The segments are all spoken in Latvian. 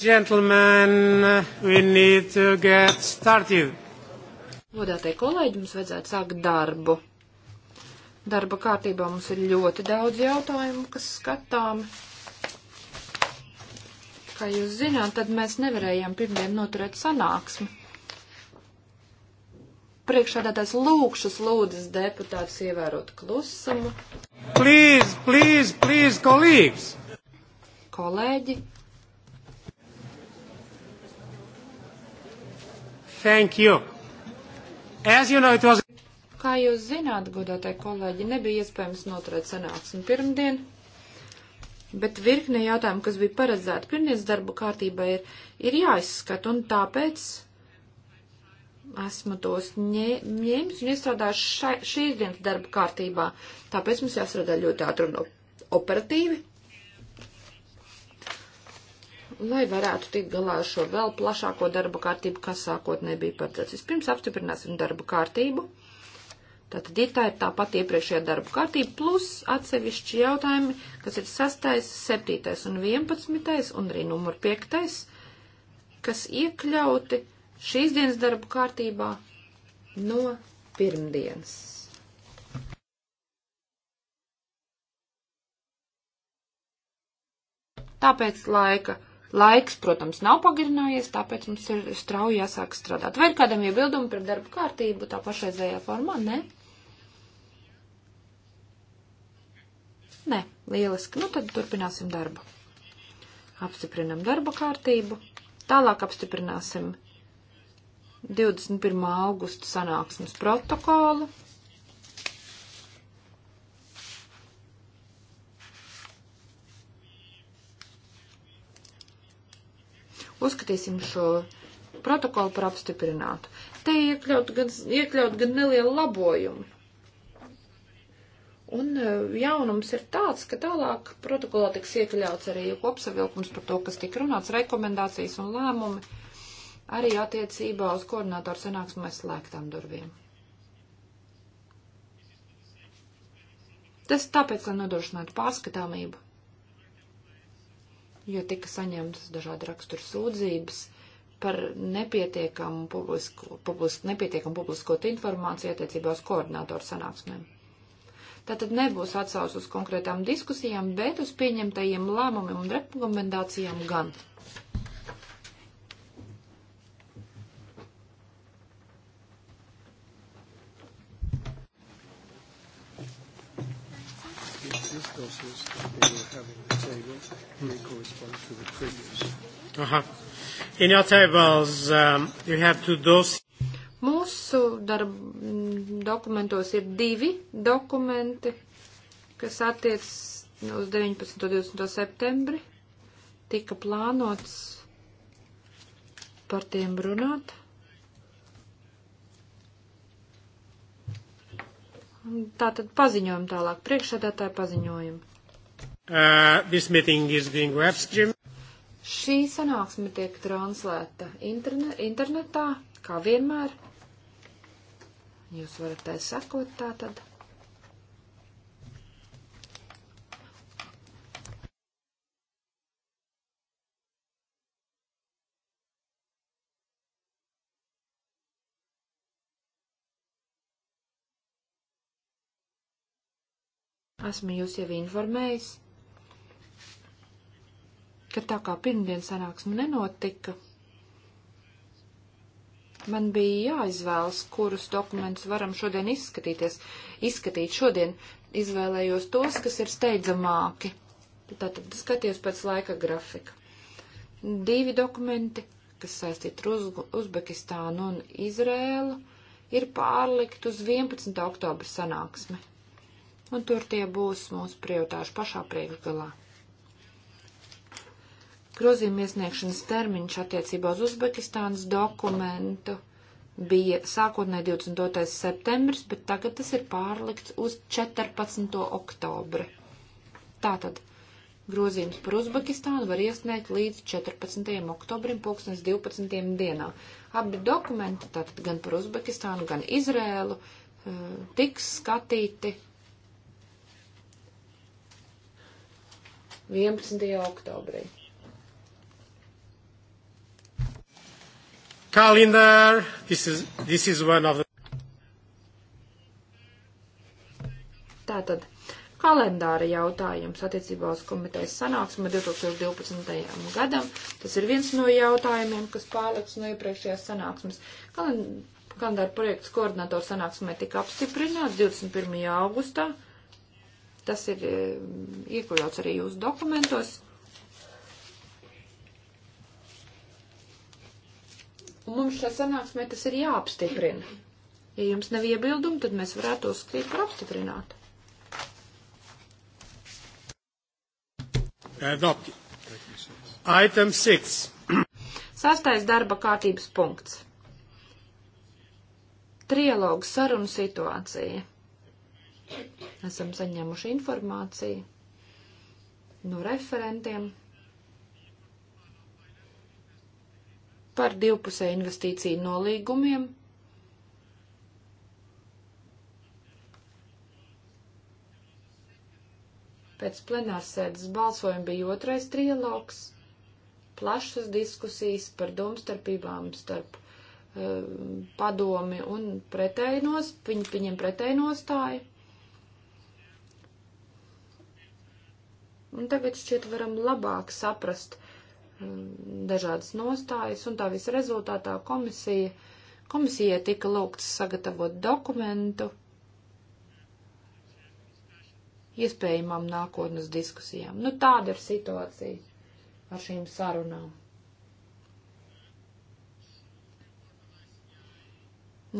Gentlemen, we need to get started. Godātie kolēģi, mums vajadzētu sākt darbu. Darba kārtībā mums ir ļoti daudz jautājumu, kas skatām. Kā jūs zināt, tad mēs nevarējām pirmdien noturēt sanāksmi. Priekšādātais lūkšas lūdzas deputātus ievērot klusumu. Please, please, please, kolēģis! Kolēģi! Thank you. As you know, it was... Kā jūs zināt, godātai kolēģi, nebija iespējams noturēt sanāksmi pirmdien, bet virkne jautājumu, kas bija paredzēti pirmdienas darba kārtībā, ir, ir jāizskata, un tāpēc esmu tos ņēmis un iestrādājis šīs dienas darba kārtībā. Tāpēc mums jāstrādā ļoti ātri un operatīvi lai varētu tikt galā ar šo vēl plašāko darba kārtību, kas sākotnēji bija paredzēts. Vispirms apstiprināsim darba kārtību. Tātad, ja tā ir tā pati iepriekšējā darba kārtība, plus atsevišķi jautājumi, kas ir 6., 7. un 11. un arī numur 5., kas iekļauti šīs dienas darba kārtībā no pirmdienas. Tāpēc laika Laiks, protams, nav pagarinājies, tāpēc mums ir strauji jāsāk strādāt. Vai ir kādam iebildumi par darba kārtību tā pašreizējā formā? Nē. Nē, lieliski. Nu, tad turpināsim darbu. Apstiprinam darba kārtību. Tālāk apstiprināsim 21. augusta sanāksmes protokolu. uzskatīsim šo protokolu par apstiprinātu. Te iekļaut gan, iekļaut gan nelielu labojumu. Un e, jaunums ir tāds, ka tālāk protokolā tiks iekļauts arī kopsavilkums par to, kas tika runāts, rekomendācijas un lēmumi arī attiecībā uz koordinātoru sanāksmē slēgtām durvīm. Tas tāpēc, lai nodrošinātu pārskatāmību jo tika saņemtas dažādi rakstura sūdzības par nepietiekamu publisko, publisko, nepietiekamu publiskot informāciju attiecībā uz koordinātoru sanāksmēm. Tātad nebūs atsauc uz konkrētām diskusijām, bet uz pieņemtajiem lēmumiem un rekomendācijām gan. these dossiers that we will have in the table really corresponds to the previous. Aha. Uh-huh. In your tables, um, you have two dossiers. Mūsu darb, dokumentos ir divi dokumenti, kas attiec uz 19. un 20. septembri. Tika plānots par tiem runāt. Tātad paziņojumu tālāk, priekšsēdētāju paziņojumu. Uh, Šī sanāksme tiek translēta interne, internetā, kā vienmēr. Jūs varat tai sekot tātad. Esmu jūs jau informējis, ka tā kā pirmdien sanāksme nenotika, man bija jāizvēlas, kurus dokumentus varam šodien izskatīties. Izskatīt šodien izvēlējos tos, kas ir steidzamāki. Tātad skaties pēc laika grafika. Divi dokumenti, kas saistīti ar uz, Uzbekistānu un Izrēlu, ir pārlikt uz 11. oktobra sanāksmi un tur tie būs mūsu prioritāšu pašā priekšgalā. Grozījuma iesniegšanas termiņš attiecībā uz Uzbekistānas dokumentu bija sākotnēji 22. septembris, bet tagad tas ir pārlikts uz 14. oktobri. Tātad grozījums par Uzbekistānu var iesniegt līdz 14. oktobrim 2012. dienā. Abi dokumenti, tātad gan par Uzbekistānu, gan Izrēlu, eh, tiks skatīti 11. oktobrī. Calendar, this is, this is one of the... Tātad, kalendāra jautājums attiecībā uz komitejas sanāksmu 2012. gadam. Tas ir viens no jautājumiem, kas pārliks no iepriekšējās sanāksmes. Kalendāra projekts koordinatoru sanāksmē tika apstiprināts 21. augustā. Tas ir eh, iekļauts arī jūsu dokumentos. Un mums šā sanāksmē tas ir jāapstiprina. Ja jums nav iebildumi, tad mēs varētu uzskatīt par apstiprinātu. Adopted. Item 6. Sastais darba kārtības punkts. Trialogu sarunu situācija. Esam saņēmuši informāciju no referentiem par divpusē investīciju nolīgumiem. Pēc plenārsēdes balsojuma bija otrais trialogs, plašas diskusijas par domstarpībām starp uh, padomi un pretēji nost, viņu, viņiem pretēji nostāju. Un tagad šķiet varam labāk saprast um, dažādas nostājas, un tā visa rezultātā komisija, komisijai tika lūgts sagatavot dokumentu iespējamām nākotnes diskusijām. Nu, tāda ir situācija ar šīm sarunām.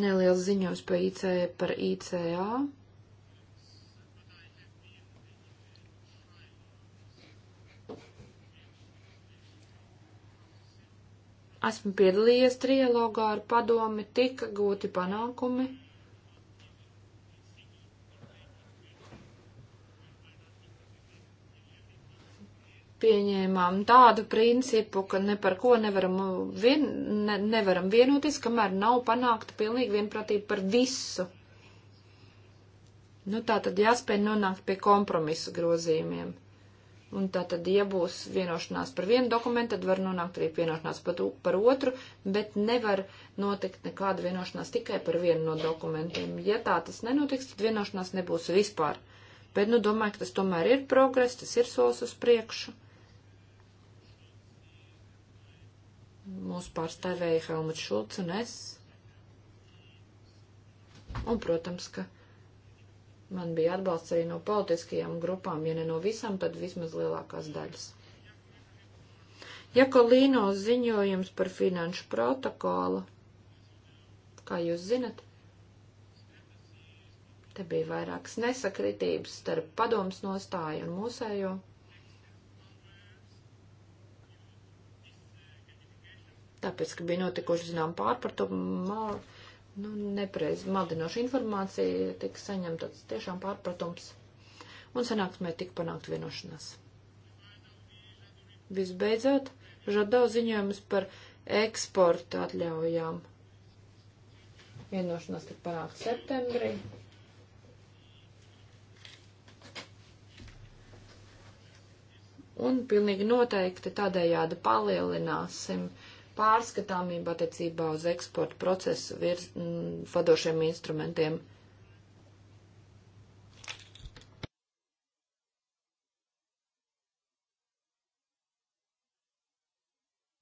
Neliels ziņojums par IC, par ICA. Esmu piedalījies trialogā ar padomi, tika gūti panākumi. Pieņēmām tādu principu, ka ne par ko nevaram, vien, ne, nevaram vienoties, kamēr nav panākta pilnīgi vienprātība par visu. Nu, tā tad jāspēj nonākt pie kompromisu grozījumiem. Un tā tad, ja būs vienošanās par vienu dokumentu, tad var nonākt arī vienošanās par, par otru, bet nevar notikt nekāda vienošanās tikai par vienu no dokumentiem. Ja tā tas nenotiks, tad vienošanās nebūs vispār. Bet, nu, domāju, ka tas tomēr ir progress, tas ir solis uz priekšu. Mūsu pārstāvēja Helmuts Šulcs un es. Un, protams, ka Man bija atbalsts arī no politiskajām grupām, ja ne no visām, tad vismaz lielākās daļas. Jakolīno ziņojums par finanšu protokolu, kā jūs zinat, te bija vairākas nesakritības starp padoms nostāju un mūsējo. Tāpēc, ka bija notikuši, zinām, pārpratumu nu, nepreiz maldinoša informācija tika saņemta tiešām pārpratums, un sanāksmē tika panākt vienošanās. Visbeidzot, žado ziņojums par eksporta atļaujām. Vienošanās tika panākt septembrī. Un pilnīgi noteikti tādējādi palielināsim uh, pārskatāmība attiecībā uz eksporta procesu virs, m, vadošiem instrumentiem.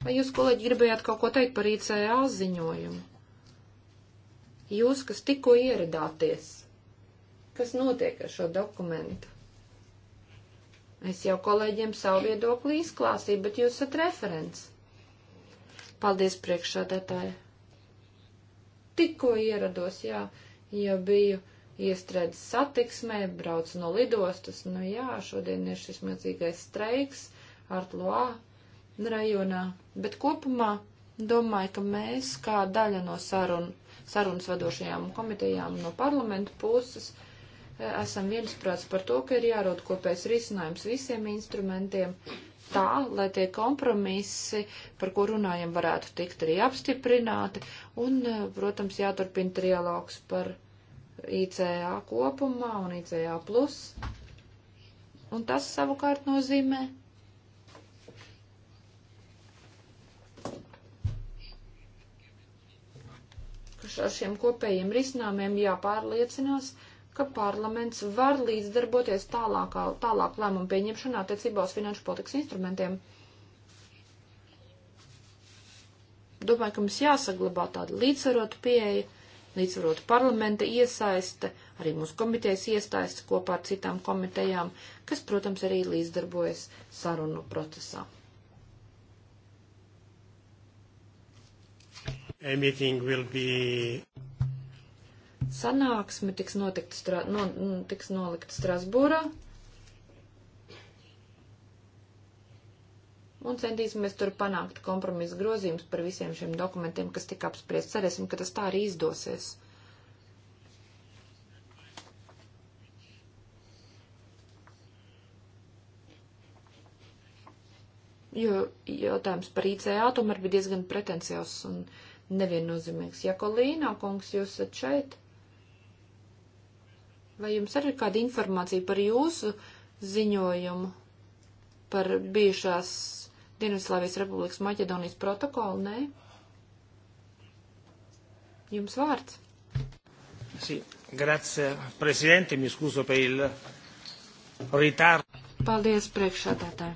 Vai jūs, kolēģi, gribējāt kaut ko teikt par ICA ziņojumu? Jūs, kas tikko ieradāties, kas notiek ar šo dokumentu? Es jau kolēģiem savu viedokli izklāstīju, bet jūs esat referents. Paldies priekšādātāji. Tikko ierados, jā, jau biju iestrēdzis satiksmē, braucu no lidostas, nu jā, šodien ir šis milzīgais streiks Artloā rajonā, bet kopumā domāju, ka mēs, kā daļa no sarun, sarunas vadošajām komitejām no parlamentu puses, e, esam viensprāts par to, ka ir jārod kopējs risinājums visiem instrumentiem, tā, lai tie kompromisi, par ko runājam, varētu tikt arī apstiprināti, un, eh, protams, jāturpina trialogs par ICA kopumā un ICA plus, un tas savukārt nozīmē. Ar šiem kopējiem risinājumiem jāpārliecinās, ka parlaments var līdzdarboties tālākā, tālāk lēmumu pieņemšanā attiecībā uz finanšu politikas instrumentiem. Domāju, ka mums jāsaglabā tāda līdzsvarota pieeja, līdzsvarota parlamenta iesaiste, arī mūsu komitejas iesaiste kopā ar citām komitejām, kas, protams, arī līdzdarbojas sarunu procesā. Be sanāksme tiks, notikt, strā, no, tiks nolikt Strasbūrā. Un centīsimies tur panākt kompromisu grozījumus par visiem šiem dokumentiem, kas tika apspriest. Cerēsim, ka tas tā arī izdosies. jo jautājums par ICA tomēr bija diezgan pretenciāls un neviennozīmīgs. Ja kolīnā, kungs, jūs esat šeit? Vai jums arī ir kāda informācija par jūsu ziņojumu par bijušās Dienvidslāvijas Republikas Maķedonijas protokolu? Nē? Jums vārds. Sì, grazie Presidente, mi scuso per il ritardo. Paldies priekšādātāji.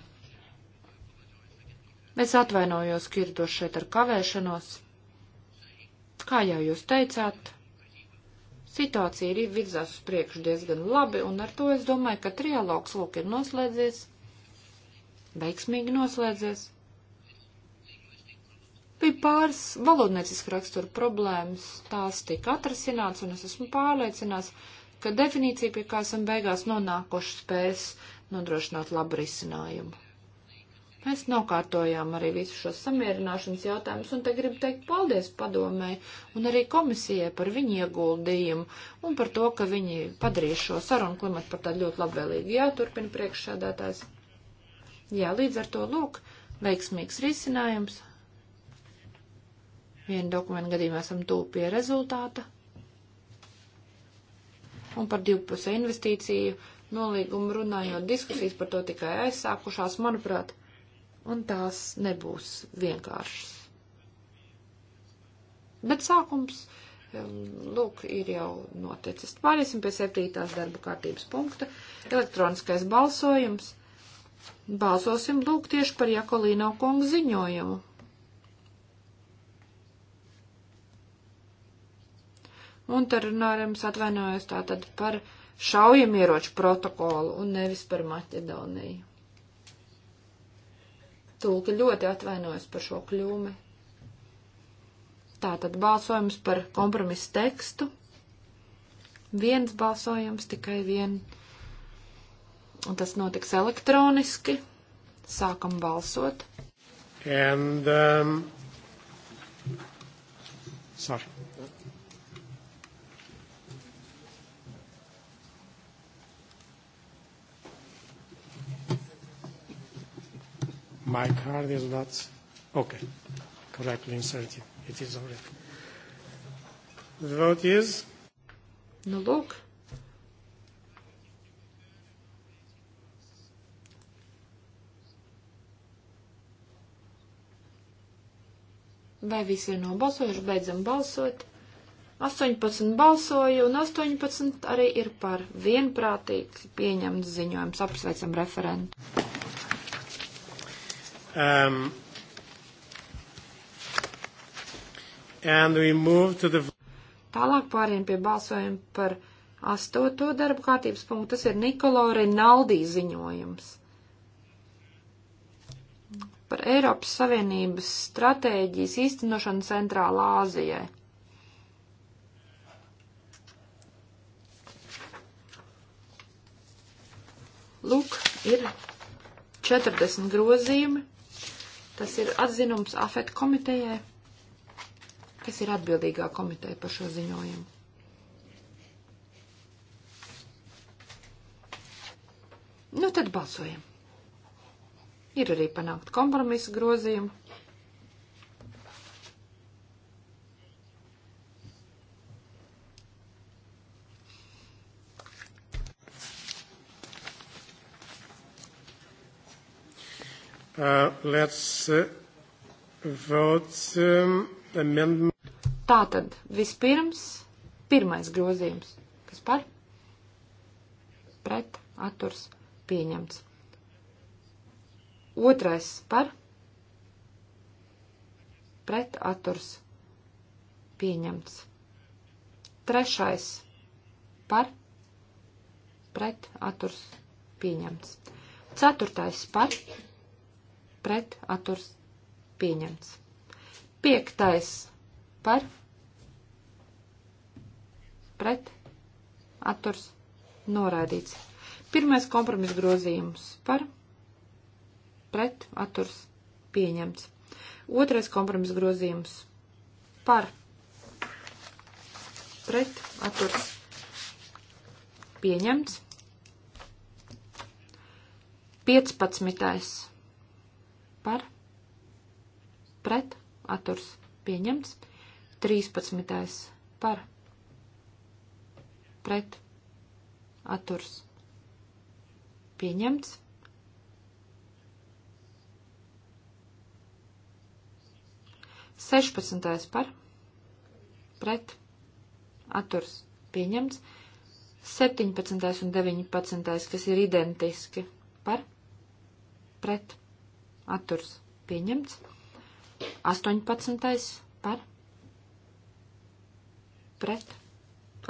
Es atvainojos, ka ierados šeit ar kavēšanos. Kā jau jūs teicāt, Situācija ir virzās uz priekšu diezgan labi, un ar to es domāju, ka trialogs lūk ir noslēdzies, veiksmīgi noslēdzies. Bija pāris valodniecisku raksturu problēmas, tās tika atrasināts, un es esmu pārliecināts, ka definīcija, pie kā esam beigās nonākuši, spēs nodrošināt labu risinājumu. Mēs nokārtojām arī visu šo samierināšanas jautājumus, un te gribu teikt paldies padomē un arī komisijai par viņu ieguldījumu un par to, ka viņi padarīja šo sarunu klimatu par tādu ļoti labvēlīgu. Jā, turpina priekšsēdētājs. Jā, līdz ar to lūk, veiksmīgs risinājums. Vienu dokumentu gadījumā esam tūp pie rezultāta. Un par divpusē investīciju nolīgumu runājot, diskusijas par to tikai aizsākušās, manuprāt un tās nebūs vienkāršas. Bet sākums, lūk, ir jau noticis. Pāriesim pie septītās darba kārtības punkta - elektroniskais balsojums. Balsosim, lūk, tieši par Jakolīno kungu ziņojumu. Un Tarunārams atvainojas tātad par šaujamieroču protokolu un nevis par Maķedoniju. Tūlka ļoti atvainojas par šo kļūmi. Tātad balsojums par kompromisu tekstu. Viens balsojums, tikai vien. Un tas notiks elektroniski. Sākam balsot. And, um... Sorry. My card is not okay. Correctly inserted. It is already. The vote is. Nu, lūk. Vai visi ir nobalsojuši? Beidzam balsot. 18 balsoja un 18 arī ir par vienprātīgi pieņemts ziņojums. Apsveicam referentu. Um, and we move to the... Tālāk pāriem pie balsojuma par astoto darba kārtības punktu. Tas ir Nikolo Rinaldī ziņojums par Eiropas Savienības stratēģijas īstenošanu Centrālā Āzijai. Lūk, ir 40 grozījumi. Tas ir atzinums AFET komitejai, kas ir atbildīgā komiteja par šo ziņojumu. Nu tad balsojam. Ir arī panākt kompromisa grozījumu. Uh, let's uh, vote um, amendment. Tātad vispirms pirmais grozījums, kas par pret atturs pieņemts. Otrais par pret atturs pieņemts. Trešais par pret atturs pieņemts. Ceturtais par pret atturs pieņemts. Piektais par pret atturs noraidīts. Pirmais kompromis grozījums par pret atturs pieņemts. Otrais kompromis grozījums par pret atturs pieņemts. 15 par pret atturs pieņemts. 13. par pret atturs pieņemts. 16. par pret atturs pieņemts, 17. un 19. kas ir identiski par pret atturs pieņemts. 18. par pret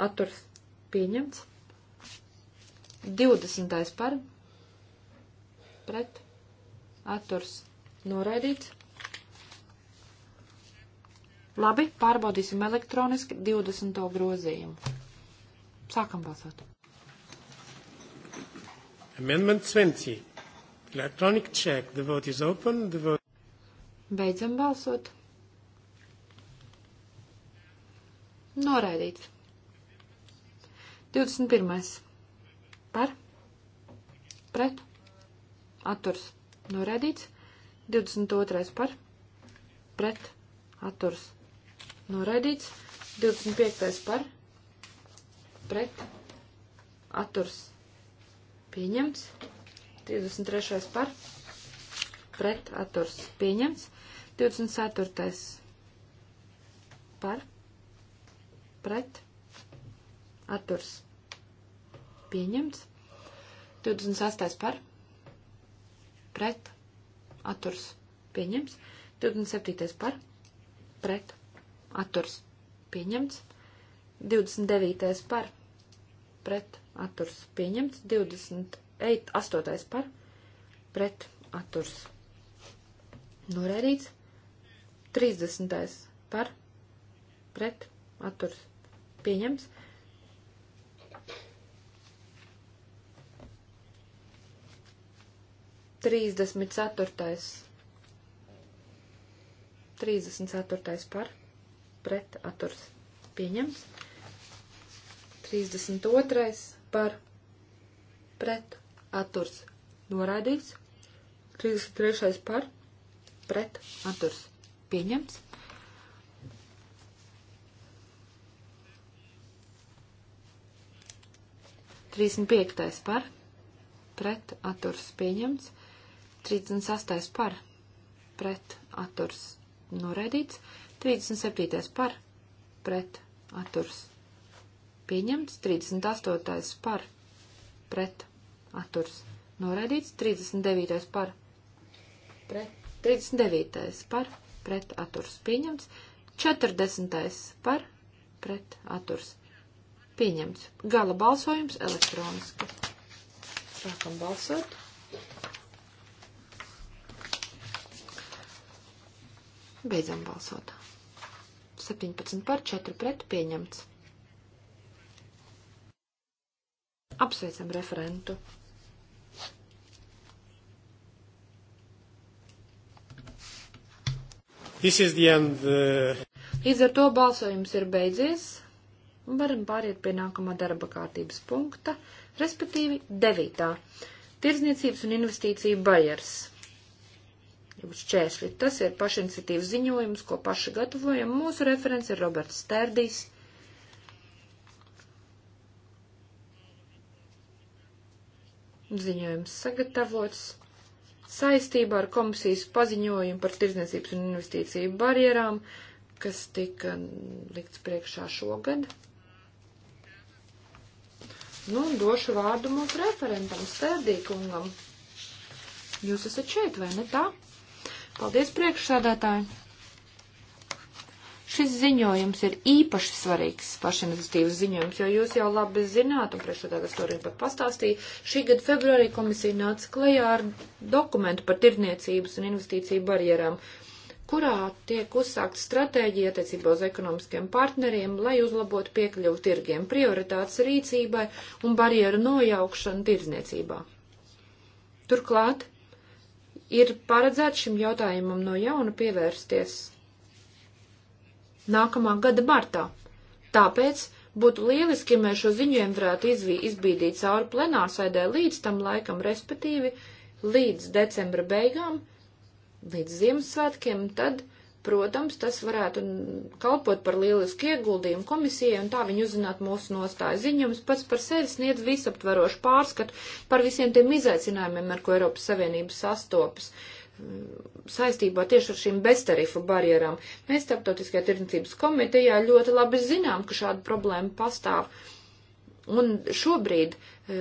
atturs pieņemts. 20. par pret atturs noraidīts. Labi, pārbaudīsim elektroniski 20. grozījumu. Sākam balsot. Amendment 20. Electronic check. The vote is open. The vote... Beidzam balsot. Noraidīts. 21. Par. Pret. Atturs. Noraidīts. 22. Par. Pret. Atturs. Noraidīts. 25. Par. Pret. Atturs. Pieņemts. 23. par pret atturs pieņemts. 24. par pret atturs pieņemts. 28. par pret atturs pieņemts. 27. par pret atturs pieņemts. 29. par pret atturs pieņemts. 20 Eit, astotais par, pret, atturs. Norēdīts. 30. par, pret, atturs. Pieņems. Trīsdesmit ceturtais. Trīsdesmit ceturtais par, pret, atturs. Pieņems. Trīsdesmit otrais par, pret, atturs noraidīts, 33. par pret atturs pieņemts. Trīsdesmit piektais par, pret atturs pieņemts, trīsdesmit sastais par, pret atturs noraidīts, trīsdesmit septītais par, pret atturs pieņemts, 38. par pret atturs noraidīts, 39. par pret, 39. par pret atturs pieņemts, 40. par pret atturs pieņemts. Gala balsojums elektroniski. Sākam balsot. Beidzam balsot. 17 par 4 pret pieņemts. Apsveicam referentu. End, uh... Līdz ar to balsojums ir beidzies, un varam pāriet pie nākamā darba kārtības punkta, respektīvi devītā. Tirzniecības un investīcija bajers šķēršļi. Tas ir pašiniciatīvas ziņojums, ko paši gatavojam. Mūsu referents ir Roberts Stērdīs. Ziņojums sagatavots saistībā ar komisijas paziņojumu par tirdzniecības un investīciju barjerām, kas tika likts priekšā šogad. Nu, došu vārdu mūsu referentam, Stērdīkungam. Jūs esat šeit, vai ne tā? Paldies priekšsādātāji! Šis ziņojums ir īpaši svarīgs pašiniciatīvas ziņojums, jo jūs jau labi zināt, un priekšsēdētājs to arī pat pastāstīja, šī gada februārī komisija nāca klajā ar dokumentu par tirniecības un investīciju barjerām, kurā tiek uzsākt stratēģija attiecībā uz ekonomiskiem partneriem, lai uzlabotu piekļuvu tirgiem, prioritātes rīcībai un barjeru nojaukšanu tirdzniecībā. Turklāt ir paredzēts šim jautājumam no jauna pievērsties nākamā gada martā. Tāpēc būtu lieliski, ja mēs šo ziņojumu varētu izbīdīt cauri plenārsēdē līdz tam laikam, respektīvi līdz decembra beigām, līdz Ziemassvētkiem, tad, protams, tas varētu kalpot par lielisku ieguldījumu komisijai un tā viņi uzzināt mūsu nostāju. Ziņojums pats par sevi sniedz visaptvarošu pārskatu par visiem tiem izaicinājumiem, ar ko Eiropas Savienības sastopas. Uh, saistībā tieši ar šīm beztarifu barjerām. Mēs starptautiskajā tirdzniecības komitejā ļoti labi zinām, ka šāda problēma pastāv. Un šobrīd, e,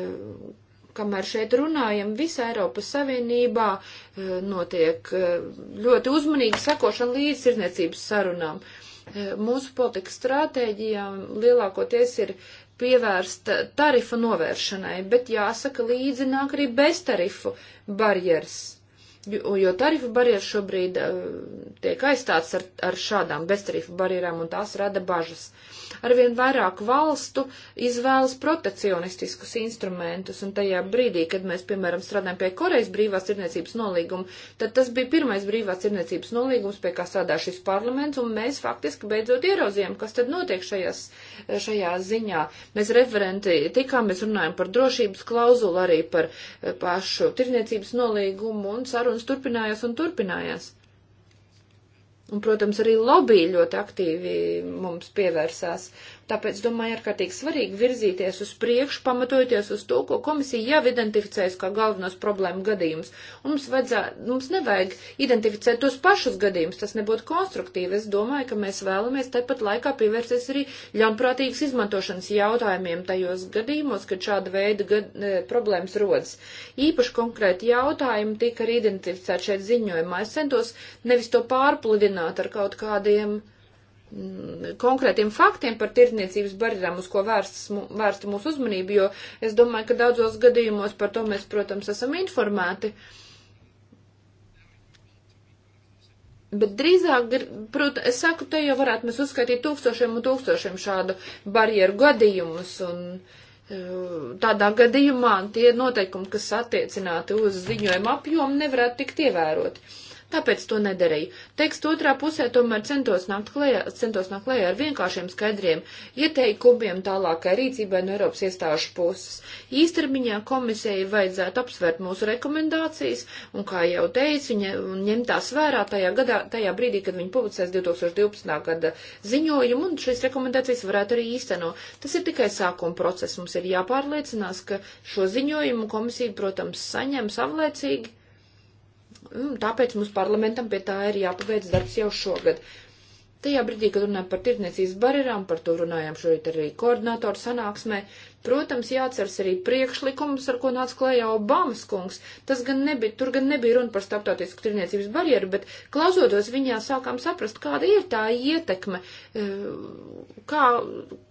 kamēr šeit runājam, visā Eiropas Savienībā e, notiek e, ļoti uzmanīgi sakošana līdz tirdzniecības sarunām. Mūsu politikas stratēģijām lielākoties ir pievērsta tarifu novēršanai, bet jāsaka līdzi nāk arī beztarifu barjeras jo, jo tarifu barjeras šobrīd uh, tiek aizstāts ar, ar šādām beztarifu barjerām, un tās rada bažas. Arvien vairāk valstu izvēlas protekcionistiskus instrumentus, un tajā brīdī, kad mēs, piemēram, strādājam pie Korejas brīvās tirniecības nolīguma, tad tas bija pirmais brīvās tirniecības nolīgums, pie kā strādā šis parlaments, un mēs faktiski beidzot ieraudzījām, kas tad notiek šajās, šajā ziņā. Mēs referenti tikām, mēs runājam par drošības klauzulu, arī par eh, pašu tirniecības nolīgumu un saru sarunas turpinājās un turpinājās. Un, protams, arī lobby ļoti aktīvi mums pievērsās. Tāpēc, domāju, ārkārtīgi svarīgi virzīties uz priekšu, pamatojoties uz to, ko komisija jau identificējas kā galvenos problēmu gadījumus. Mums, vajadzē, mums nevajag identificēt tos pašus gadījumus, tas nebūtu konstruktīvi. Es domāju, ka mēs vēlamies tepat laikā pievērsties arī ļaunprātīgas izmantošanas jautājumiem tajos gadījumos, kad šāda veida gad, e, problēmas rodas. Īpaši konkrēti jautājumi tika arī identificēti šeit ziņojumā. Es centos nevis to pārpludināt ar kaut kādiem Mm, konkrētiem faktiem par tirdzniecības barjerām, uz ko vērsta mūsu uzmanība, jo es domāju, ka daudzos gadījumos par to mēs, protams, esam informēti. Bet drīzāk, protams, es saku, te jau varētu mēs uzskaitīt tūkstošiem un tūkstošiem šādu barjeru gadījumus, un e, tādā gadījumā tie noteikumi, kas attiecināti uz ziņojuma apjomu, nevarētu tikt ievēroti tāpēc to nedarīju. Tekstu otrā pusē tomēr centos nākt klējā, centos nākt klējā ar vienkāršiem skaidriem ieteikumiem tālākai rīcībai no Eiropas iestāžu puses. Īstermiņā komisijai vajadzētu apsvērt mūsu rekomendācijas, un, kā jau teicu, viņa ņem tās vērā tajā, gadā, tajā brīdī, kad viņa publicēs 2012. gada ziņojumu, un šīs rekomendācijas varētu arī īstenot. Tas ir tikai sākuma process. Mums ir jāpārliecinās, ka šo ziņojumu komisija, protams, saņem savlaicīgi Tāpēc mums parlamentam pie tā ir jāpaveic darbs jau šogad. Tajā brīdī, kad runājam par tirdzniecības barjerām, par to runājam šorīt arī koordinātoru sanāksmē, Protams, jāatceras arī priekšlikums, ar ko nāca klajā Obamas kungs. Tas gan nebija, tur gan nebija runa par starptautisku tirniecības barjeru, bet klausoties viņā sākām saprast, kāda ir tā ietekme, e, kā,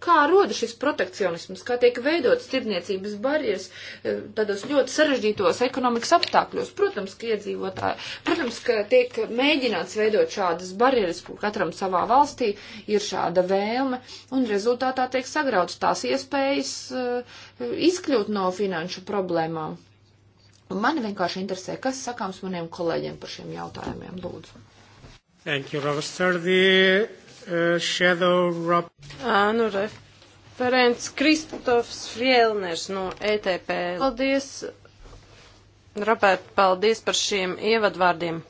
kā roda šis protekcionisms, kā tiek veidotas tirniecības barjeras e, tādos ļoti sarežģītos ekonomikas apstākļos. Protams, ka iedzīvotāji, protams, ka tiek mēģināts veidot šādas barjeras, kur katram savā valstī ir šāda vēlme, un rezultātā tiek sagrauts tās iespējas, e, izkļūt no finanšu problēmām. Un mani vienkārši interesē, kas sakāms maniem kolēģiem par šiem jautājumiem, lūdzu. Thank you, Robert Sturdy, uh, Shadow Rob. Ā, nu, referents Kristofs Frielners no ETP. Paldies, Robert, paldies par šiem ievadvārdiem.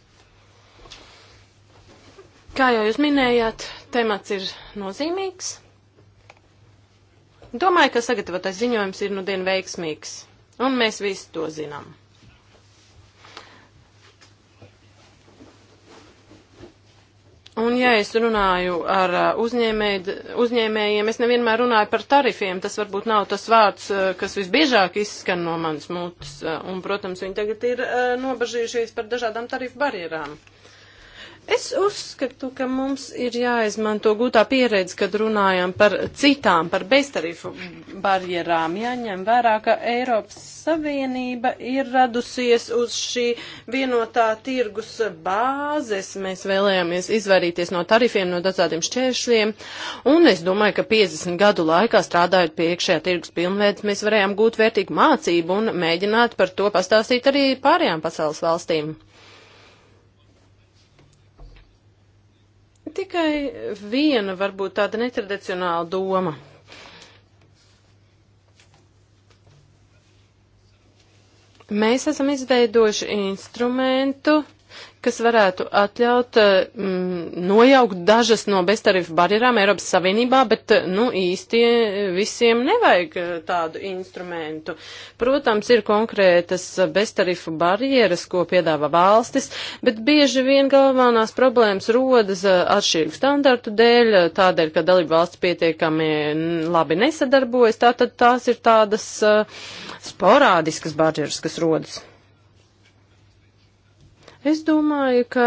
Kā jau jūs minējāt, temats ir nozīmīgs. Domāju, ka sagatavotais ziņojums ir nu dien veiksmīgs, un mēs visi to zinām. Un, ja es runāju ar uh, uzņēmē, uzņēmējiem, es nevienmēr runāju par tarifiem. Tas varbūt nav tas vārds, uh, kas visbiežāk izskan no manas mutes. Uh, un, protams, viņi tagad ir nobažījušies par dažādām tarifu barjerām. Uh, Es uzskatu, ka mums ir jāizmanto gūtā pieredze, kad runājam par citām, par beztarifu barjerām. Jāņem vērā, ka Eiropas Savienība ir radusies uz šī vienotā tirgus bāzes. Mēs vēlējāmies izvairīties no tarifiem, no dažādiem šķēršļiem. Un es domāju, ka 50 gadu laikā strādājot pie iekšējā tirgus pilnveids, mēs varējām gūt vērtīgu mācību un mēģināt par to pastāstīt arī pārējām pasaules valstīm. tikai viena, varbūt tāda netradicionāla doma. Mēs esam izveidojuši instrumentu, kas varētu atļaut mm, nojaukt dažas no beztarifu barjerām Eiropas Savienībā, bet eh, nu, īsti eh, visiem nevajag tādu instrumentu. Protams, ir konkrētas beztarifu barjeras, ko piedāvā valstis, bet bieži vien galvenās problēmas rodas atšķirīgu standartu dēļ, tādēļ, ka dalība valsts pietiekami labi nesadarbojas, tātad tās ir tādas sporādiskas barjeras, kas rodas. Es domāju, ka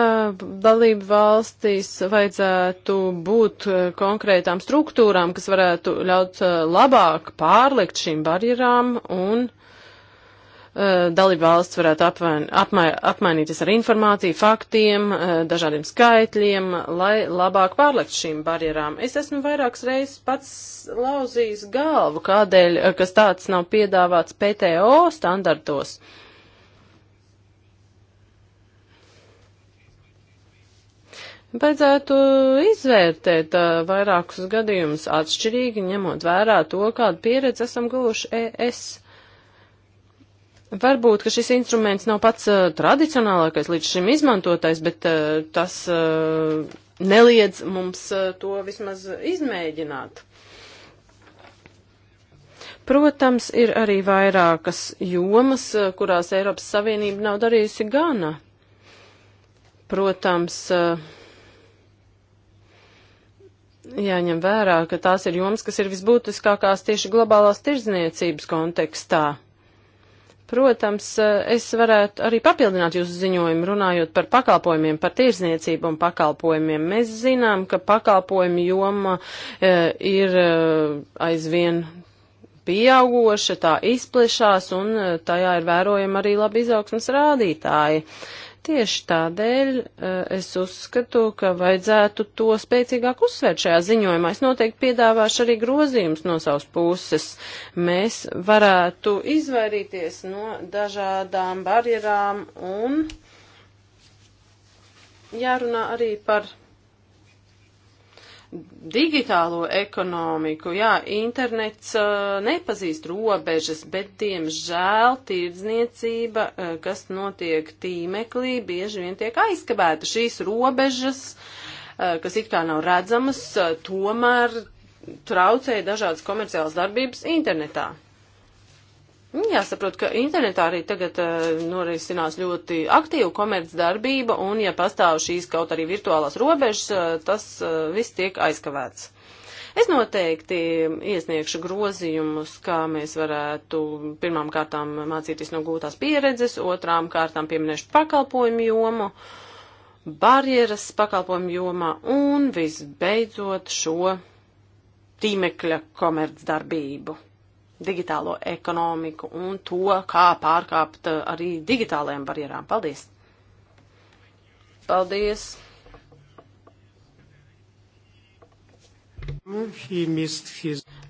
dalību valstīs vajadzētu būt eh, konkrētām struktūrām, kas varētu ļaut eh, labāk pārlikt šīm barjerām un uh, dalību valsts varētu apvain, apmai, apmainīties ar informāciju, faktiem, uh, dažādiem skaitļiem, lai labāk pārlikt šīm barjerām. Es esmu vairākas reizes pats lauzījis galvu, kādēļ, kas tāds nav piedāvāts PTO standartos. Uh, Vajadzētu izvērtēt uh, vairākus gadījumus atšķirīgi, ņemot vērā to, kādu pieredzi esam guvuši ES. Varbūt, ka šis instruments nav pats uh, tradicionālākais līdz šim izmantotais, bet uh, tas uh, neliedz mums uh, to vismaz izmēģināt. Protams, ir arī vairākas jomas, uh, kurās Eiropas Savienība nav darījusi gana. Protams, uh, jāņem vērā, ka tās ir jomas, kas ir visbūtiskākās tieši globālās tirzniecības kontekstā. Protams, es varētu arī papildināt jūsu ziņojumu runājot par pakalpojumiem, par tirzniecību un pakalpojumiem. Mēs zinām, ka pakalpojumu joma e, ir e, aizvien pieaugoša, tā izplešās un e, tajā ir vērojama arī labi izaugsmas rādītāji. E, Tieši tādēļ eh, es uzskatu, ka vajadzētu to spēcīgāk uzsvērt šajā ziņojumā. Es noteikti piedāvāšu arī grozījumus no savas puses. Mēs varētu izvairīties no dažādām barjerām un jārunā arī par digitālo ekonomiku. Jā, internets uh, nepazīst robežas, bet, diemžēl, tirdzniecība, uh, kas notiek tīmeklī, bieži vien tiek aizkabēta. Šīs robežas, uh, kas it kā nav redzamas, uh, tomēr traucēja dažādas komerciālas darbības internetā. Mm, jāsaprot, ka internetā arī tagad uh, norisinās ļoti aktīva komercdarbība, un ja pastāv šīs kaut arī virtuālās robežas, uh, tas uh, viss tiek aizkavēts. Es noteikti iesniegšu grozījumus, kā mēs varētu pirmām kārtām mācīties no gūtās pieredzes, otrām kārtām pieminēšu pakalpojumu jomu, barjeras pakalpojumu jomā un visbeidzot šo tīmekļa komercdarbību digitālo ekonomiku un to, kā pārkāpt eh, arī digitālajām barjerām. Paldies! Paldies!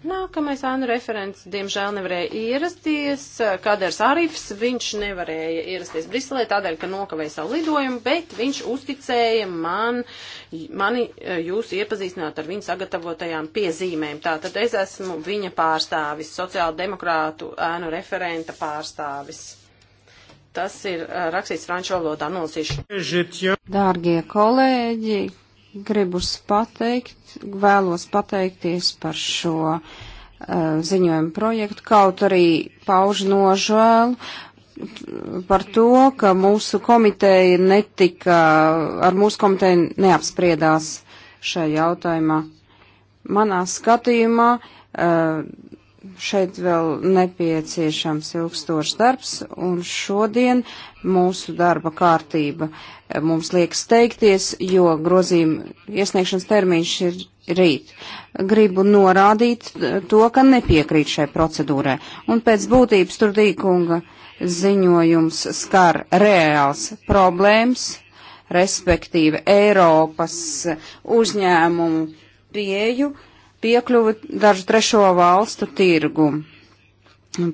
Nākamais ēnu referents, diemžēl, nevarēja ierasties. Kaders Arifs, viņš nevarēja ierasties Briselē tādēļ, ka nokavēja savu lidojumu, bet viņš uzticēja man, mani jūs iepazīstināt ar viņu sagatavotajām piezīmēm. Tātad es esmu viņa pārstāvis, sociāldemokrātu ēnu referenta pārstāvis. Tas ir eh, rakstīts franču valodā, nolasīšu. Dārgie kolēģi, gribus pateikt, vēlos pateikties par šo uh, ziņojumu projektu, kaut arī pauž nožēlu par to, ka mūsu komiteja netika, ar mūsu komiteju neapspriedās šajā jautājumā. Manā skatījumā uh, šeit vēl nepieciešams ilgstošs darbs, un šodien mūsu darba kārtība eh, mums liek steigties, jo grozījuma iesniegšanas termiņš ir rīt. Gribu norādīt eh, to, ka nepiekrīt šai procedūrai, un pēc būtības tur dīkunga ziņojums skar reāls problēmas, respektīvi Eiropas uzņēmumu pieju piekļuvi dažu trešo valstu tirgu.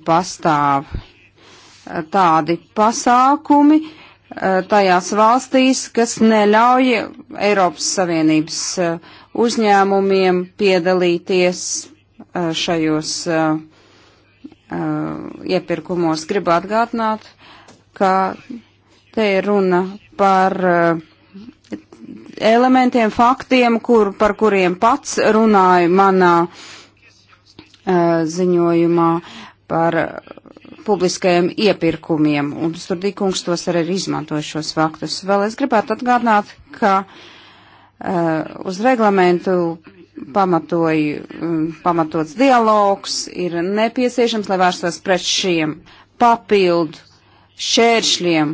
Pastāv eh, tādi pasākumi eh, tajās valstīs, kas neļauj Eiropas Savienības eh, uzņēmumiem piedalīties šajos iepirkumos. Gribu atgādināt, ka te ir runa par uh, elementiem, faktiem, kur, par kuriem pats runāju manā uh, ziņojumā par publiskajiem iepirkumiem, un Sturdīkungs tos arī ir izmantojis šos faktus. Vēl es gribētu atgādināt, ka uh, uz reglamentu pamatoj, um, mm, pamatots dialogs ir nepieciešams, lai vērstos pret šiem papildu šēršļiem,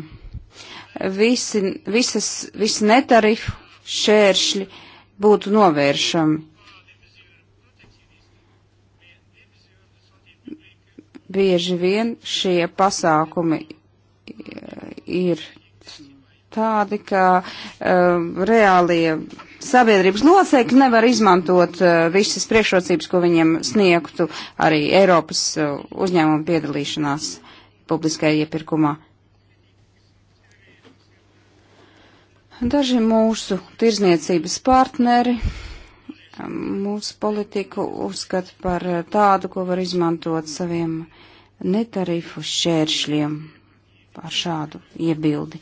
visi, visas, visi netarifu šēršļi būtu novēršami. Bieži vien šie pasākumi e, ir tādi, ka um, reālie sabiedrības locekļi nevar izmantot uh, visas priekšrocības, ko viņiem sniegtu arī Eiropas uh, uzņēmumu piedalīšanās publiskajā iepirkumā. Uh, Daži mūsu tirzniecības partneri mūsu politiku uzskata par tādu, ko var izmantot saviem netarifu šķēršļiem par šādu iebildi.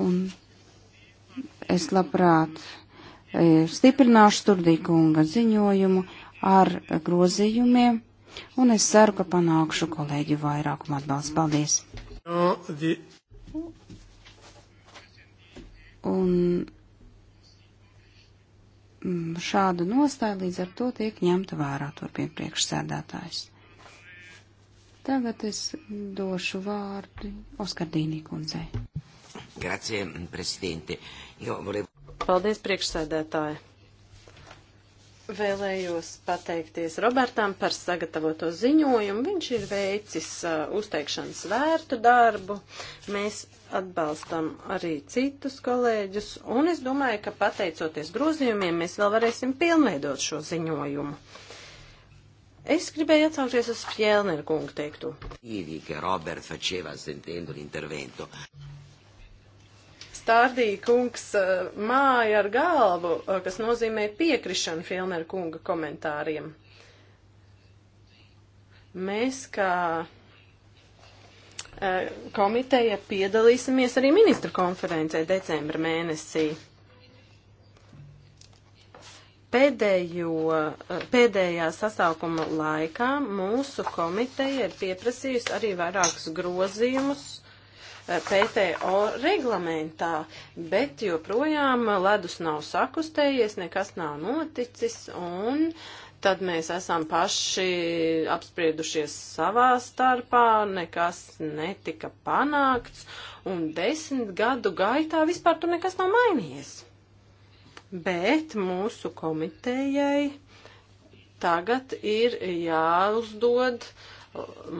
Un es labprāt e, stiprināšu Turdīkunga ziņojumu ar grozījumiem, un es ceru, ka panākšu kolēģu vairākumu atbalstu. Paldies! No, the... Un mm, šāda nostāja līdz ar to tiek ņemta vērā turpin priekšsēdētājs. Tagad es došu vārdu Oskardīnī kundzei. Grazie, prezidente. Jo, volevo... Paldies, priekšsēdētāji. Vēlējos pateikties Robertam par sagatavoto ziņojumu. Viņš ir veicis uh, uzteikšanas vērtu darbu. Mēs atbalstam arī citus kolēģus, un es domāju, ka pateicoties grozījumiem, mēs vēl varēsim pilnveidot šo ziņojumu. Es gribēju atsaukties uz Fjellner kungu teikto. Īvīgi, ka Robert faceva sentendo l'intervento. Stādīja kungs eh, māja ar galvu, eh, kas nozīmē piekrišanu Fielner kunga komentāriem. Mēs kā eh, komiteja piedalīsimies arī ministru konferencē decembra mēnesī pēdējo, pēdējā sasaukuma laikā mūsu komiteja ir pieprasījusi arī vairākus grozījumus PTO reglamentā, bet joprojām ledus nav sakustējies, nekas nav noticis un tad mēs esam paši apspriedušies savā starpā, nekas netika panākts, un desmit gadu gaitā vispār tur nekas nav mainījies. Bet mūsu komitejai tagad ir jāuzdod uh,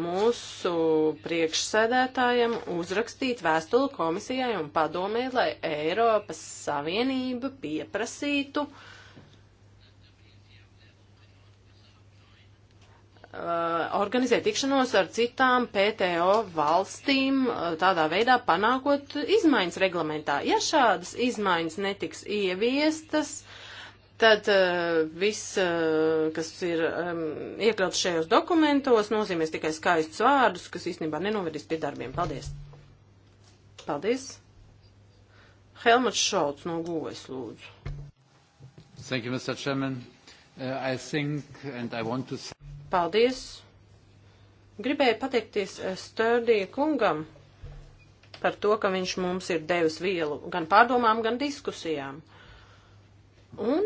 mūsu priekšsēdētājiem uzrakstīt vēstuli komisijai un padomē, lai Eiropas Savienība pieprasītu uh, organizēt tikšanos ar citām PTO valstīm, uh, tādā veidā panākot izmaiņas reglamentā. Ja šādas izmaiņas netiks ieviestas, tad uh, viss, uh, kas ir um, iekļauts šajos dokumentos, nozīmēs tikai skaistus vārdus, kas īstenībā nenovedīs pie darbiem. Paldies! Paldies! Helmuts Šauts no Gūves lūdzu. Thank you, Mr. Chairman. Uh, I think and I want to... Paldies! Gribēju pateikties eh, Stördija kungam par to, ka viņš mums ir devis vielu gan pārdomām, gan diskusijām. Un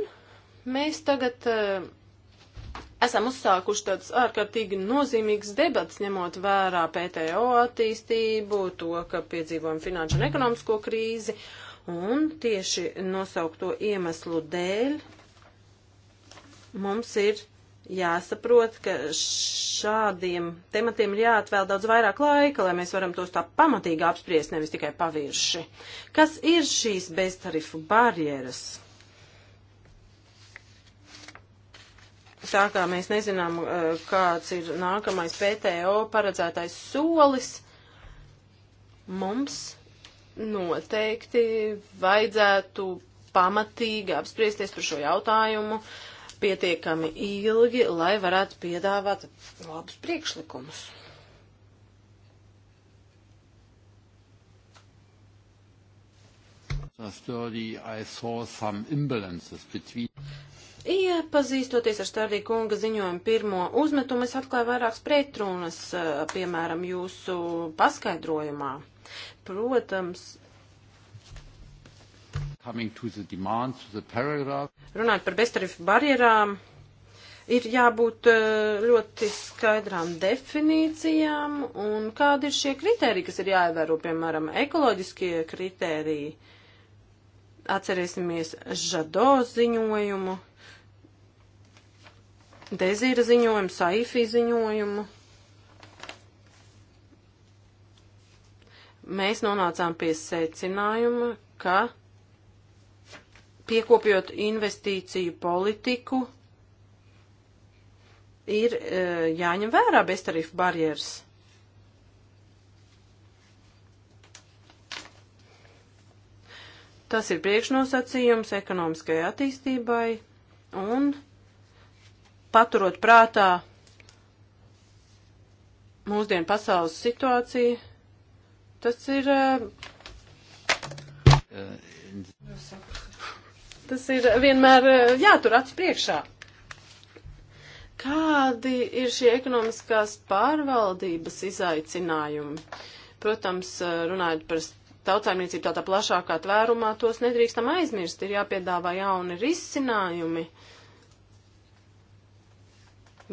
Mēs tagad uh, esam uzsākuši tādas ārkārtīgi nozīmīgas debats, ņemot vērā PTO attīstību, to, ka piedzīvojam finanšu un ekonomisko krīzi, un tieši nosaukto iemeslu dēļ mums ir jāsaprot, ka šādiem tematiem ir jāatvēl daudz vairāk laika, lai mēs varam tos tā pamatīgi apspriest, nevis tikai pavirši. Kas ir šīs beztarifu barjeras? sākām mēs nezinām, uh, kāds ir nākamais PTO paredzētais solis. Mums noteikti vajadzētu pamatīgi apspriesties par šo jautājumu pietiekami ilgi, lai varētu piedāvāt labus priekšlikumus. Sturdy, I saw some imbalances between Iepazīstoties ar Stardī kunga ziņojumu pirmo uzmetumu, es atklāju vairākas pretrunas, piemēram, jūsu paskaidrojumā. Protams, Demand, Runājot par beztarifu barjerām, ir jābūt ļoti skaidrām definīcijām un kādi ir šie kriteriji, kas ir jāievēro, piemēram, ekoloģiskie kriteriji. Atcerēsimies žado ziņojumu. Dezīra ziņojumu, Saifī ziņojumu. Mēs nonācām pie secinājuma, ka piekopjot investīciju politiku ir e, jāņem vērā beztarifu barjeras. Tas ir priekšnosacījums ekonomiskai attīstībai un paturot prātā mūsdienu pasaules situāciju, tas ir. Eh, tas ir vienmēr eh, jātur acis priekšā. Kādi ir šie ekonomiskās pārvaldības izaicinājumi? Protams, eh, runājot par tautsājumniecību tādā plašākā tvērumā, tos nedrīkstam aizmirst, ir jāpiedāvā jauni risinājumi. Uh,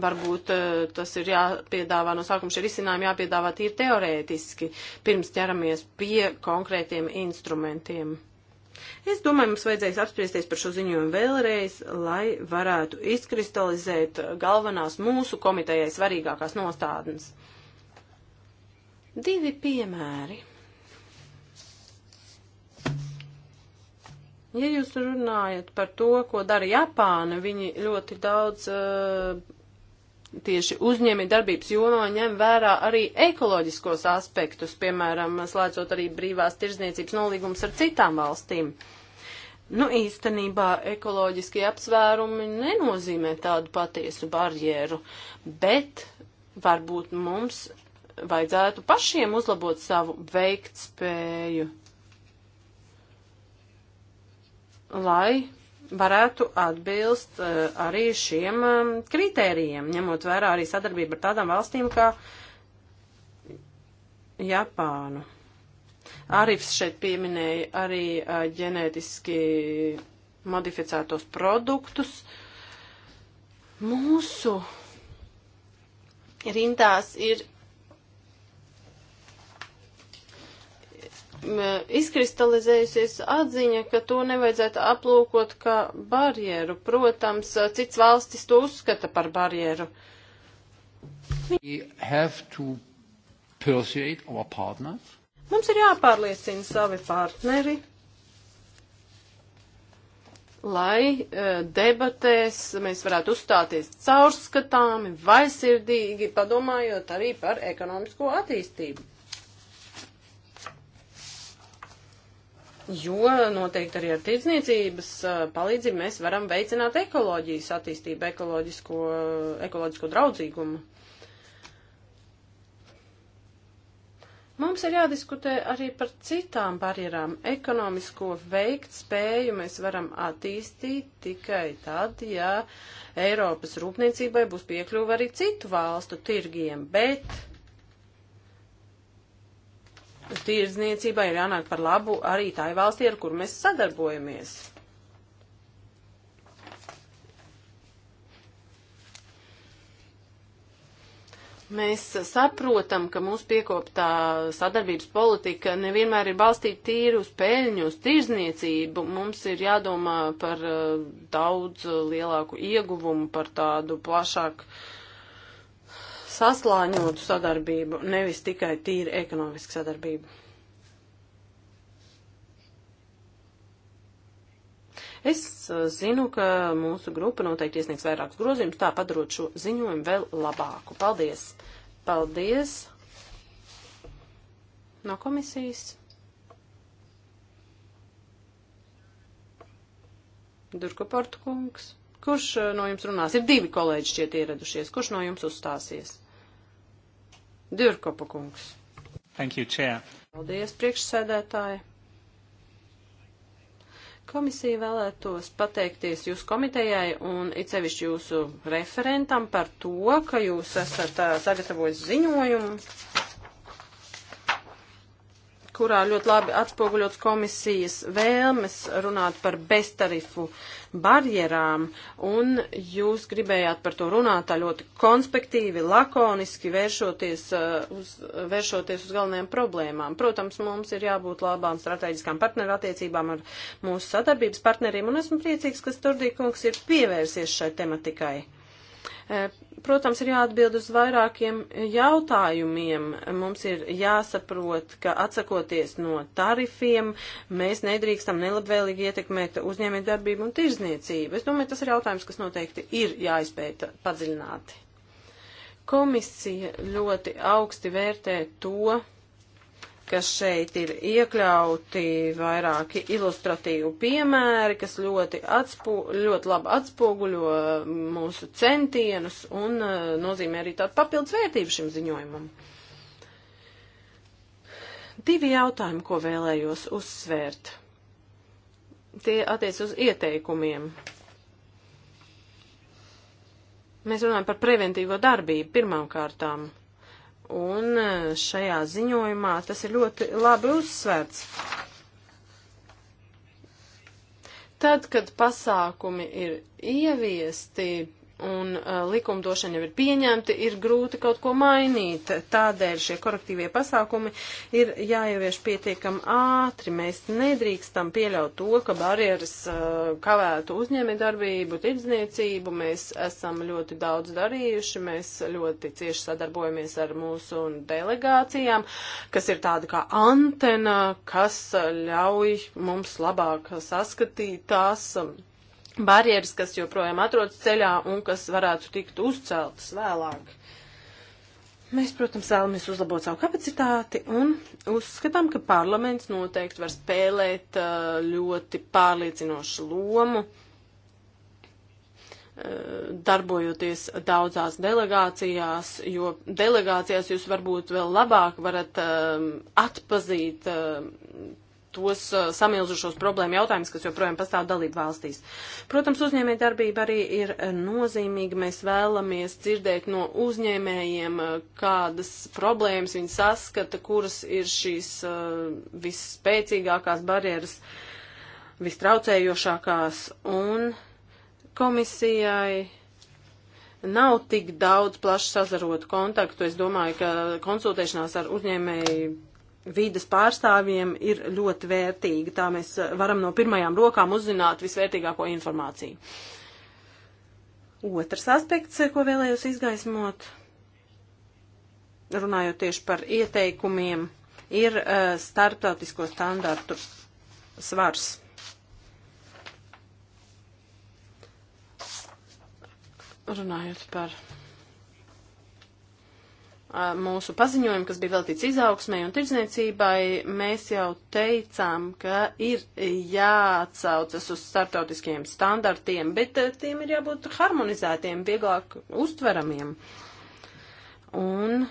Varbūt eh, tas ir jāpiedāvā no sākuma šie risinājumi jāpiedāvā tīri teorētiski, pirms ķeramies pie konkrētiem instrumentiem. Es domāju, mums vajadzēs apspriesties par šo ziņojumu vēlreiz, lai varētu izkristalizēt galvenās mūsu komitejai svarīgākās nostādnes. Divi piemēri. Ja jūs runājat par to, ko dara Japāna, viņi ļoti daudz uh, tieši uzņēmē darbības jomā ņem vērā arī ekoloģiskos aspektus, piemēram, slēdzot arī brīvās tirzniecības nolīgums ar citām valstīm. Nu, īstenībā ekoloģiskie apsvērumi nenozīmē tādu patiesu barjeru, bet varbūt mums vajadzētu pašiem uzlabot savu veiktspēju, lai varētu atbilst eh, arī šiem eh, kritērijiem, ņemot vērā arī sadarbību ar tādām valstīm kā Japānu. Arifs šeit pieminēja arī eh, ģenētiski modificētos produktus. Mūsu rindās ir izkristalizējusies atziņa, ka to nevajadzētu aplūkot kā barjeru. Protams, cits valstis to uzskata par barjeru. Mums ir jāpārliecina savi partneri, lai e, debatēs mēs varētu uzstāties caurskatāmi, vaisirdīgi, padomājot arī par ekonomisko attīstību. jo noteikti arī ar tirdzniecības eh, palīdzību mēs varam veicināt ekoloģijas attīstību, ekoloģisko, ekoloģisko draudzīgumu. Mums ir jādiskutē arī par citām barjerām. Ekonomisko veikt spēju mēs varam attīstīt tikai tad, ja Eiropas rūpniecībai būs piekļuva arī citu valstu tirgiem, bet tirzniecībai ir jānāk par labu arī tai valstī, ar kur mēs sadarbojamies. Mēs saprotam, ka mūsu piekoptā sadarbības politika nevienmēr ir balstīta tīri uz peļņu, uz tirzniecību. Mums ir jādomā par eh, daudz eh, lielāku ieguvumu, par tādu plašāku saslāņotu sadarbību, nevis tikai tīri ekonomisku sadarbību. Es uh, zinu, ka mūsu grupa noteikti iesniegs vairākus grozījumus, tā padarot šo ziņojumu vēl labāku. Paldies! Paldies! No komisijas. Durko Portkungs. Kurš uh, no jums runās? Ir divi kolēģi šķiet ieradušies. Kurš no jums uzstāsies? Dirkopa kungs. Thank you, Chair. Paldies, priekšsēdētāji. Komisija vēlētos pateikties jūsu komitejai un it sevišķi jūsu referentam par to, ka jūs esat sagatavojis ziņojumu kurā ļoti labi atspoguļots komisijas vēlmes runāt par beztarifu barjerām, un jūs gribējāt par to runāt tā ļoti konspektīvi, lakoniski, vēršoties, uh, uz, vēršoties uz galvenajām problēmām. Protams, mums ir jābūt labām strateģiskām partneru attiecībām ar mūsu sadarbības partneriem, un esmu priecīgs, ka Stordīkungs ir pievērsies šai tematikai. Eh, protams, ir jāatbild uz vairākiem jautājumiem. Mums ir jāsaprot, ka atsakoties no tarifiem, mēs nedrīkstam nelabvēlīgi ietekmēt uzņēmēt darbību un tirzniecību. Es domāju, tas ir jautājums, kas noteikti ir jāizpēta padziļināti. Komisija ļoti augsti vērtē to, ka šeit ir iekļauti vairāki ilustratīvi piemēri, kas ļoti, atspū, ļoti labi atspoguļo mūsu centienus un eh, nozīmē arī tādu papildus vērtību šim ziņojumam. Divi jautājumi, ko vēlējos uzsvērt. Tie attiec uz ieteikumiem. Mēs runājam par preventīvo darbību pirmām kārtām un e, šajā ziņojumā tas ir ļoti labi uzsverts. Tad, kad pasākumi ir ieviesti, un uh, likumdošana jau ir pieņemta, ir grūti kaut ko mainīt. Tādēļ šie korektīvie pasākumi ir jāievieš pietiekam ātri. Mēs nedrīkstam pieļaut to, ka barjeras uh, kavētu uzņēmē darbību, tirdzniecību. Mēs esam ļoti daudz darījuši, mēs ļoti cieši sadarbojamies ar mūsu delegācijām, kas ir tāda kā antena, kas ļauj mums labāk saskatīt tās. Uh, barjeras, kas joprojām atrodas ceļā un kas varētu tikt uzceltas vēlāk. Mēs, protams, vēlamies uzlabot savu kapacitāti un uzskatām, ka parlaments noteikti var spēlēt uh, ļoti pārliecinošu lomu, uh, darbojoties daudzās delegācijās, jo delegācijās jūs varbūt vēl labāk varat um, atpazīt um, tos uh, samilzušos problēmu jautājumus, kas joprojām pastāv dalību valstīs. Protams, uzņēmē darbība arī ir nozīmīga. Mēs vēlamies dzirdēt no uzņēmējiem, kādas problēmas viņi saskata, kuras ir šīs uh, visspēcīgākās barjeras, vistraucējošākās. Un komisijai nav tik daudz plaši sazarotu kontaktu. Es domāju, ka konsultēšanās ar uzņēmēju vidas pārstāvjiem ir ļoti vērtīga. Tā mēs eh, varam no pirmajām rokām uzzināt visvērtīgāko informāciju. Otrs aspekts, eh, ko vēlējos izgaismot, runājot tieši par ieteikumiem, ir uh, starptautisko standartu svars. Runājot par mūsu paziņojumu, kas bija veltīts izaugsmai un tirdzniecībai, mēs jau teicām, ka ir jāatsaucas uz startautiskiem standartiem, bet e, tiem ir jābūt harmonizētiem, vieglāk uztveramiem. Un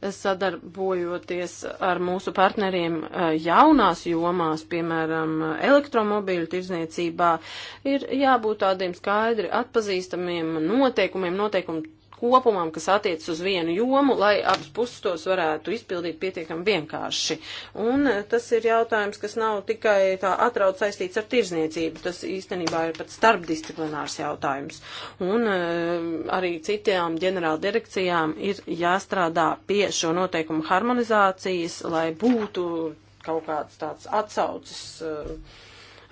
sadarbojoties ar mūsu partneriem e, jaunās jomās, piemēram, elektromobīļu tirdzniecībā, ir jābūt tādiem skaidri atpazīstamiem noteikumiem, noteikumu kopumam, kas attiec uz vienu jomu, lai abas puses tos varētu izpildīt pietiekami vienkārši. Un eh, tas ir jautājums, kas nav tikai tā atraud saistīts ar tirzniecību, tas īstenībā ir pat starpdisciplinārs jautājums. Un eh, arī citām ģenerāla direkcijām ir jāstrādā pie šo noteikumu harmonizācijas, lai būtu kaut kāds tāds atsaucis eh,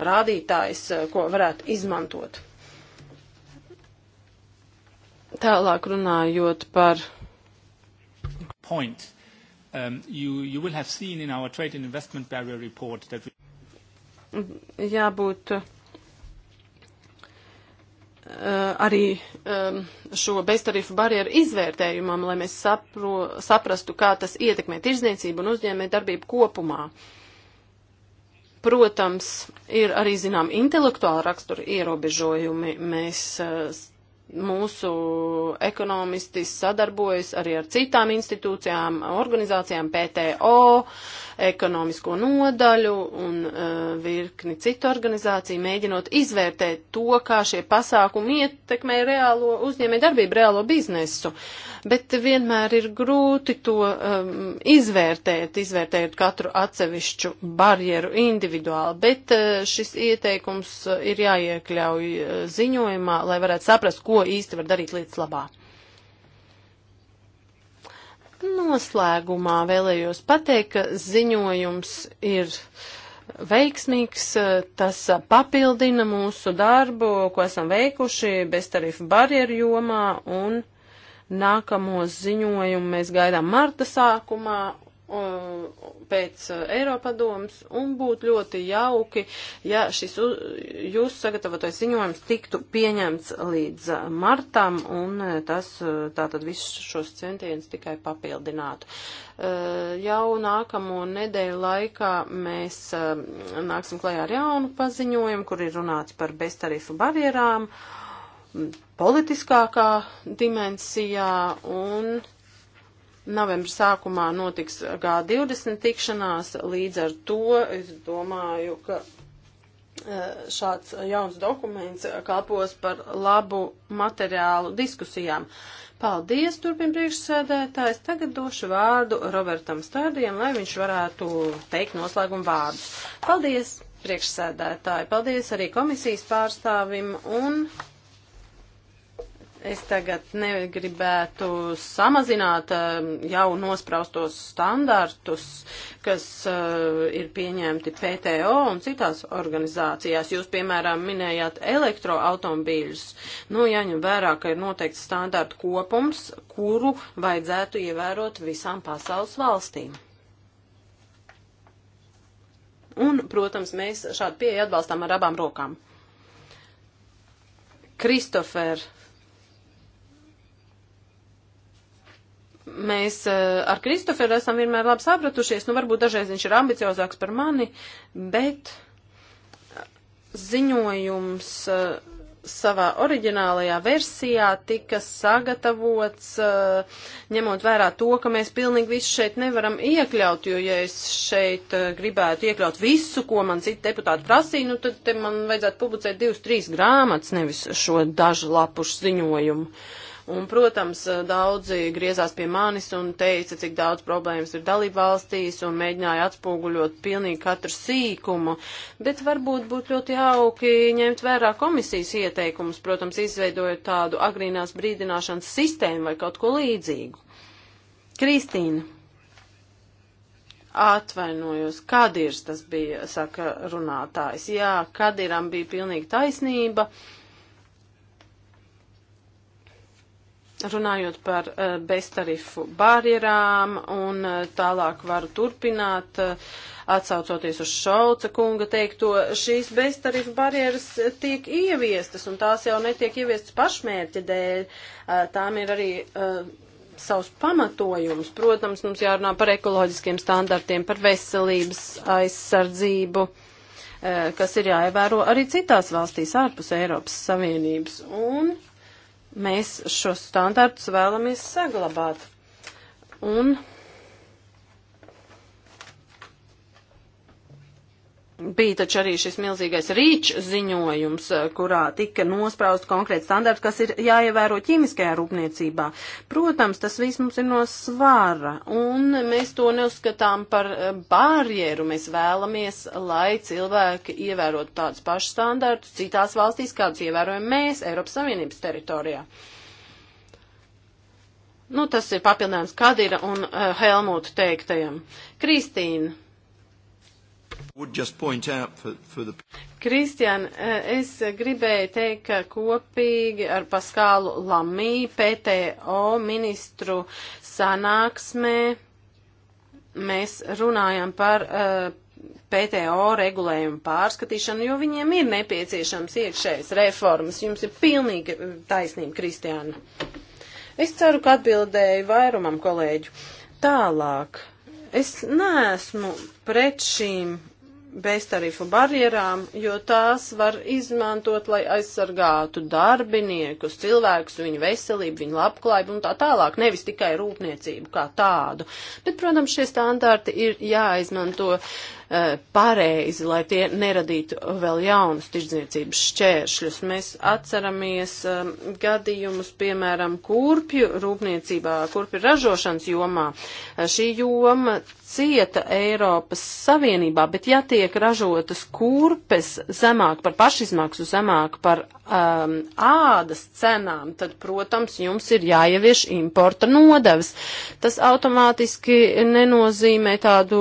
rādītājs, ko varētu izmantot. Tālāk runājot par. Point. Um, you, you will have seen in our trade and investment barrier report that we... Jābūt uh, arī um, šo beztarifu barjeru izvērtējumam, lai mēs sapro, saprastu, kā tas ietekmē tirzniecību un uzņēmē darbību kopumā. Protams, ir arī, zinām, intelektuāla rakstura ierobežojumi. Mēs uh, mūsu ekonomisti sadarbojas arī ar citām institūcijām, organizācijām, PTO, ekonomisko nodaļu un uh, virkni citu organizāciju, mēģinot izvērtēt to, kā šie pasākumi ietekmē reālo uzņēmē darbību, reālo biznesu. Uh, bet vienmēr ir grūti to um, izvērtēt, izvērtējot katru atsevišķu barjeru individuāli, bet uh, šis ieteikums uh, ir jāiekļauj uh, ziņojumā, lai varētu saprast, ko īsti var darīt lietas labā. Noslēgumā vēlējos pateikt, ka ziņojums ir veiksmīgs, uh, tas papildina mūsu darbu, ko esam veikuši beztarifu barjeru jomā un. Nākamos ziņojumu mēs gaidām marta sākumā pēc e, Eiropadomas un būtu ļoti jauki, ja šis jūs sagatavotais ziņojums tiktu pieņemts līdz e, martam un e, tas tātad visus šos centienus tikai papildinātu. Jau nākamo nedēļu laikā mēs nāksim klajā ar jaunu paziņojumu, kur ir runāts par beztarifu barjerām. Uh, politiskākā dimensijā un novembra sākumā notiks G20 tikšanās, līdz ar to es domāju, ka e, šāds jauns dokuments kalpos par labu materiālu diskusijām. Paldies, turpin priekšsēdētājs. Tagad došu vārdu Robertam Stādiem, lai viņš varētu teikt noslēgumu vārdus. Paldies, priekšsēdētāji. Paldies arī komisijas pārstāvim un Es tagad negribētu samazināt um, jau nospraustos standartus, kas uh, ir pieņemti PTO un citās organizācijās. Jūs, piemēram, minējāt elektroautomobīļus. Nu, jāņem vērā, ka ir noteikts standartu kopums, kuru vajadzētu ievērot visām pasaules valstīm. Un, protams, mēs šādu pieeju atbalstām ar abām rokām. Kristofer mēs eh, ar Kristoferu esam vienmēr labi sapratušies, nu varbūt dažreiz viņš ir ambiciozāks par mani, bet eh, ziņojums eh, savā oriģinālajā versijā tika sagatavots, ņemot vērā to, ka mēs pilnīgi visu šeit nevaram iekļaut, jo ja es šeit gribētu iekļaut visu, ko man citi deputāti prasīja, nu tad man vajadzētu publicēt divas, trīs grāmatas, nevis šo dažu lapušu ziņojumu. Uh, Un, protams, daudzi griezās pie manis un teica, cik daudz problēmas ir dalību valstīs un mēģināja atspoguļot pilnīgi katru sīkumu. Bet varbūt būtu ļoti jauki ņemt vērā komisijas ieteikumus, protams, izveidojot tādu agrīnās brīdināšanas sistēmu vai kaut ko līdzīgu. Kristīna. Atvainojos, Kadirs tas bija, saka runātājs. Jā, Kadiram bija pilnīgi taisnība. Uh, runājot par eh, beztarifu barjerām un eh, tālāk varu turpināt, eh, atsaucoties uz Šauca kunga teikto, šīs beztarifu barjeras tiek ieviestas un tās jau netiek ieviestas pašmērķa dēļ, tām ir arī savs pamatojums. Protams, mums jārunā par ekoloģiskiem standartiem, par veselības aizsardzību kas ir jāievēro arī citās valstīs ārpus Eiropas Savienības. Un Mēs šos standartus vēlamies saglabāt. Un Bija taču arī šis milzīgais rīč ziņojums, eh, kurā tika nospraust konkrēti standarti, kas ir jāievēro ķīmiskajā rūpniecībā. Protams, tas viss mums ir no svara, un mēs to neuzskatām par eh, barjeru. Mēs vēlamies, lai cilvēki ievērotu tādus pašus standartus citās valstīs, kādus ievērojam mēs Eiropas Savienības teritorijā. Nu, tas ir papildinājums Kadira un uh, Helmuta teiktajam. Kristīna. Kristian, eh, es gribēju teikt, ka kopīgi ar Paskālu Lamī PTO ministru sanāksmē mēs runājam par uh, eh, PTO regulējumu pārskatīšanu, jo viņiem ir nepieciešams iekšējas reformas. Jums ir pilnīgi taisnība, Kristiāna. Es ceru, ka atbildēju vairumam kolēģu. Tālāk. Es neesmu pret šīm beztarifu barjerām, jo tās var izmantot, lai aizsargātu darbiniekus, cilvēkus, viņu veselību, viņu labklājību un tā tālāk, nevis tikai rūpniecību kā tādu. Bet, protams, šie standarti ir jāizmanto uh, E, pareizi, lai tie neradītu vēl jaunus tirdzniecības šķēršļus. Mēs atceramies e, gadījumus, piemēram, kurpju rūpniecībā, kurpju ražošanas jomā. E, šī joma cieta Eiropas Savienībā, bet ja tiek ražotas kurpes zemāk par pašizmaksu, zemāk par um, ādas cenām, tad, protams, jums ir jāievieš importa nodevs. Tas automātiski nenozīmē tādu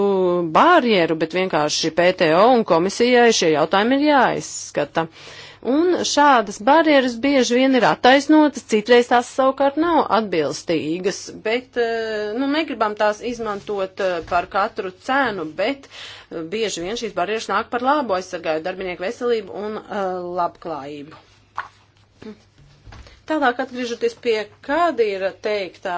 barjeru, bet vienkārši PTO un komisijai šie jautājumi ir jāizskata. Un šādas barjeras bieži vien ir attaisnotas, citreiz tās savukārt nav atbilstīgas, bet eh, nu, negribam tās izmantot eh, par katru cenu, bet eh, bieži vien šīs barjeras nāk par labu aizsargājot darbinieku veselību un uh, labklājību. Tālāk atgriežoties pie Kādīra teiktā.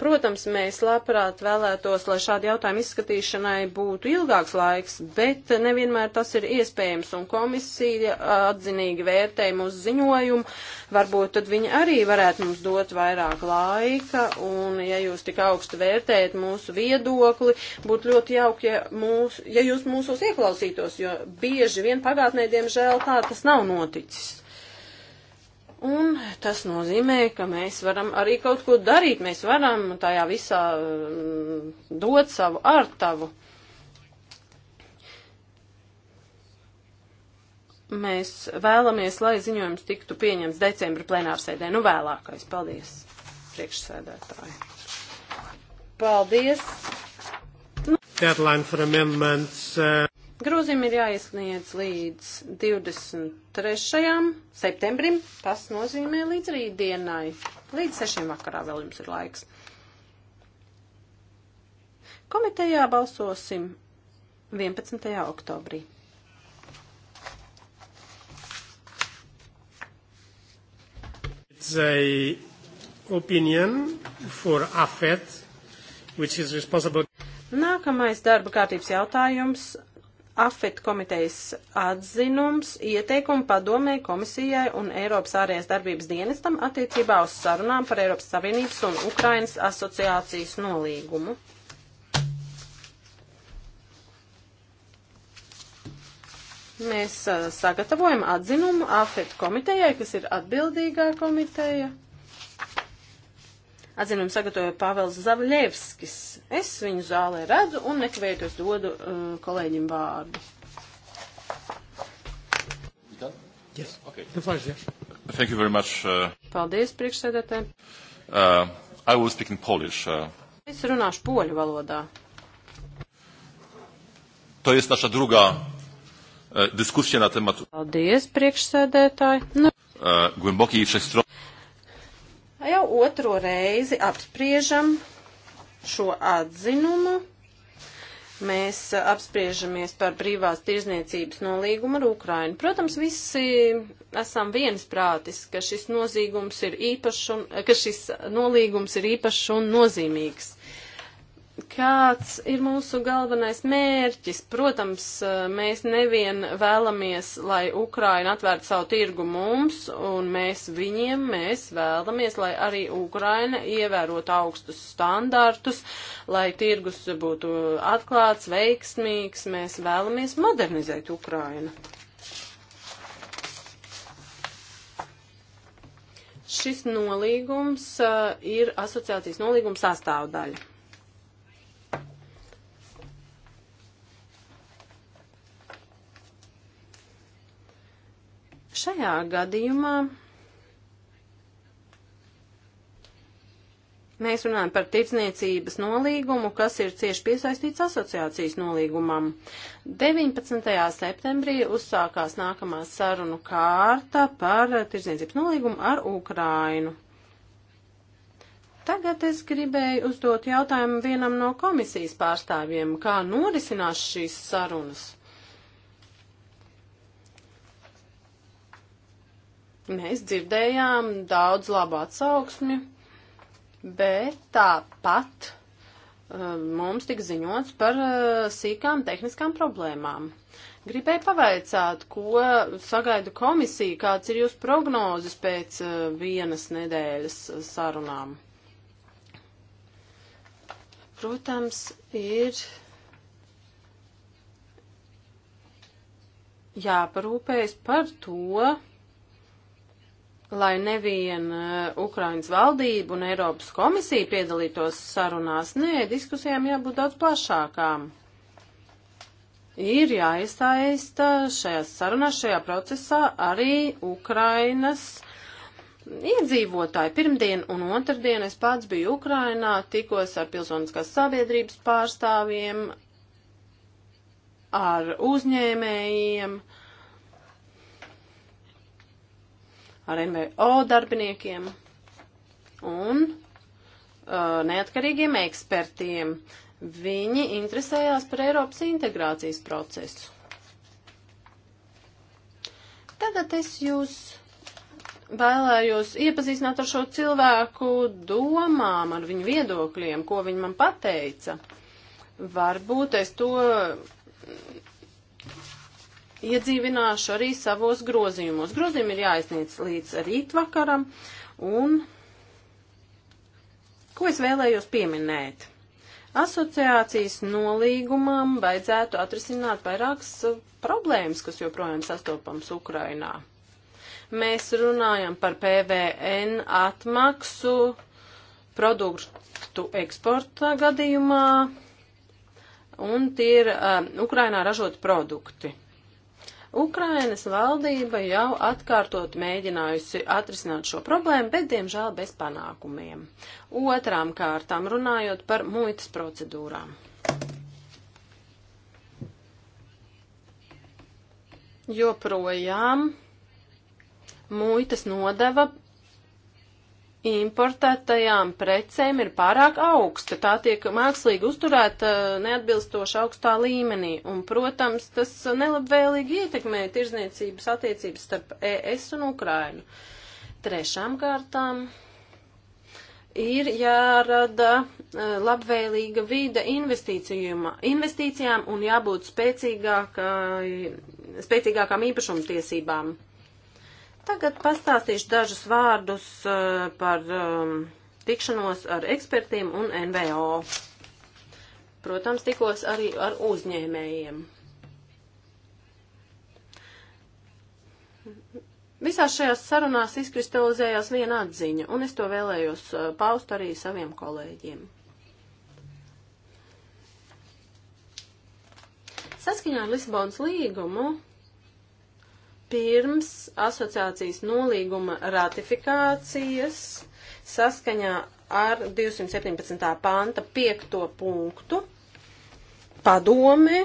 Protams, mēs labprāt vēlētos, lai šādi jautājumi izskatīšanai būtu ilgāks laiks, bet nevienmēr tas ir iespējams, un komisija atzinīgi vērtē mūsu ziņojumu. Varbūt tad viņi arī varētu mums dot vairāk laika, un ja jūs tik augstu vērtējat mūsu viedokli, būtu ļoti jauki, ja, mūs, ja jūs mūsos ieklausītos, jo bieži vien pagātnē, diemžēl, tā tas nav noticis. Un tas nozīmē, ka mēs varam arī kaut ko darīt, mēs varam tajā visā mm, dot savu ārtavu. Mēs vēlamies, lai ziņojums tiktu pieņemts decembra plenārsēdē, nu vēlākais. Paldies, priekšsēdētāji. Paldies. Deadline for amendments. Uh... Grozījumi ir jāiesniedz līdz 23. septembrim, tas nozīmē līdz rītdienai, līdz 6. vakarā vēl jums ir laiks. Komitejā balsosim 11. oktobrī. It's a opinion for AFET, which is responsible. Nākamais darba kārtības jautājums AFIT komitejas atzinums ieteikumu padomē komisijai un Eiropas ārējās darbības dienestam attiecībā uz sarunām par Eiropas Savienības un Ukrainas asociācijas nolīgumu. Mēs uh, sagatavojam atzinumu AFIT komitejai, kas ir atbildīgā komiteja. Atzinumu sagatavoja Pāvils Zavļevskis. Es viņu zālē redzu un nekavējoties dodu uh, kolēģim vārdu. Yes. Okay. Thank you very much. Uh, Paldies, priekšsēdētāji. Uh, I will speak in Polish. Uh, es runāšu poļu valodā. To jest nasza druga e, dyskusja na temat. Paldies, priekšsēdētāji. Nu. E, głębokiej wszechstronnej. Jau otro reizi apspriežam šo atzinumu. Mēs apspriežamies par brīvās tirzniecības nolīgumu ar Ukrainu. Protams, visi esam viensprātis, ka šis, ir īpašs un, ka šis nolīgums ir īpašs un nozīmīgs kāds ir mūsu galvenais mērķis? Protams, eh, mēs nevien vēlamies, lai Ukraina atvērtu savu tirgu mums, un mēs viņiem, mēs vēlamies, lai arī Ukraina ievērotu augstus standartus, lai tirgus būtu atklāts, veiksmīgs, mēs vēlamies modernizēt Ukrainu. Šis nolīgums uh, ir asociācijas nolīgums sastāvdaļa. Šajā gadījumā mēs runājam par tirdzniecības nolīgumu, kas ir cieši piesaistīts asociācijas nolīgumam. 19. septembrī uzsākās nākamā sarunu kārta par tirdzniecības nolīgumu ar Ukrainu. Tagad es gribēju uzdot jautājumu vienam no komisijas pārstāvjiem, kā norisinās šīs sarunas. Mēs dzirdējām daudz labu atsauksmi, bet tāpat eh, mums tika ziņots par eh, sīkām tehniskām problēmām. Gribēju pavaicāt, ko sagaida komisija, kāds ir jūsu prognozes pēc eh, vienas nedēļas sarunām. Protams, ir jāparūpējas par to, lai neviena uh, Ukrainas valdība un Eiropas komisija piedalītos sarunās. Nē, diskusijām jābūt daudz plašākām. Ir jāiesaista šajās sarunās, šajā procesā arī Ukrainas iedzīvotāji. Pirmdien un otrdien es pats biju Ukrainā, tikos ar pilsoniskās sabiedrības pārstāvjiem, ar uzņēmējiem. Uh, ar MVO darbiniekiem un uh, neatkarīgiem ekspertiem. Viņi interesējās par Eiropas integrācijas procesu. Tagad es jūs vēlējos iepazīstināt ar šo cilvēku domām, ar viņu viedokļiem, ko viņi man pateica. Varbūt es to iedzīvināšu arī savos grozījumos. Grozījumi ir jāizniec līdz rītvakaram, un ko es vēlējos pieminēt? Asociācijas nolīgumam vajadzētu atrisināt vairākas uh, problēmas, kas joprojām sastopams Ukrainā. Mēs runājam par PVN atmaksu produktu eksporta gadījumā, un tie ir uh, Ukrainā ražoti produkti. Ukrainas valdība jau atkārtot mēģinājusi atrisināt šo problēmu, bet diemžēl bez panākumiem. Otrām kārtām runājot par muitas procedūrām. Joprojām muitas nodeva importētajām precēm ir pārāk augsta. Tā tiek mākslīgi uzturēta eh, neatbilstoši augstā līmenī. Un, protams, tas nelabvēlīgi ietekmē tirzniecības attiecības starp ES un Ukrainu. Trešām kārtām ir jārada eh, labvēlīga vīda investīcijām un jābūt spēcīgāk, spēcīgākām īpašumtiesībām. Tagad pastāstīšu dažus vārdus eh, par um, tikšanos ar ekspertiem un NVO. Protams, tikos arī ar uzņēmējiem. Visās šajās sarunās izkristalizējās viena atziņa, un es to vēlējos eh, paust arī saviem kolēģiem. Saskaņā ar Lisabonas līgumu pirms asociācijas nolīguma ratifikācijas saskaņā ar 217. panta 5. punktu padome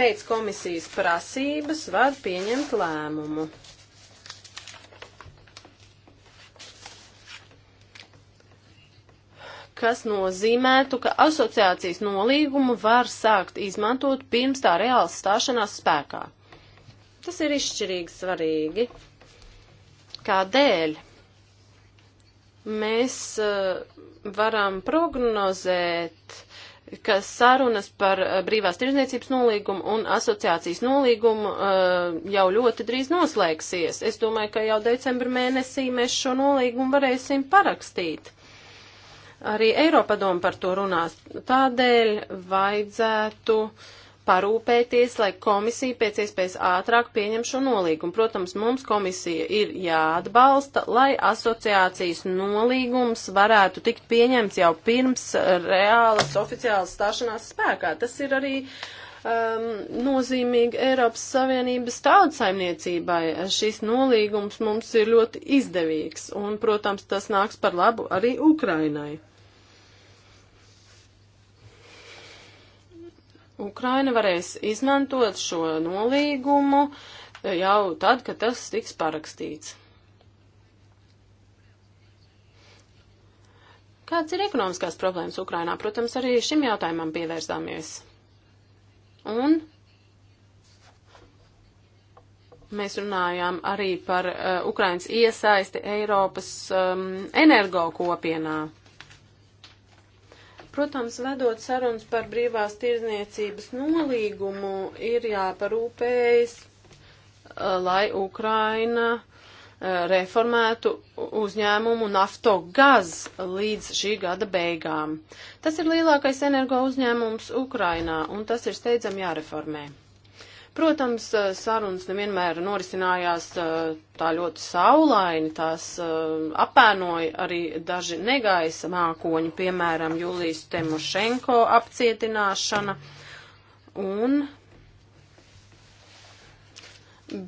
pēc komisijas prasības var pieņemt lēmumu. kas nozīmētu, ka asociācijas nolīgumu var sākt izmantot pirms tā reāls stāšanās spēkā. Tas ir izšķirīgi svarīgi. Kādēļ? Mēs uh, varam prognozēt, ka sarunas par eh, brīvās tirdzniecības nolīgumu un asociācijas nolīgumu uh, jau ļoti drīz noslēgsies. Es domāju, ka jau decembra mēnesī mēs šo nolīgumu varēsim parakstīt. Arī Eiropadoma par to runās. Tādēļ vajadzētu uh, parūpēties, lai komisija pēc iespējas ātrāk pieņem šo nolīgumu. Protams, mums komisija ir jāatbalsta, lai asociācijas nolīgums varētu tikt pieņemts jau pirms reālas oficiālas stāšanās spēkā. Tas ir arī um, nozīmīgi Eiropas Savienības tautsaimniecībai. Šis nolīgums mums ir ļoti izdevīgs un, protams, tas nāks par labu arī Ukrainai. Ukraina varēs izmantot šo nolīgumu jau tad, kad tas tiks parakstīts. Kāds ir ekonomiskās problēmas Ukrainā? Protams, arī šim jautājumam pievērsāmies. Un mēs runājām arī par uh, Ukrainas iesaisti Eiropas um, energo kopienā. Protams, vedot sarunas par brīvās tirzniecības nolīgumu, ir jāparūpējas, uh, lai Ukraina uh, reformētu uzņēmumu nafto gaz līdz šī gada beigām. Tas ir lielākais energo uzņēmums Ukrainā, un tas ir steidzam jāreformē. Protams, eh, sarunas nevienmēr norisinājās eh, tā ļoti saulaini, tās eh, apēnoja arī daži negaisa mākoņi, piemēram, Julijas Temošenko apcietināšana. Un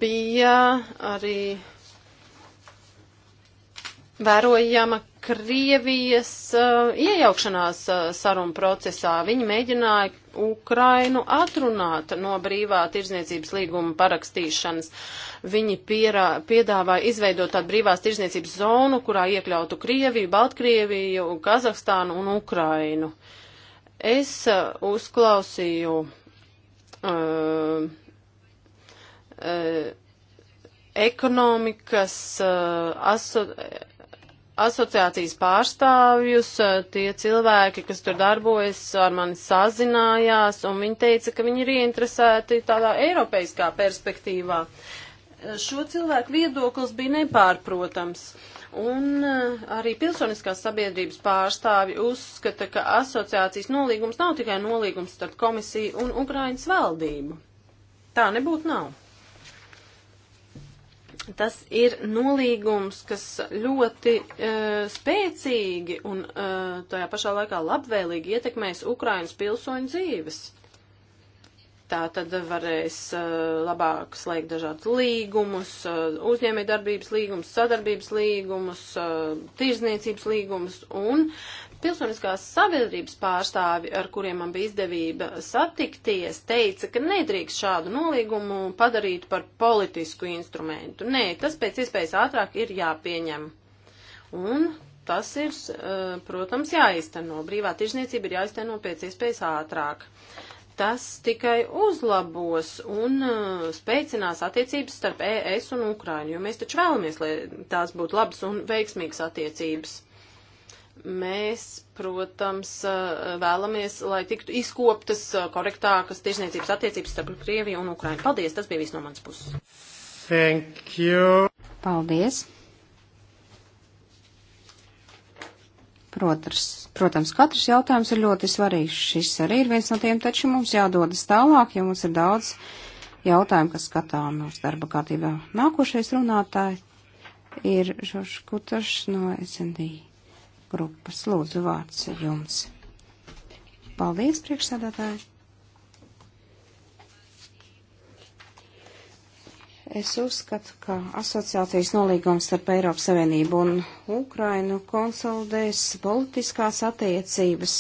bija arī vērojama Krievijas uh, iejaukšanās uh, sarunu procesā. Viņi mēģināja Ukrainu atrunāt no brīvā tirzniecības līguma parakstīšanas. Viņi pierā, piedāvāja izveidot tādu brīvās tirzniecības zonu, kurā iekļautu Krieviju, Baltkrieviju, Kazahstānu un Ukrainu. Es uh, uzklausīju. Uh, uh, ekonomikas uh, aso, asociācijas pārstāvjus, eh, tie cilvēki, kas tur darbojas, ar mani sazinājās, un viņi teica, ka viņi ir ieinteresēti tādā eiropeiskā perspektīvā. Eh, šo cilvēku viedoklis bija nepārprotams. Un eh, arī pilsoniskās sabiedrības pārstāvi uzskata, ka asociācijas nolīgums nav tikai nolīgums starp komisiju un Ukrainas valdību. Tā nebūtu nav. Tas ir nolīgums, kas ļoti uh, spēcīgi un uh, tajā pašā laikā labvēlīgi ietekmēs Ukrainas pilsoņu dzīves. Tā tad varēs uh, labāk slēgt dažādus līgumus, uh, uzņēmējdarbības līgumus, sadarbības līgumus, uh, tirzniecības līgumus, un Pilsoniskās sabiedrības pārstāvi, ar kuriem man bija izdevība satikties, teica, ka nedrīkst šādu nolīgumu padarīt par politisku instrumentu. Nē, tas pēc iespējas ātrāk ir jāpieņem. Un tas ir, eh, protams, jāizteno. Brīvā tirzniecība ir jāizteno pēc iespējas ātrāk tas tikai uzlabos un uh, spēcinās attiecības starp ES un Ukrainu, jo mēs taču vēlamies, lai tās būtu labas un veiksmīgas attiecības. Mēs, protams, eh, vēlamies, lai tiktu izkoptas eh, korektākas tiešniecības attiecības starp Krieviju un Ukrainu. Paldies, tas bija viss no manas puses. Thank you. Paldies. Protams, protams, katrs jautājums ir ļoti svarīgs. Šis arī ir viens no tiem, taču mums jādodas tālāk, jo mums ir daudz jautājumu, kas skatām uz darba kārtībā. Nākošais runātāji ir Žošs Kutašs no SND grupas. Lūdzu, vārds jums. Paldies, priekšsēdētāji. Es uzskatu, ka asociācijas nolīgums starp Eiropas Savienību un Ukrainu konsolidēs politiskās attiecības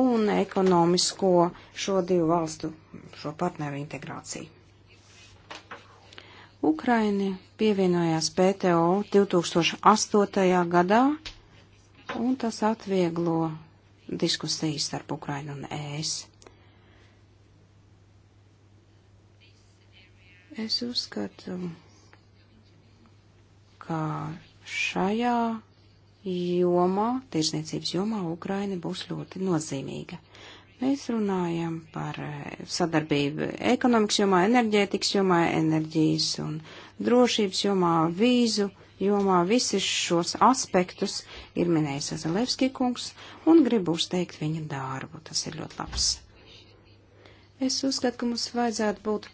un ekonomisko šo divu valstu, šo partneru integrāciju. Ukraini pievienojās PTO 2008. gadā un tas atvieglo diskusijas starp Ukrainu un ES. Es uzskatu, ka šajā jomā, tirsniecības jomā, Ukraina būs ļoti nozīmīga. Mēs runājam par eh, sadarbību ekonomikas jomā, enerģētikas jomā, enerģijas un drošības jomā, vīzu jomā visus šos aspektus ir minējis Azalevski kungs un gribu uzteikt viņa darbu. Tas ir ļoti labs. Es uzskatu, ka mums vajadzētu būt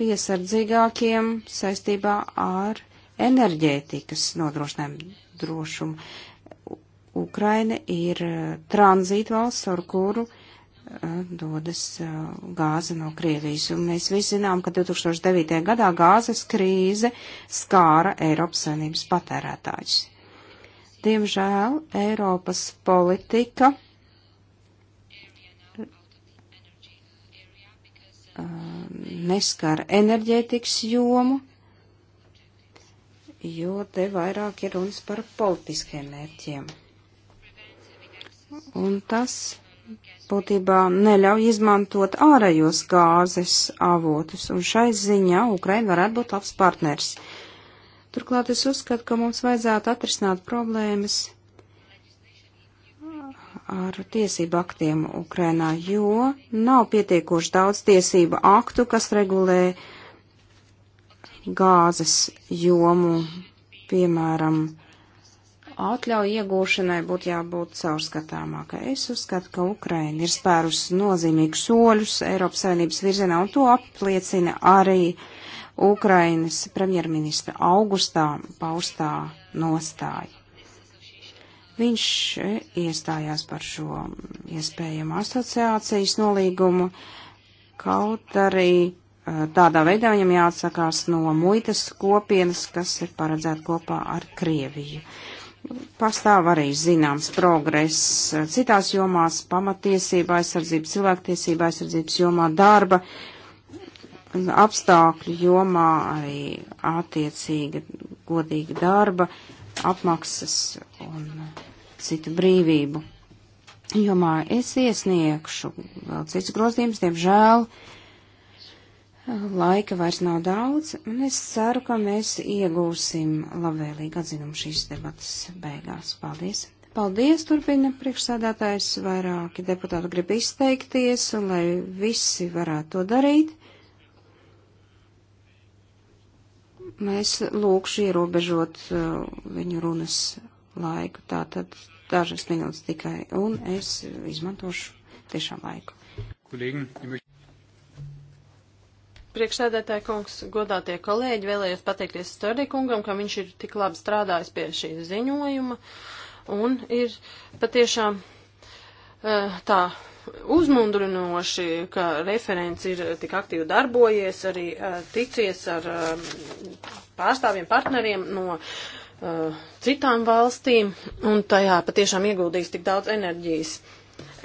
piesardzīgākiem saistībā ar enerģētikas nodrošinājumu drošumu. Ukraina ir eh, tranzītvalsts, ar kuru uh, dodas gāze no Krievijas. Un mēs visi zinām, ka 2009. gadā gāzes krīze skāra Eiropas saimnības patērētājus. Diemžēl Eiropas politika neskara enerģētikas jomu, jo te vairāk ir runas par politiskiem mērķiem. Un tas būtībā neļauj izmantot ārējos gāzes avotus, un šai ziņā Ukraina varētu būt labs partners. Turklāt es uzskatu, ka mums vajadzētu atrisināt problēmas ar tiesību aktiem Ukrainā, jo nav pietiekoši daudz tiesību aktu, kas regulē gāzes jomu, piemēram, atļauju iegūšanai būtu jābūt caurskatāmākai. Es uzskatu, ka Ukraina ir spērus nozīmīgus soļus Eiropas Savienības virzienā, un to apliecina arī Ukrainas premjerministra augustā paustā nostāja. Viņš e, iestājās par šo iespējamu asociācijas nolīgumu, kaut arī e, tādā veidā viņam jāatsakās no muitas kopienas, kas ir paredzēta kopā ar Krieviju. Uh, pastāv arī zināms progress citās jomās, pamatiesība aizsardzība, cilvēktiesība aizsardzības jomā, darba apstākļu jomā, arī attiecīga godīga darba, apmaksas un citu brīvību jomā. Es iesniegšu vēl cits grozījums, diemžēl. Uh, Laika vairs nav daudz, un es ceru, ka mēs iegūsim labvēlīgu atzinumu šīs debatas beigās. Paldies! Paldies, turpina priekšsādātājs, vairāki deputāti grib izteikties, un lai visi varētu to darīt, mēs lūkšu ierobežot uh, viņu runas laiku, tātad dažas minūtes tikai, un es izmantošu tiešām laiku. Kolēģi, Priekšsēdētāja kungs, godātie kolēģi, vēlējos pateikties Stordī kungam, ka viņš ir tik labi strādājis pie šī ziņojuma un ir patiešām eh, tā uzmundrinoši, ka referents ir tik aktīvi darbojies, arī eh, ticies ar eh, pārstāvjiem, partneriem no citām valstīm un tajā patiešām ieguldījis tik daudz enerģijas.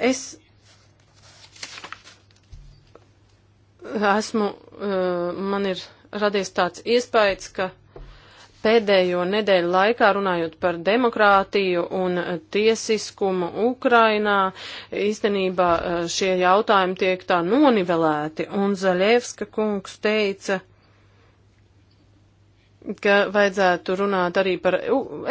Es esmu, eh, man ir radies tāds iespējas, ka pēdējo nedēļu laikā runājot par demokrātiju un tiesiskumu Ukrainā, īstenībā eh, šie jautājumi tiek tā nonivelēti. Un Zaļevska kungs teica, ka vajadzētu runāt arī par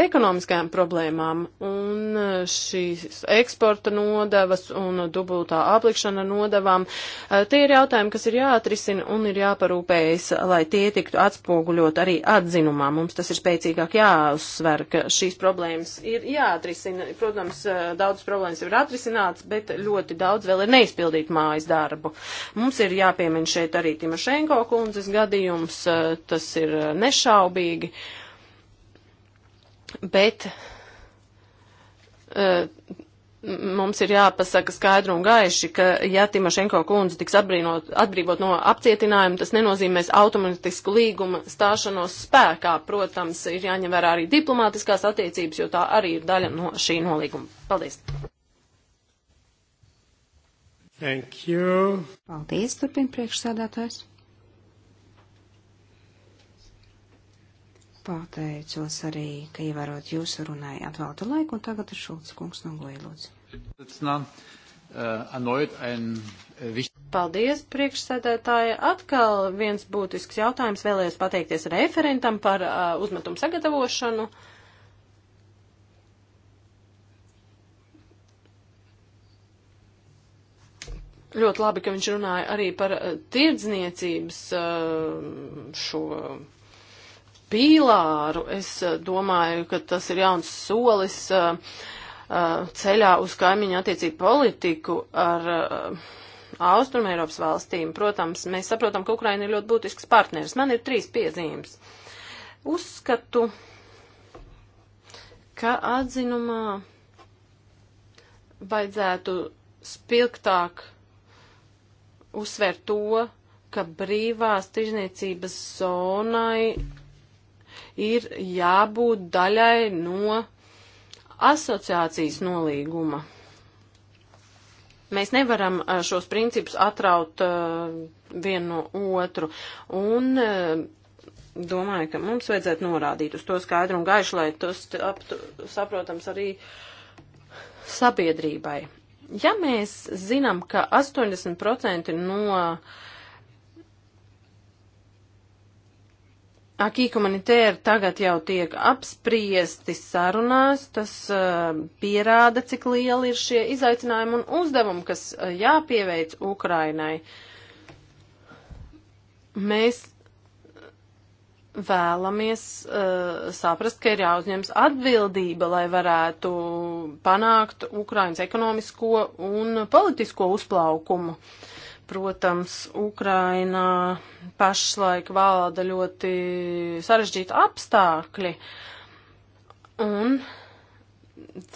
ekonomiskajām problēmām, un e, šīs eksporta nodevas un dubultā aplikšana nodevām, e, tie ir jautājumi, kas ir jāatrisina un ir jāparūpējas, lai tie tiktu atspoguļot arī atzinumā. Mums tas ir spēcīgāk jāuzsver, ka šīs problēmas ir jāatrisina. Protams, e, daudz problēmas ir atrisināts, bet ļoti daudz vēl ir neizpildīt mājas darbu. Mums ir jāpiemina šeit arī Timošenko kundzes gadījums, tas ir nešā šaubīgi. Bet uh, mums ir jāpasaka skaidru un gaiši, ka ja Timošenko kundze tiks atbrīnot, atbrīvot no apcietinājuma, tas nenozīmēs automatisku līguma stāšanos spēkā. Protams, ir jāņem vērā arī diplomātiskās attiecības, jo tā arī ir daļa no šī nolīguma. Paldies! Thank you. Paldies, turpina priekšsādātājs. Pateicos arī, ka ievērot jūsu runai atvēltu laiku, un tagad ir Šulc kungs no Glīlūdz. Paldies, priekšsēdētāji. Atkal viens būtisks jautājums. Vēlējos pateikties referentam par uh, uzmetumu sagatavošanu. Ļoti labi, ka viņš runāja arī par uh, tirdzniecības uh, šo pīlāru. Es eh, domāju, ka tas ir jauns solis eh, eh, ceļā uz kaimiņu attiecību politiku ar Austrumēropas valstīm. Protams, mēs saprotam, ka Ukraina ir ļoti būtisks partners. Man ir trīs piezīmes. Uzskatu, ka atzinumā vajadzētu spilgtāk uzsvērt to, ka brīvās tirzniecības zonai ir jābūt daļai no asociācijas nolīguma. Mēs nevaram eh, šos principus atraut eh, vienu no otru. Un eh, domāju, ka mums vajadzētu norādīt uz to skaidru un gaišu, lai tas aptu, saprotams arī sabiedrībai. Ja mēs zinām, ka 80% no uh, Akī komunitēra tagad jau tiek apspriesti sarunās, tas uh, pierāda, cik lieli ir šie izaicinājumi un uzdevumi, kas uh, jāpieveic Ukrainai. Mēs eh, vēlamies uh, saprast, ka ir jāuzņems atbildība, lai varētu panākt Ukrainas ekonomisko un politisko uzplaukumu. Uh, Protams, Ukrainā pašlaik valda ļoti sarežģīti apstākļi un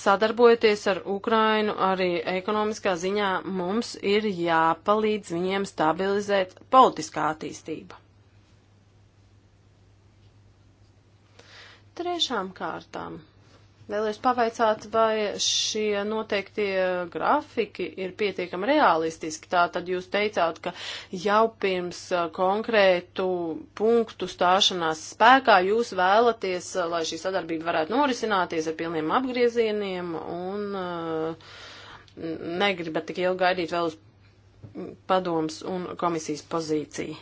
sadarbojoties ar Ukrainu arī ekonomiskā ziņā mums ir jāpalīdz viņiem stabilizēt politiskā attīstība. Trešām kārtām. Vēlējos pavaicāt, vai šie noteiktie grafiki ir pietiekami realistiski. Tā tad jūs teicāt, ka jau pirms konkrētu punktu stāšanās spēkā jūs vēlaties, lai šī sadarbība varētu norisināties ar pilniem apgriezieniem un negribat tik ilgi gaidīt vēl uz padoms un komisijas pozīciju.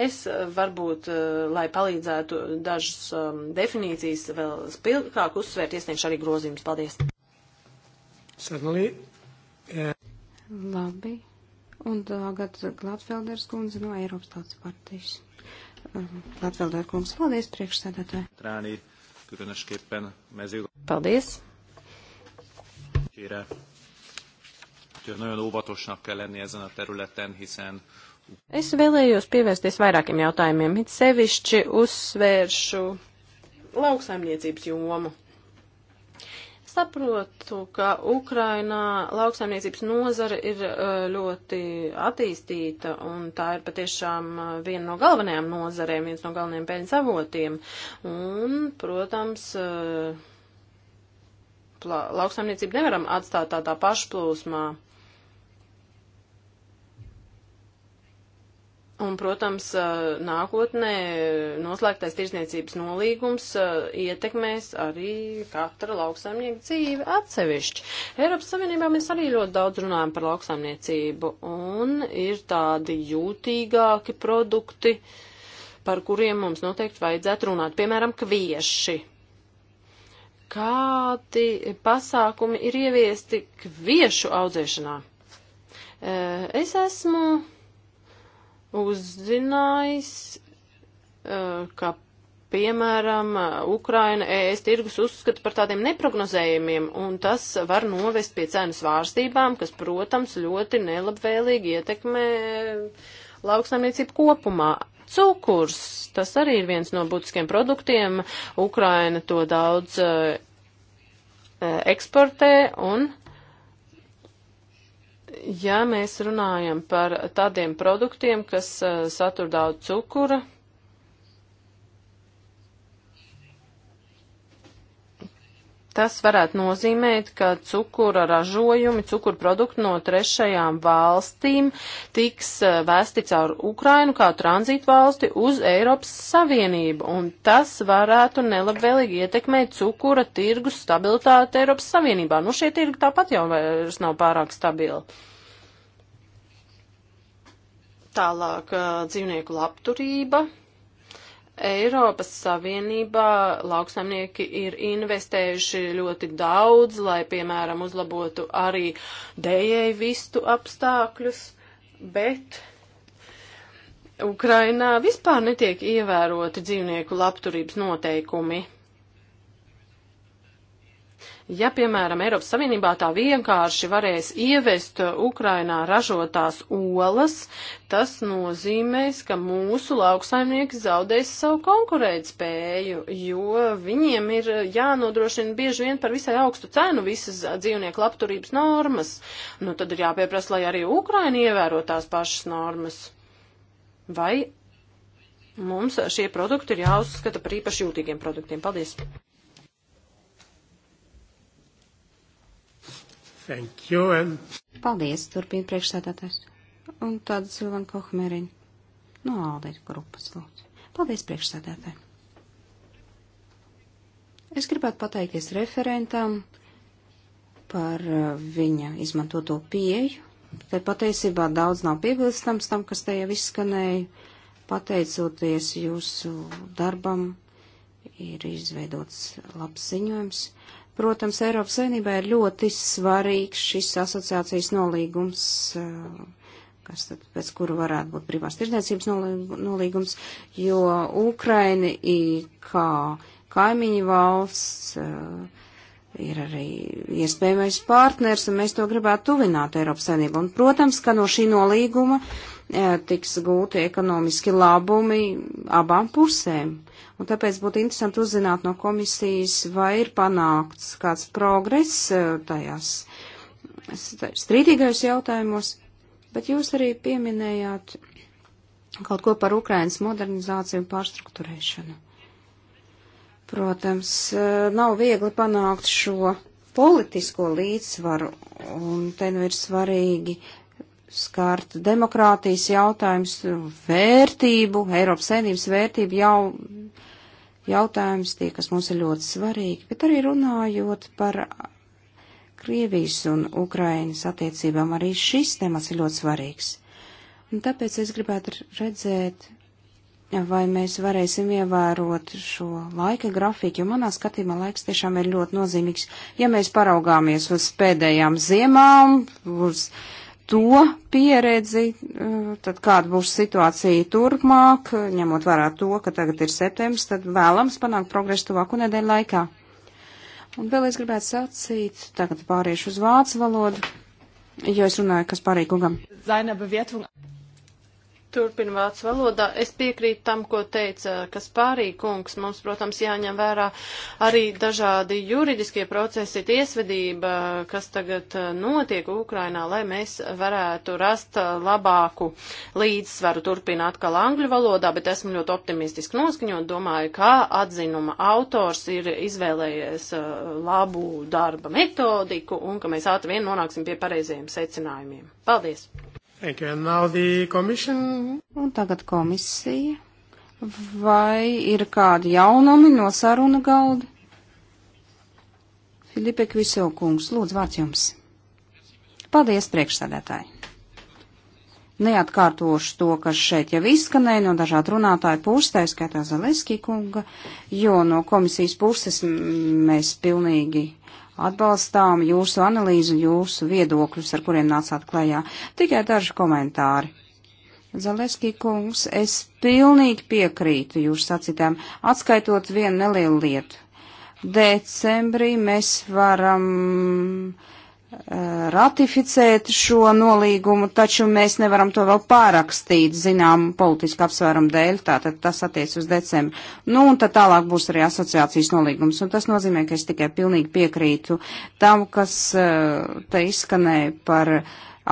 Es eh, varbūt, eh, lai palīdzētu dažas um, definīcijas vēl spilgtāk uzsvērt, iesniegšu arī grozījumus. Paldies! Certainly. Yeah. Labi. Un tagad Glatfelders kundze no Eiropas tautas partijas. Eh, Glatfelder kungs, paldies priekšsēdētāji. Trānī, különösképpen mezil. Paldies. Kére. Nagyon óvatosnak kell lenni ezen a területen, hiszen Es vēlējos pievērsties vairākiem jautājumiem, it sevišķi uzsvēršu lauksaimniecības jomu. Saprotu, ka Ukrainā lauksaimniecības nozara ir uh, ļoti attīstīta un tā ir patiešām uh, viena no galvenajām nozarēm, viens no galvenajiem peļņas avotiem. Un, protams, uh, lauksaimniecību nevaram atstāt tādā pašplūsmā. Un, protams, nākotnē noslēgtais tirzniecības nolīgums ietekmēs arī katra lauksaimnieka dzīvi atsevišķi. Eiropas Savienībā mēs arī ļoti daudz runājam par lauksaimniecību, un ir tādi jūtīgāki produkti, par kuriem mums noteikti vajadzētu runāt, piemēram, kvieši. Kādi pasākumi ir ieviesti kviešu audzēšanā? Es esmu uzzinājis, eh, ka, piemēram, Ukraina ES tirgus uzskata par tādiem neprognozējumiem, un tas var novest pie cenu svārstībām, kas, protams, ļoti nelabvēlīgi ietekmē lauksaimniecību kopumā. Cukurs, tas arī ir viens no būtiskiem produktiem. Ukraina to daudz eh, eksportē un Ja mēs runājam par tādiem produktiem, kas uh, satur daudz cukura, Tas varētu nozīmēt, ka cukura ražojumi, cukura produkti no trešajām valstīm tiks eh, vēsti caur Ukrainu kā tranzītu valsti uz Eiropas Savienību, un tas varētu nelabvēlīgi ietekmēt cukura tirgus stabilitāti Eiropas Savienībā. Nu, šie tirgi tāpat jau vairs nav pārāk stabili. Tālāk eh, dzīvnieku labturība. Eiropas Savienībā lauksaimnieki ir investējuši ļoti daudz, lai, piemēram, uzlabotu arī dējēju vistu apstākļus, bet Ukrainā vispār netiek ievēroti dzīvnieku labturības noteikumi. Ja, piemēram, Eiropas Savienībā tā vienkārši varēs ievest Ukrainā ražotās olas, tas nozīmēs, ka mūsu lauksaimnieki zaudēs savu konkurētspēju, jo viņiem ir jānodrošina bieži vien par visai augstu cenu visas dzīvnieku labturības normas. Nu, tad ir jāpieprasa, lai arī Ukraina ievēro tās pašas normas. Vai mums šie produkti ir jāuzskata par īpaši jūtīgiem produktiem? Paldies! Thank you. And... Paldies, turpina priekšsēdētājs. Un tad Silvan Kohmeriņa. No Alde grupas lūdzu. Paldies, priekšsēdētāji. Es gribētu pateikties referentam par uh, viņa izmantoto pieju. Te patiesībā daudz nav piebilstams tam, kas te jau izskanēja. Pateicoties jūsu darbam, ir izveidots labs ziņojums. Uh, Protams, Eiropas Savienībā ir ļoti svarīgs šis asociācijas nolīgums, eh, kas tad pēc kuru varētu būt privās tirdzniecības nolīgums, jo Ukraini ir kā kaimiņu valsts, eh, ir arī iespējamais partners, un mēs to gribētu tuvināt Eiropas Savienību. Un, protams, ka no šī nolīguma eh, tiks gūti ekonomiski labumi abām pusēm Un tāpēc būtu interesanti uzzināt no komisijas, vai ir panākts kāds progress eh, tajās strīdīgajos jautājumos, bet jūs arī pieminējāt kaut ko par Ukrainas modernizāciju un pārstruktūrēšanu. Protams, eh, nav viegli panākt šo politisko līdzsvaru, un te nu ir svarīgi skart demokrātijas jautājums, vērtību, Eiropas saimnības vērtību jau jautājums, tie, kas mums ir ļoti svarīgi, bet arī runājot par Krievijas un Ukrainas attiecībām, arī šis temats ir ļoti svarīgs. Un tāpēc es gribētu redzēt, vai mēs varēsim ievērot šo laika grafiku, jo manā skatījumā laiks tiešām ir ļoti nozīmīgs. Ja mēs paraugāmies uz pēdējām ziemām, uz uh, to pieredzi, eh, tad kāda būs situācija turpmāk, ņemot vērā to, ka tagad ir septembris, tad vēlams panākt progresu tuvāku nedēļu laikā. Un vēl es gribētu sacīt, tagad pāriešu uz vācu valodu, jo es runāju, kas parīkungam. Turpin vācu valodā. Es piekrītu tam, ko teica Kaspārī kungs. Mums, protams, jāņem vērā arī dažādi juridiskie procesi, tiesvedība, kas tagad eh, notiek Ukrainā, lai mēs varētu rast eh, labāku līdzsvaru. Turpin atkal angļu valodā, bet esmu ļoti optimistiski noskaņot. Domāju, kā atzinuma autors ir izvēlējies eh, labu darba metodiku un ka mēs ātri vien nonāksim pie pareizajiem secinājumiem. Paldies! Thank you. And now the commission. Un tagad komisija. Vai ir kādi jaunumi no saruna galda? Filipe Kviso kungs, lūdzu, vārds jums. Paldies, priekšsēdētāji. Neatkārtošu to, kas šeit jau izskanēja no dažādu runātāju puses, tā skaitā Zaleski kunga, jo no komisijas puses mēs pilnīgi atbalstām jūsu analīzi un jūsu viedokļus, ar kuriem nācāt klajā. Tikai daži komentāri. Zaleski kungs, es pilnīgi piekrītu jūs sacītām, atskaitot vienu nelielu lietu. Decembrī mēs varam uh, ratificēt šo nolīgumu, taču mēs nevaram to vēl pārakstīt, zinām, politiski apsvērumu dēļ, tātad tas attiec uz decembru. Nu, un tad tālāk būs arī asociācijas nolīgums, un tas nozīmē, ka es tikai pilnīgi piekrītu tam, kas eh, te izskanēja par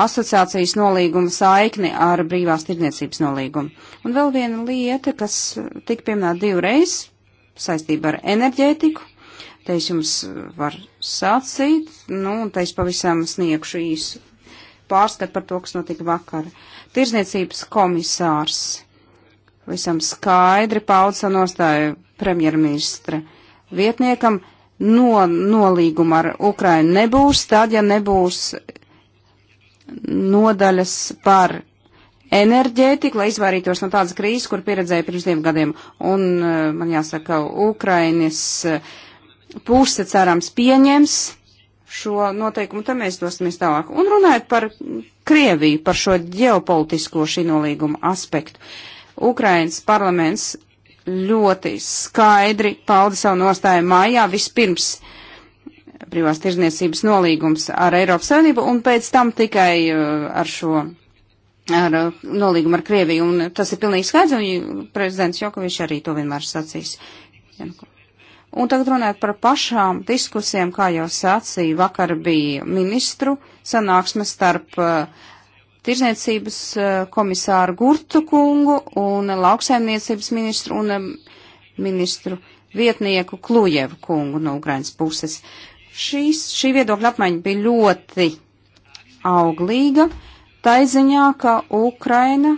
asociācijas nolīguma saikni ar brīvās tirdzniecības nolīgumu. Un vēl viena lieta, kas tika pieminēta divreiz saistībā ar enerģētiku Te es jums varu sacīt, nu, un te es pavisam sniegšu īsu pārskatu par to, kas notika vakar. Tirzniecības komisārs visam skaidri pauda nostāju premjerministra vietniekam, no, nolīguma ar Ukrainu nebūs, tad, ja nebūs nodaļas par enerģētiku, lai izvairītos no tādas krīzes, kur pieredzēja pirms diviem gadiem. Un eh, man jāsaka, Ukrainas uh, puse cerams pieņems šo noteikumu, tad mēs dosimies tālāk. Un runājot par Krieviju, par šo ģeopolitisko šī nolīguma aspektu, Ukrainas parlaments ļoti skaidri paudi savu nostāju mājā vispirms privās tirzniecības nolīgums ar Eiropas Savienību un pēc tam tikai uh, ar šo ar uh, nolīgumu ar Krieviju. Un tas ir pilnīgi skaidrs, un prezidents Jokovičs arī to vienmēr sacīs. Janko. Un tagad runājot par pašām diskusijām, kā jau sacīja, vakar bija ministru sanāksme starp uh, tirzniecības uh, komisāru Gurtu kungu un lauksaimniecības ministru un um, ministru vietnieku Klujevu kungu no Ukrainas puses. Šīs, šī viedokļa apmaiņa bija ļoti auglīga, taiziņā, ka Ukraina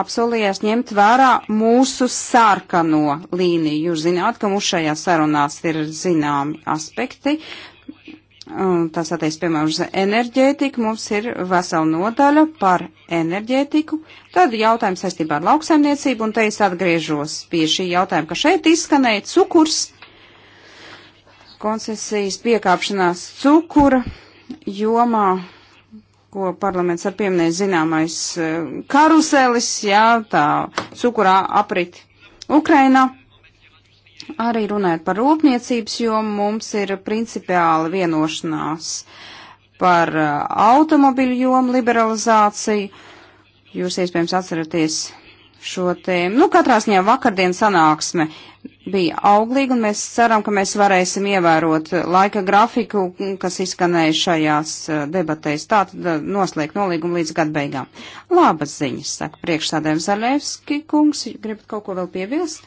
apsolījās ņemt vērā mūsu sārkano līniju. Jūs zināt, ka mums šajā sarunās ir zināmi aspekti. Tas attiec, piemēram, uz enerģētiku. Mums ir vesela nodaļa par enerģētiku. Tad jautājums saistībā ar lauksaimniecību, un te es atgriežos pie šī jautājuma, ka šeit izskanēja cukurs, koncesijas piekāpšanās cukura jomā ko parlaments ar pieminēja zināmais e, karuselis, jā, tā cukurā aprit Ukrainā. Arī runājot par rūpniecības, jo mums ir principiāli vienošanās par e, automobiļu jomu liberalizāciju. Jūs iespējams atceraties šo tēmu. Nu, katrā ziņā vakardien sanāksme bija auglīga, un mēs ceram, ka mēs varēsim ievērot laika grafiku, kas izskanēja šajās eh, debatēs. Tātad eh, noslēgt nolīgumu līdz gada beigām. Labas ziņas, saka priekšsādājums Arlēvski kungs. Gribat kaut ko vēl piebilst?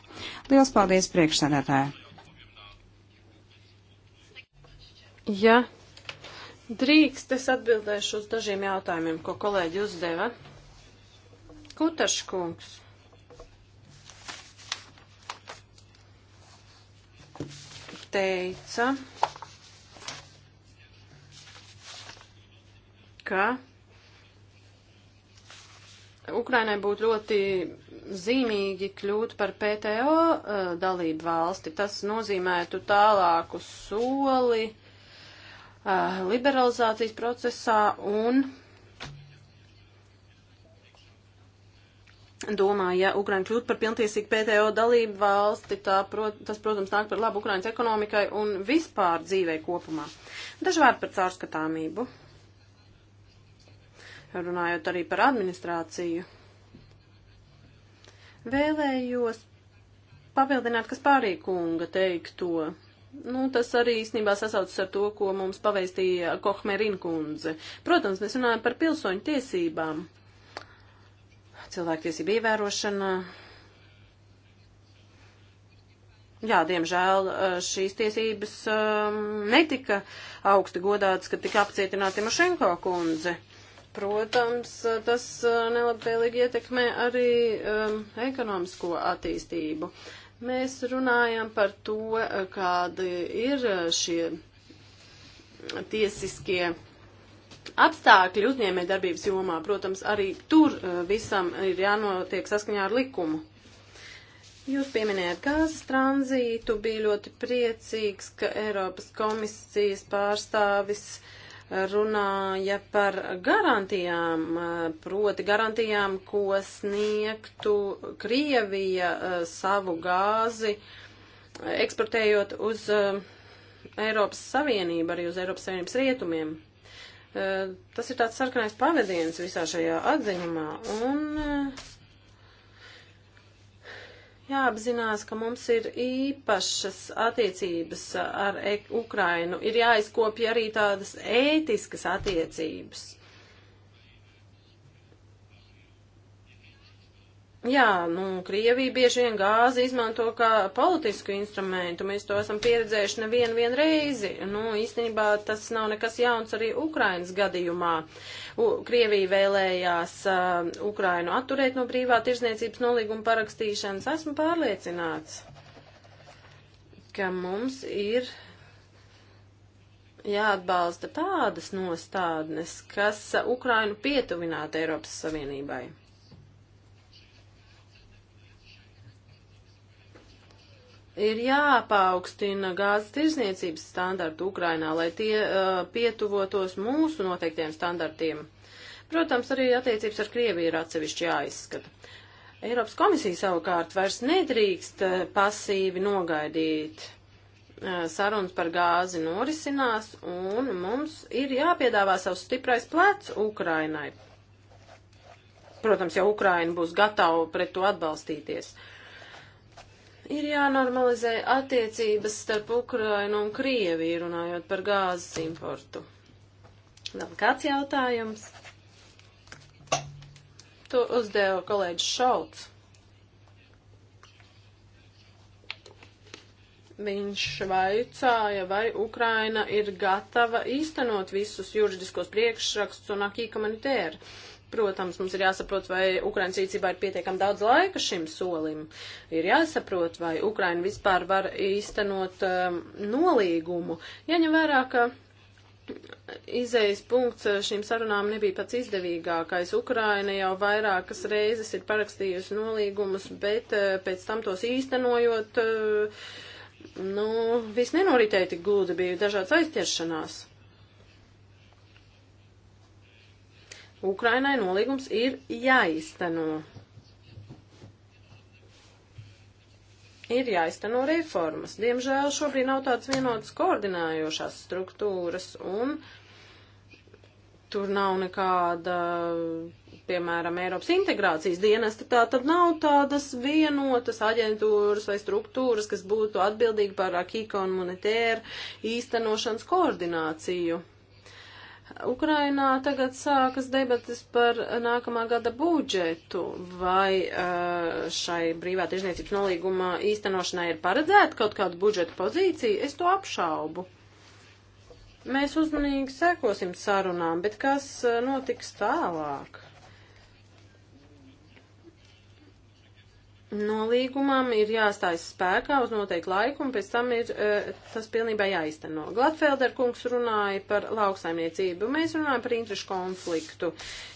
Liels paldies priekšsādātājai. Ja drīkst, es atbildēšu uz dažiem jautājumiem, ko kolēģi uzdeva. Kutaškungs teica, ka Ukrainai būtu ļoti zīmīgi kļūt par PTO uh, eh, dalību valsti. Tas nozīmētu tālāku soli uh, liberalizācijas procesā un domāju, ja Ukraina kļūtu par pilntiesīgu PTO dalību valsti, tā, prot, tas, protams, nāk par labu Ukrainas ekonomikai un vispār dzīvē kopumā. Dažvārdi par caurskatāmību. Runājot arī par administrāciju. Vēlējos papildināt, kas pārī kunga teikto. Nu, tas arī īstenībā sasaucas ar to, ko mums paveistīja Kohmerina kundze. Protams, mēs runājam par pilsoņu tiesībām cilvēktiesība ievērošana. Jā, diemžēl eh, šīs tiesības eh, netika augsti godātas, kad tika apcietināta Timošenko kundze. Protams, eh, tas nelabvēlīgi ietekmē arī um, ekonomisko attīstību. Mēs runājam par to, kādi ir šie tiesiskie apstākļi uzņēmē darbības jomā, protams, arī tur e, visam ir jānotiek saskaņā ar likumu. Jūs pieminējāt gāzes tranzītu, bija ļoti priecīgs, ka Eiropas komisijas pārstāvis e, runāja par garantijām, e, proti garantijām, ko sniegtu Krievija savu gāzi, eksportējot uz Eiropas Savienību, arī uz Eiropas Savienības rietumiem. Eh, tas ir tāds sarkanais pavadiens visā šajā atziņumā, un eh, jāapzinās, ka mums ir īpašas attiecības ar e- Ukrainu, ir jāizkopja arī tādas ētiskas attiecības. Jā, nu, Krievija bieži vien gāzi izmanto kā politisku instrumentu. Mēs to esam pieredzējuši nevienu vien reizi. Nu, īstenībā tas nav nekas jauns arī Ukrainas gadījumā. U, Krievija vēlējās uh, Ukrainu atturēt no brīvā tirzniecības nolīguma parakstīšanas. Esmu pārliecināts, ka mums ir jāatbalsta tādas nostādnes, kas Ukrainu pietuvinātu Eiropas Savienībai. ir jāpaukstina gāzes tirzniecības standartu Ukrainā, lai tie uh, pietuvotos mūsu noteiktiem standartiem. Protams, arī attiecības ar Krieviju ir atsevišķi jāizskata. Eiropas komisija savukārt vairs nedrīkst uh, pasīvi nogaidīt uh, sarunas par gāzi norisinās, un mums ir jāpiedāvā savs stiprais plecs Ukrainai. Protams, ja Ukraina būs gatava pret to atbalstīties. Uh, Ir jānormalizē attiecības starp Ukrainu un Krieviju, runājot par gāzes importu. Vēl kāds jautājums? To uzdeva kolēģis Šauts. Viņš vaicāja, vai Ukraina ir gatava īstenot visus juridiskos priekšrakstus un akī komunitēru. Uh, Protams, mums ir jāsaprot, vai Ukrainas rīcībā ir pietiekami daudz laika šim solim. Ir jāsaprot, vai Ukraina vispār var īstenot um, nolīgumu. Jaņem vērā, ka Izējas punkts šīm sarunām nebija pats izdevīgākais. Ukraina jau vairākas reizes ir parakstījusi nolīgumus, bet uh, pēc tam tos īstenojot, uh, nu, viss nenoritēja tik glūdi, bija dažādas aizķeršanās. Ukrainai nolīgums ir jāizteno. Ir jāizteno reformas. Diemžēl šobrīd nav tādas vienotas koordinējošās struktūras un tur nav nekāda, piemēram, Eiropas integrācijas dienesta, tā tad nav tādas vienotas aģentūras vai struktūras, kas būtu atbildīgi par akīko un monetēru īstenošanas koordināciju. Ukrainā tagad sākas debatas par nākamā gada budžetu. Vai eh, šai brīvā tirzniecības nolīguma īstenošanai ir paredzēta kaut kāda budžeta pozīcija? Es to apšaubu. Mēs uzmanīgi sekosim sarunām, bet kas eh, notiks tālāk? nolīgumam ir jāstājas spēkā uz noteiktu laiku, un pēc tam ir uh, tas pilnībā jāizteno. Glatfelder kungs runāja par lauksaimniecību, mēs runājam par interešu konfliktu.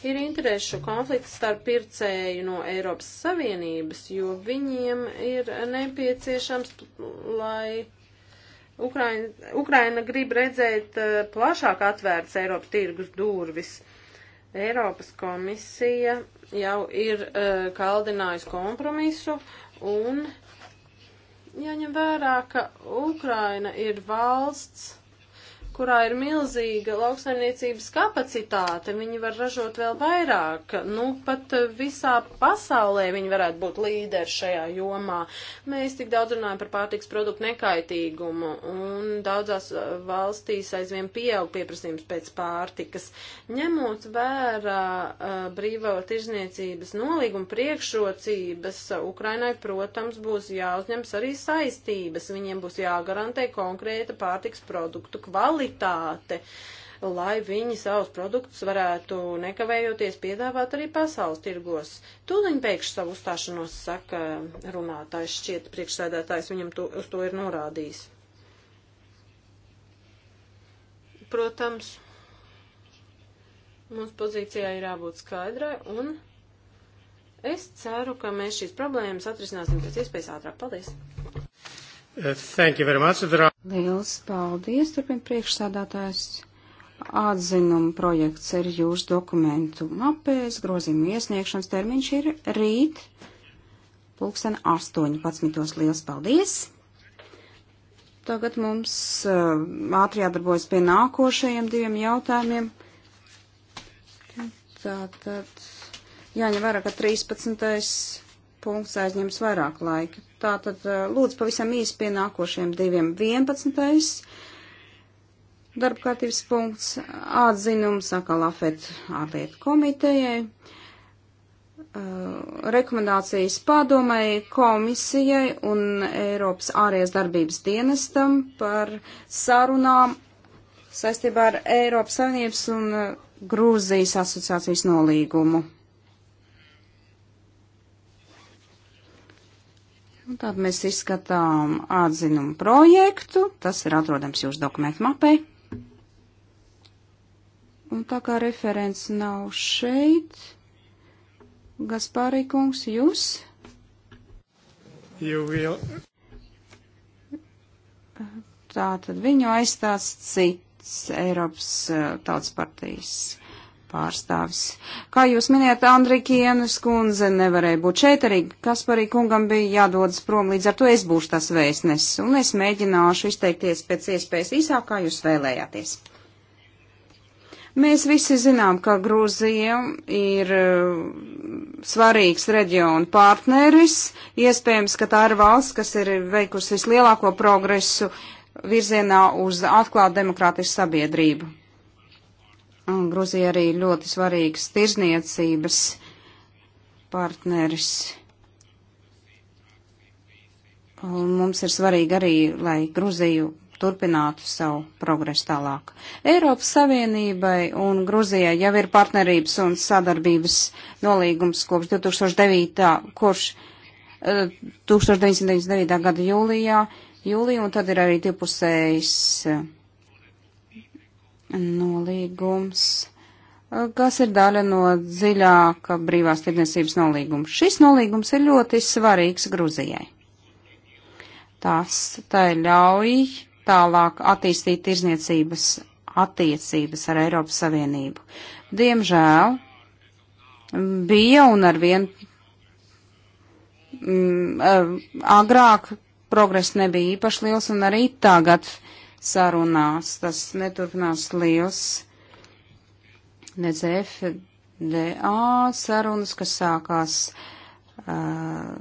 Ir interešu konflikts starp pircēju no Eiropas Savienības, jo viņiem ir nepieciešams, lai Ukraina, Ukraina grib redzēt uh, plašāk atvērts Eiropas tirgus durvis. Eiropas komisija jau ir uh, kaldinājusi kompromisu un jāņem vērā, ka Ukraina ir valsts, kurā ir milzīga lauksaimniecības kapacitāte, viņi var ražot vēl vairāk. Nu, pat visā pasaulē viņi varētu būt līderi šajā jomā. Mēs tik daudz runājam par pārtiks produktu nekaitīgumu, un daudzās uh, valstīs aizvien pieaug pieprasījums pēc pārtikas. Ņemot vērā uh, brīvā tirzniecības nolīguma priekšrocības, Ukrainai, protams, būs jāuzņems arī saistības. Viņiem būs jāgarantē konkrēta pārtiks produktu kvalitāte kvalitāte, lai viņi savus produktus varētu nekavējoties piedāvāt arī pasaules tirgos. Tūliņ pēkšņi savu uzstāšanos saka runātājs, šķiet priekšsēdētājs viņam to, uz to ir norādījis. Protams, mums pozīcijā ir jābūt skaidrai un. Es ceru, ka mēs šīs problēmas atrisināsim pēc iespējas ātrāk. Paldies! Uh, thank you very much. Liels paldies, turpin priekšsādātājs. Atzinuma projekts ir jūsu dokumentu mapēs, grozījuma iesniegšanas termiņš ir rīt, pulksten 18. Liels paldies! Tagad mums uh, ātri jādarbojas pie nākošajiem diviem jautājumiem. Tātad jāņem vērā, ka 13 punkts aizņems vairāk laika. Tātad eh, lūdzu pavisam īsi pie nākošiem diviem. 11. darba kārtības punkts atzinums atkal afet ārlietu komitejai. Eh, rekomendācijas padomai, komisijai un Eiropas ārējās darbības dienestam par sarunām saistībā ar Eiropas Savienības un eh, Grūzijas asociācijas nolīgumu. Un tad mēs izskatām atzinumu projektu, tas ir atrodams jūsu dokumentu mapē. Un tā kā referents nav šeit, Gaspārī kungs, jūs? Tā tad viņu aizstās cits Eiropas uh, tautas partijas pārstāvis. Kā jūs minējat, Andrikienes kundze nevarēja būt šeit, arī Kasparī kungam bija jādodas prom, līdz ar to es būšu tas vēstnesis, un es mēģināšu izteikties pēc iespējas īsāk, kā jūs vēlējāties. Mēs visi zinām, ka Grūzija ir uh, svarīgs reģionu partneris, iespējams, ka tā ir valsts, kas ir veikusi vislielāko progresu virzienā uz atklātu demokrātisku sabiedrību Gruzija arī ļoti svarīgs tirzniecības partneris. Un mums ir svarīgi arī, lai Gruziju turpinātu savu progresu tālāk. Eiropas Savienībai un Gruzijai jau ir partnerības un sadarbības nolīgums kopš 2009. kurš 1999. gada jūlijā, jūlijā, un tad ir arī divpusējs eh, nolīgums, eh, kas ir daļa no dziļāka brīvās tirdzniecības nolīguma. Šis nolīgums ir ļoti svarīgs Gruzijai. Tas tai ļauj tālāk attīstīt tirdzniecības attiecības ar Eiropas Savienību. Diemžēl mm, bija un arvien mm, eh, agrāk progress nebija īpaši liels, un arī tagad sarunās. Tas neturpinās liels nec FDA sarunas, kas sākās uh,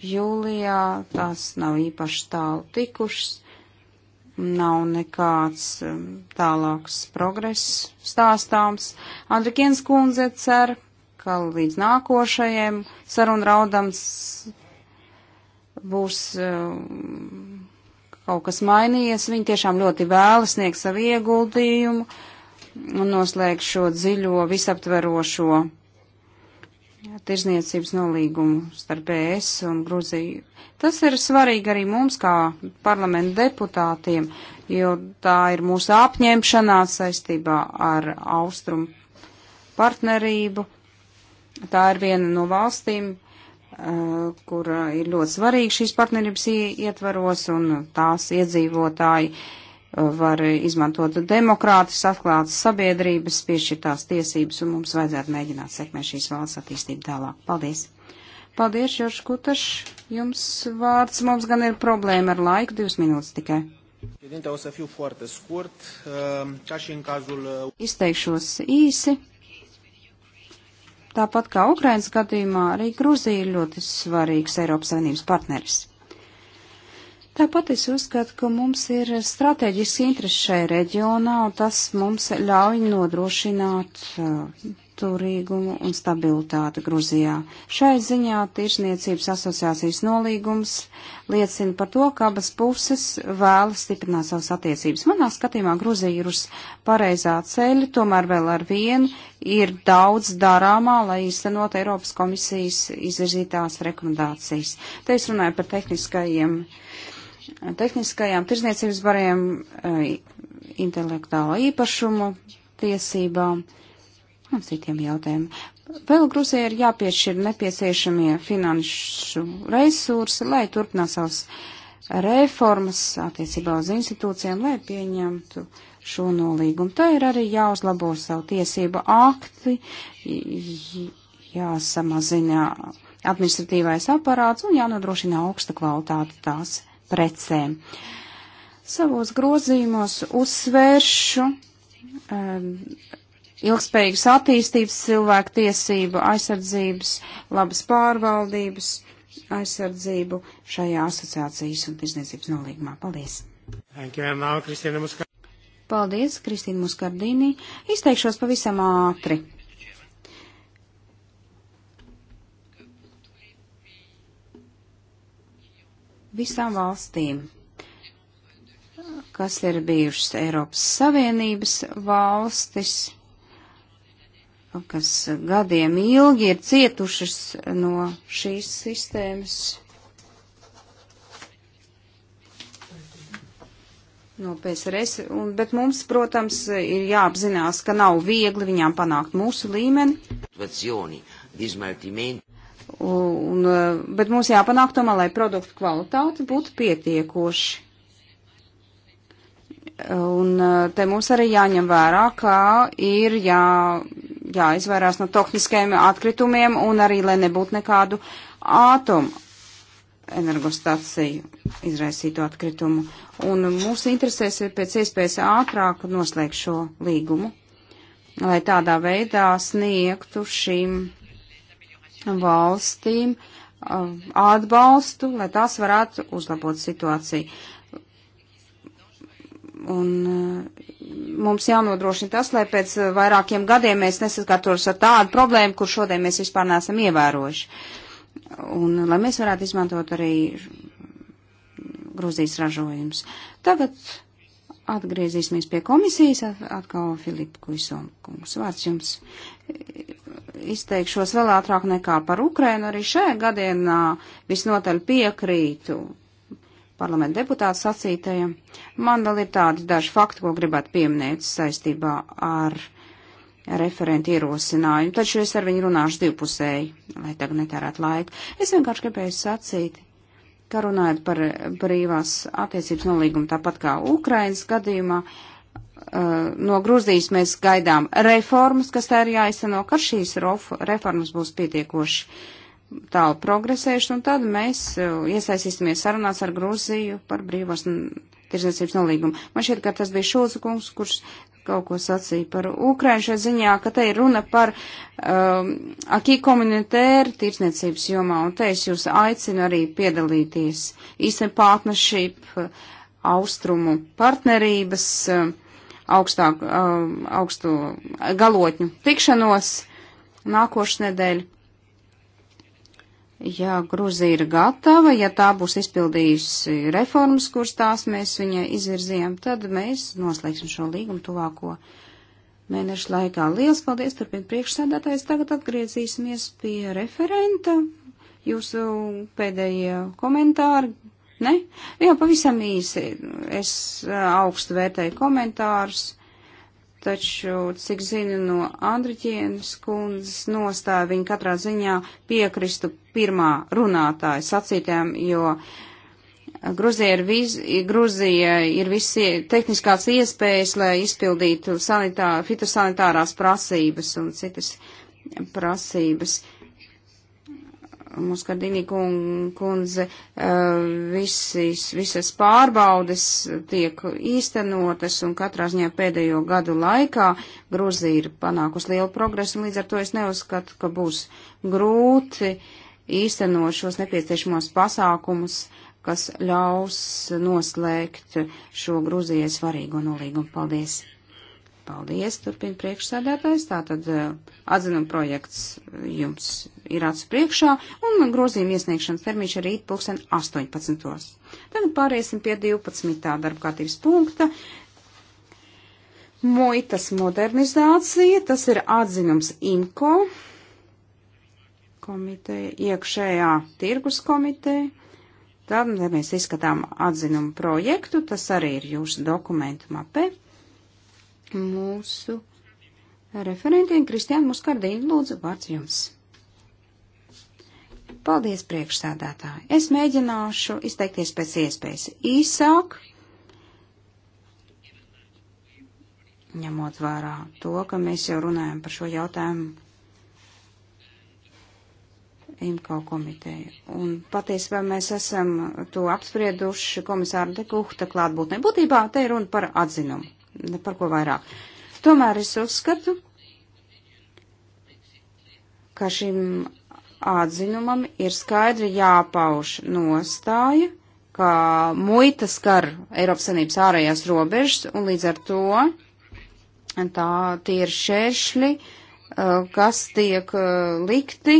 jūlijā, tās nav īpaši tālu tikušas. Nav nekāds um, tālāks progress stāstāms. Andrikiens kundze cer, ka līdz nākošajiem sarunu raudams būs uh, kaut kas mainījies. Viņi tiešām ļoti vēlas sniegt savu ieguldījumu un noslēgt šo dziļo, visaptverošo tirzniecības nolīgumu starp ES un Gruziju. Tas ir svarīgi arī mums, kā parlamenta deputātiem, jo tā ir mūsu apņemšanās saistībā ar austrumu partnerību. Tā ir viena no valstīm, Eh, kur ir ļoti svarīgi šīs partnerības ietvaros un tās iedzīvotāji eh, var izmantot demokrātis, atklātas sabiedrības, piešķirtās tiesības, un mums vajadzētu mēģināt sekmēt šīs valsts attīstību tālāk. Paldies! Paldies, Žorž Kutaš! Jums vārds, mums gan ir problēma ar laiku, divas minūtes tikai. Eh, Izteikšos īsi. Tāpat kā Ukrainas gadījumā, arī Gruzija ir ļoti svarīgs Eiropas Savienības partneris. Tāpat es uzskatu, ka mums ir strateģiski interesi šai reģionā, un tas mums ļauj nodrošināt uh, labturīgumu un stabilitāti Gruzijā. Šai ziņā Tirzniecības asociācijas nolīgums liecina par to, ka abas puses vēlas stiprināt savas attiecības. Manā skatījumā Gruzija ir uz pareizā ceļa, tomēr vēl ar vienu ir daudz darāmā, lai īstenot Eiropas komisijas izvirzītās rekomendācijas. Te es runāju par tehniskajiem tehniskajām tirzniecības bariem, eh, intelektuālo īpašumu tiesībām un citiem jautājumiem. Vēl Gruzijai ir jāpiešķir nepieciešamie finanšu resursi, lai turpinās savas reformas attiecībā uz institūcijām, lai pieņemtu šo nolīgumu. Tā ir arī jāuzlabo savu tiesību akti, jāsamazina administratīvais aparāts un jānodrošina augsta kvalitāte tās precēm. Savos grozījumos uzsvēršu um, ilgspējīgas attīstības, cilvēku tiesību, aizsardzības, labas pārvaldības aizsardzību šajā asociācijas un tirzniecības nolīgumā. Paldies! Paldies, Kristīna Muskardīnī. Izteikšos pavisam ātri. Visām valstīm, kas ir bijušas Eiropas Savienības valstis, kas gadiem ilgi ir cietušas no šīs sistēmas, no PSRS, un, bet mums, protams, ir jāapzinās, ka nav viegli viņām panākt mūsu līmeni. Un, bet mums jāpanāk tomēr, lai produktu kvalitāte būtu pietiekoši. Un te mums arī jāņem vērā, kā ir jā, jāizvairās no toksiskiem atkritumiem un arī, lai nebūtu nekādu ātumu energostaciju izraisītu atkritumu. Un mūsu interesēs ir pēc iespējas ātrāk noslēgt šo līgumu, lai tādā veidā sniegtu šīm valstīm uh, atbalstu, lai tās varētu uzlabot situāciju. Un eh, mums jānodrošina tas, lai pēc eh, vairākiem gadiem mēs nesaskārtos ar tādu problēmu, kur šodien mēs vispār neesam ievērojuši. Un eh, lai mēs varētu izmantot arī Grūzijas ražojumus. Tagad atgriezīsimies pie komisijas, atkal Filipa Kuisonkungs. Vārds jums izteikšos vēl ātrāk nekā par Ukrainu. Arī šajā gadienā visnotaļ piekrītu parlamenta deputāta sacītajam. Man vēl ir tādi daži fakti, ko gribētu pieminēt saistībā ar referentu ierosinājumu, taču es ar viņu runāšu divpusēji, lai tagad netērētu laiku. Es vienkārši gribēju sacīt, ka runājot par brīvās attiecības nolīgumu, tāpat kā Ukrainas gadījumā, eh, no Grūzijas mēs gaidām reformas, kas tā ir jāizsano, ka šīs reformas būs pietiekoši tālu progresējuši, un tad mēs uh, iesaistīsimies sarunās ar Grūziju par brīvās tirsniecības nolīgumu. Man šķiet, ka tas bija Šulca kungs, kurš kaut ko sacīja par Ukrainu šajā ziņā, ka te ir runa par um, akī komunitēru tirsniecības jomā, un te es jūs aicinu arī piedalīties īstenībā partnership, uh, austrumu partnerības, um, uh, augstāk, um, augstu galotņu tikšanos nākošu nedēļu. Ja Gruzija ir gatava, ja tā būs izpildījusi reformas, kuras tās mēs viņai izvirzījām, tad mēs noslēgsim šo līgumu tuvāko mēnešu laikā. Liels paldies, turpin priekšsēdētājs. Tagad atgriezīsimies pie referenta. Jūsu pēdējie komentāri. Ne? Jā, pavisam īsi. Es uh, augstu vērtēju komentārus taču, cik zinu no Andriķienas kundzes nostāja, viņa katrā ziņā piekristu pirmā runātāja sacītēm, jo Gruzija ir, viz, Gruzija ir visi tehniskās iespējas, lai izpildītu sanitā, fitosanitārās prasības un citas prasības. Uh, mums Gardīnī kundze eh, visas, visas pārbaudes tiek īstenotas un katrā ziņā pēdējo gadu laikā Gruzija ir panākusi lielu progresu un līdz ar to es neuzskatu, ka būs grūti īstenot šos nepieciešamos pasākumus, kas ļaus noslēgt šo Gruzijai svarīgo nolīgumu. Paldies! Paldies, turpina priekšsēdētājs. Tātad eh, atzinuma projekts jums ir acu priekšā, un grozījuma iesniegšanas termiņš arī ir pulksten 18. Tagad pāriesim pie 12. darbkārtības punkta. Muitas modernizācija, tas ir atzinums IMCO, komiteja, iekšējā tirgus komiteja. Tad mēs izskatām atzinumu projektu, tas arī ir jūsu dokumentu mapē. Mūsu referentiem Kristiāna Muskardīna lūdzu vārds jums. Paldies, priekšsēdētāji. Es mēģināšu izteikties pēc iespējas īsāk, ņemot vērā to, ka mēs jau runājam par šo jautājumu IMKO komiteju. Un patiesībā mēs esam to apsprieduši komisāra Dekuhta klātbūtnē. Būtībā te ir runa par atzinumu, ne par ko vairāk. Tomēr es uzskatu, ka šim atzinumam ir skaidri jāpauž nostāja, ka muitas kar Eiropas Sanības ārējās robežas, un līdz ar to tā tie ir šešļi, eh, kas tiek eh, likti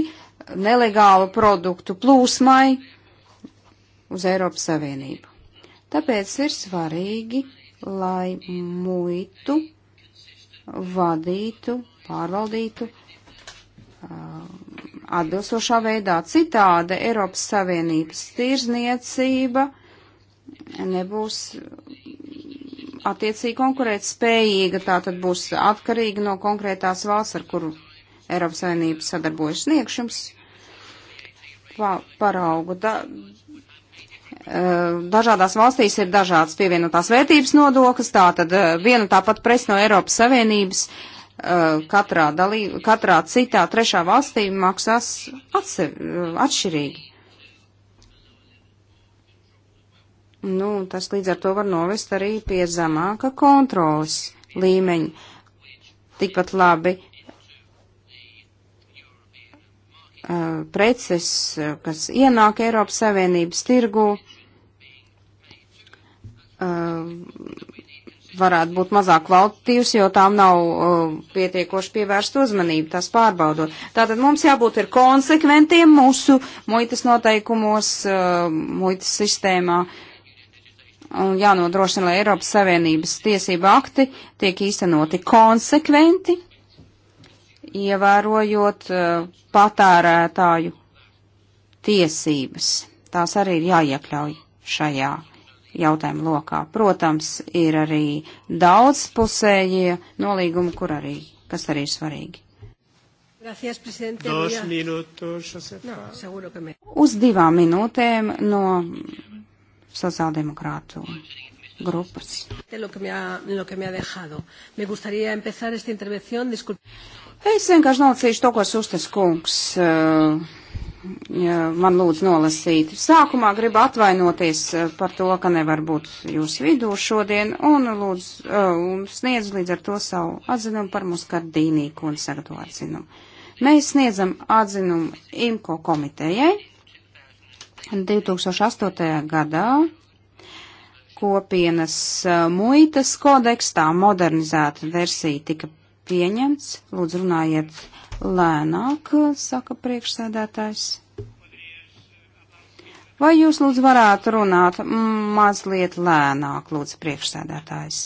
nelegālu produktu plūsmai uz Eiropas Savienību. Tāpēc ir svarīgi, lai muitu vadītu, pārvaldītu uh, atbilstošā veidā. Citādi Eiropas Savienības tirzniecība nebūs attiecīgi konkurēt spējīga, tā tad būs atkarīga no konkrētās valsts, ar kuru Eiropas Savienība sadarbojas. Sniegšu nu, jums pa, paraugu. Da, e, Dažādās valstīs ir dažādas pievienotās vērtības nodoklis, tā tad e, viena tāpat presa no Eiropas Savienības uh, Eh, katrā, dalī, katrā citā trešā valstī maksās atsevi, atšķirīgi. Nu, tas līdz ar to var novest arī pie zemāka kontrolas līmeņa. Tikpat labi eh, preces, eh, kas ienāk Eiropas Savienības tirgū, varētu būt mazāk kvalitīvs, jo tām nav uh, pietiekoši pievērst uzmanību, tās pārbaudot. Tātad mums jābūt ir konsekventiem mūsu muitas noteikumos, uh, muitas sistēmā. Un jānodrošina, lai Eiropas Savienības tiesība akti tiek īstenoti konsekventi, ievērojot uh, patērētāju tiesības. Tās arī ir jāiekļauj šajā jautājumu lokā. Protams, ir arī daudzpusējie nolīgumi, kur arī, kas arī ir svarīgi. Gracias, Dos minūtus, no, seguro, me... Uz divām minūtēm no sociāldemokrātu grupas. Es vienkārši nolasīšu to, ko Sustas kungs uh, man lūdzu nolasīt. Sākumā gribu atvainoties eh, par to, ka nevar būt jūsu vidū šodien, un lūdzu, eh, un sniedz līdz ar to savu atzinumu par mūsu kardīnīku un sagatavo atzinumu. Mēs sniedzam atzinumu IMCO komitejai 2008. gadā kopienas eh, muitas kodeks, tā modernizēta versija tika pieņemts. Lūdzu, runājiet lēnāk, saka priekšsēdētājs. Vai jūs, lūdzu, varētu runāt mazliet lēnāk, lūdzu, priekšsēdētājs?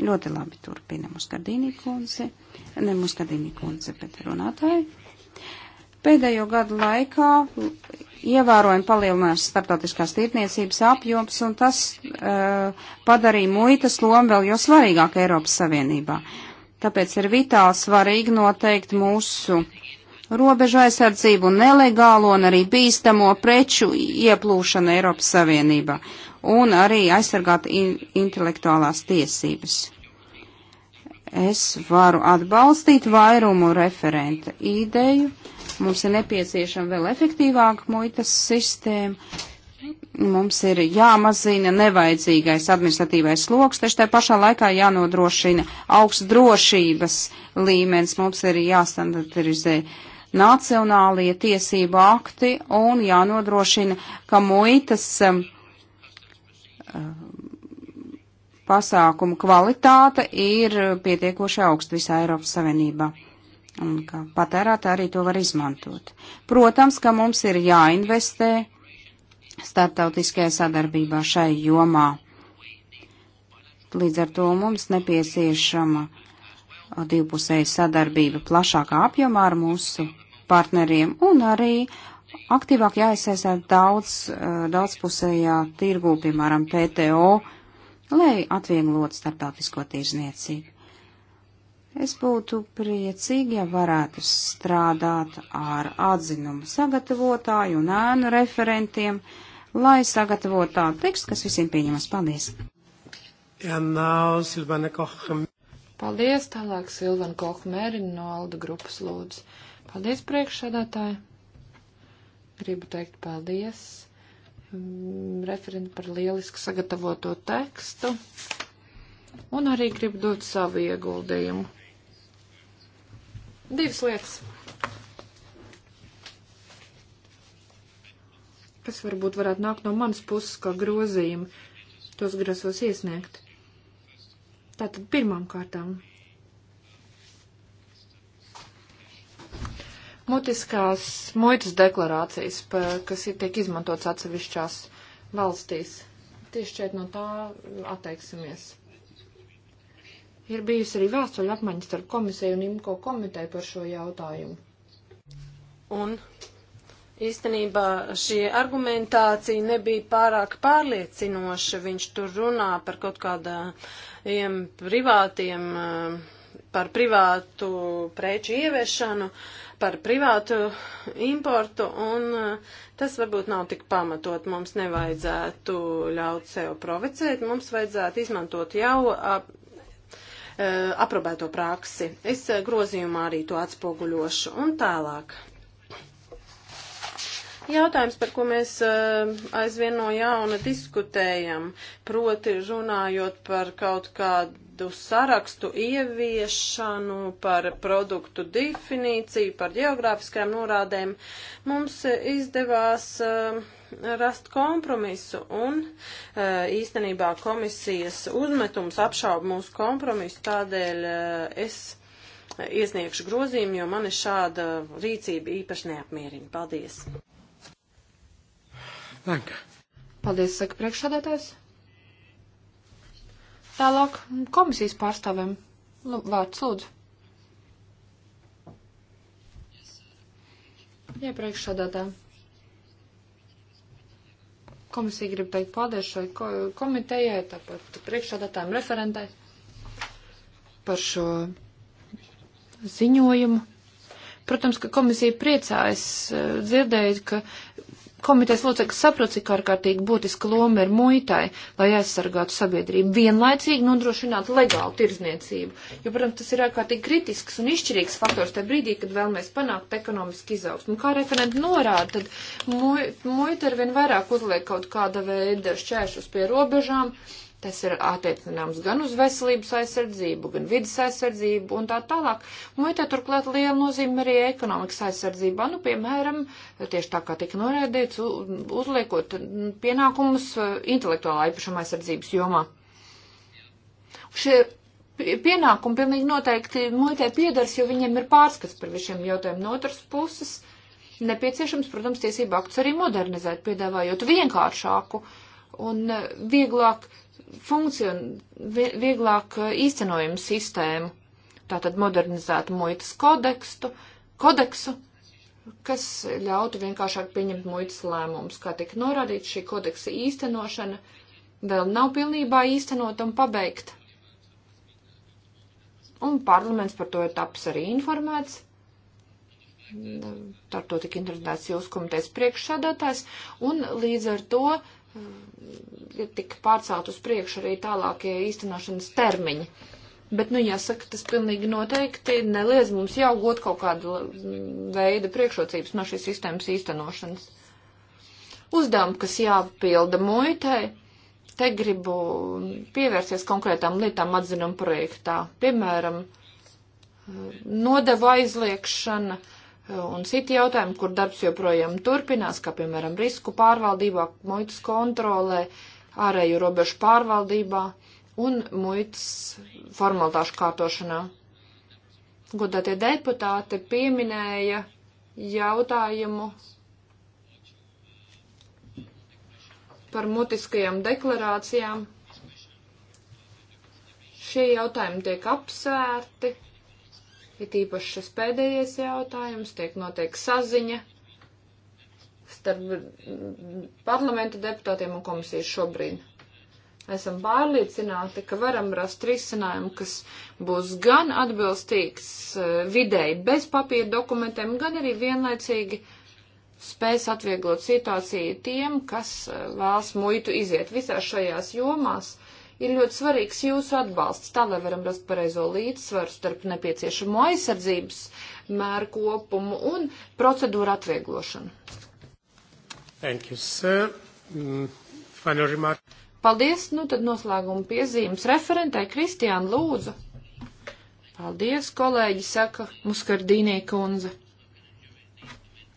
Ļoti labi turpina Muskardīnī kundze, ne Muskardīnī kundze, bet runātāji. Pēdējo gadu laikā ievērojami palielinās starptautiskās tirtniecības apjoms, un tas uh, padarīja muitas lomu vēl jau svarīgāk Eiropas Savienībā. Uh, Tāpēc ir vitāli svarīgi noteikt mūsu robežu aizsardzību, nelegālo un arī bīstamo preču ieplūšanu Eiropas Savienībā un arī aizsargāt in intelektuālās tiesības. Es varu atbalstīt vairumu referenta ideju. Mums ir nepieciešama vēl efektīvāka muitas sistēma, Mums ir jāmazina nevajadzīgais administratīvais sloks, taču tai pašā laikā jānodrošina augsts drošības līmenis. Mums ir jāstandartizē nacionālie tiesību akti un jānodrošina, ka muitas um, uh, pasākumu kvalitāte ir pietiekoši augsta visā Eiropas Savienībā. Un ka patērētāji arī to var izmantot. Protams, ka mums ir jāinvestē starptautiskajā sadarbībā šai jomā. Līdz ar to mums nepieciešama divpusēja sadarbība plašākā apjomā ar mūsu partneriem un arī aktīvāk jāiesaistās daudz, eh, daudzpusējā tirgū, piemēram, PTO, lai atvieglotu starptautisko tirzniecību. Es būtu priecīgi, ja varētu strādāt ar atzinumu sagatavotāju un ēnu referentiem. Uh, lai sagatavotu tādu tekstu, kas visiem pieņemas. Paldies! Ja nav Silvana Koham. Paldies, tālāk Silvana Kohmēri no Alda grupas lūdzu. Paldies, priekšsēdētāji! Gribu teikt paldies mm, referenti par lieliski sagatavoto tekstu un arī gribu dot savu ieguldījumu. Divas lietas. kas varbūt varētu nākt no manas puses kā grozījumi, tos grasos iesniegt. Tātad pirmām kārtām. Mutiskās muitas deklarācijas, pa, kas ir tiek izmantots atsevišķās valstīs. Tieši šeit no tā atteiksimies. Ir bijusi arī vēstuļu apmaiņas starp komisiju un IMCO komiteju par šo jautājumu. Un Īstenībā šī argumentācija nebija pārāk pārliecinoša. Viņš tur runā par kaut kādiem privātiem, par privātu preču ieviešanu, par privātu importu, un tas varbūt nav tik pamatot. Mums nevajadzētu ļaut sev provocēt, mums vajadzētu izmantot jau ap, eh, aprobēto praksi. Es eh, grozījumā arī to atspoguļošu un tālāk. Jautājums, par ko mēs eh, aizvien no jauna diskutējam, proti runājot par kaut kādu sarakstu ieviešanu, par produktu definīciju, par geogrāfiskajām norādēm, mums izdevās eh, rast kompromisu un eh, īstenībā komisijas uzmetums apšauba mūsu kompromisu, tādēļ es iesniegšu grozījumu, jo mani šāda rīcība īpaši neapmierina. Paldies! Danke. Paldies, saka priekšsādātājs. Tālāk komisijas pārstāvim. Vārds lūdzu. Jā, priekšsādātājiem komisija grib teikt paldies šai komitejai, tāpat priekšādātājiem referentai par šo ziņojumu. Protams, ka komisija priecājas eh, dzirdēt, ka komitejas loceklis saprot, cik ārkārtīgi būtiska loma ir muitai, lai aizsargātu sabiedrību, vienlaicīgi nodrošinātu legālu tirzniecību. Jo, protams, tas ir ārkārtīgi kritisks un izšķirīgs faktors tajā brīdī, kad vēlamies panākt ekonomisku izaugsmu. Kā referenti norāda, tad muita arvien vairāk uzliek kaut kāda veida šķēršus pie robežām Tas ir attiecināms gan uz veselības aizsardzību, gan vidas aizsardzību un tā tālāk. Muitē turklāt liela nozīme arī ekonomikas aizsardzībā. Nu, piemēram, tieši tā kā tika norēdīts, uzliekot pienākumus uh, intelektuālā īpašuma aizsardzības jomā. Šie pienākumi pilnīgi noteikti muitē piedars, jo viņiem ir pārskats par visiem jautājumiem no otras puses. Nepieciešams, protams, tiesību aktus arī modernizēt, piedāvājot vienkāršāku un uh, vieglāk funkcion, vieglāk eh, īstenojumu sistēmu, tātad modernizētu muitas kodekstu, kodeksu, kas ļautu vienkāršāk pieņemt muitas lēmumus. Kā tika norādīts, šī kodeksa īstenošana vēl nav pilnībā īstenot un pabeigta. Un parlaments par to ir taps arī informēts. Ar to tika interesēts jūsu komitejas priekšsādātājs, un līdz ar to uh, Mm, tika pārcelt uz priekšu arī tālākie īstenošanas termiņi. Bet, nu, jāsaka, tas pilnīgi noteikti neliedz mums jau gūt kaut kādu veidu priekšrocības no šīs sistēmas īstenošanas. Uzdevumi, kas jāpilda muitai, te gribu pievērsties konkrētām lietām atzinuma projektā. Piemēram, nodevu aizliekšana, uh, un citi jautājumi, kur darbs joprojām turpinās, kā piemēram risku pārvaldībā, muitas kontrolē, ārēju robežu pārvaldībā un muitas formalitāšu kārtošanā. Godātie deputāti pieminēja jautājumu par mutiskajām deklarācijām. Šie jautājumi tiek apsvērti It īpaši šis pēdējais jautājums, tiek noteikti saziņa starp parlamenta deputātiem un komisiju šobrīd. Esam pārliecināti, ka varam rast risinājumu, kas būs gan atbilstīgs e, videi bez papīra dokumentiem, gan arī vienlaicīgi spēs atvieglot situāciju tiem, kas e, vēlas muitu iziet visās šajās jomās ir ļoti svarīgs jūsu atbalsts, tā lai varam rast pareizo līdzsvaru starp nepieciešamo aizsardzības mēru kopumu un procedūru atvieglošanu. Thank you, sir. Mm, final remark. Paldies, nu tad noslēguma piezīmes referentai Kristiāna Lūdzu. Paldies, kolēģi, saka Muskardīnī kundze.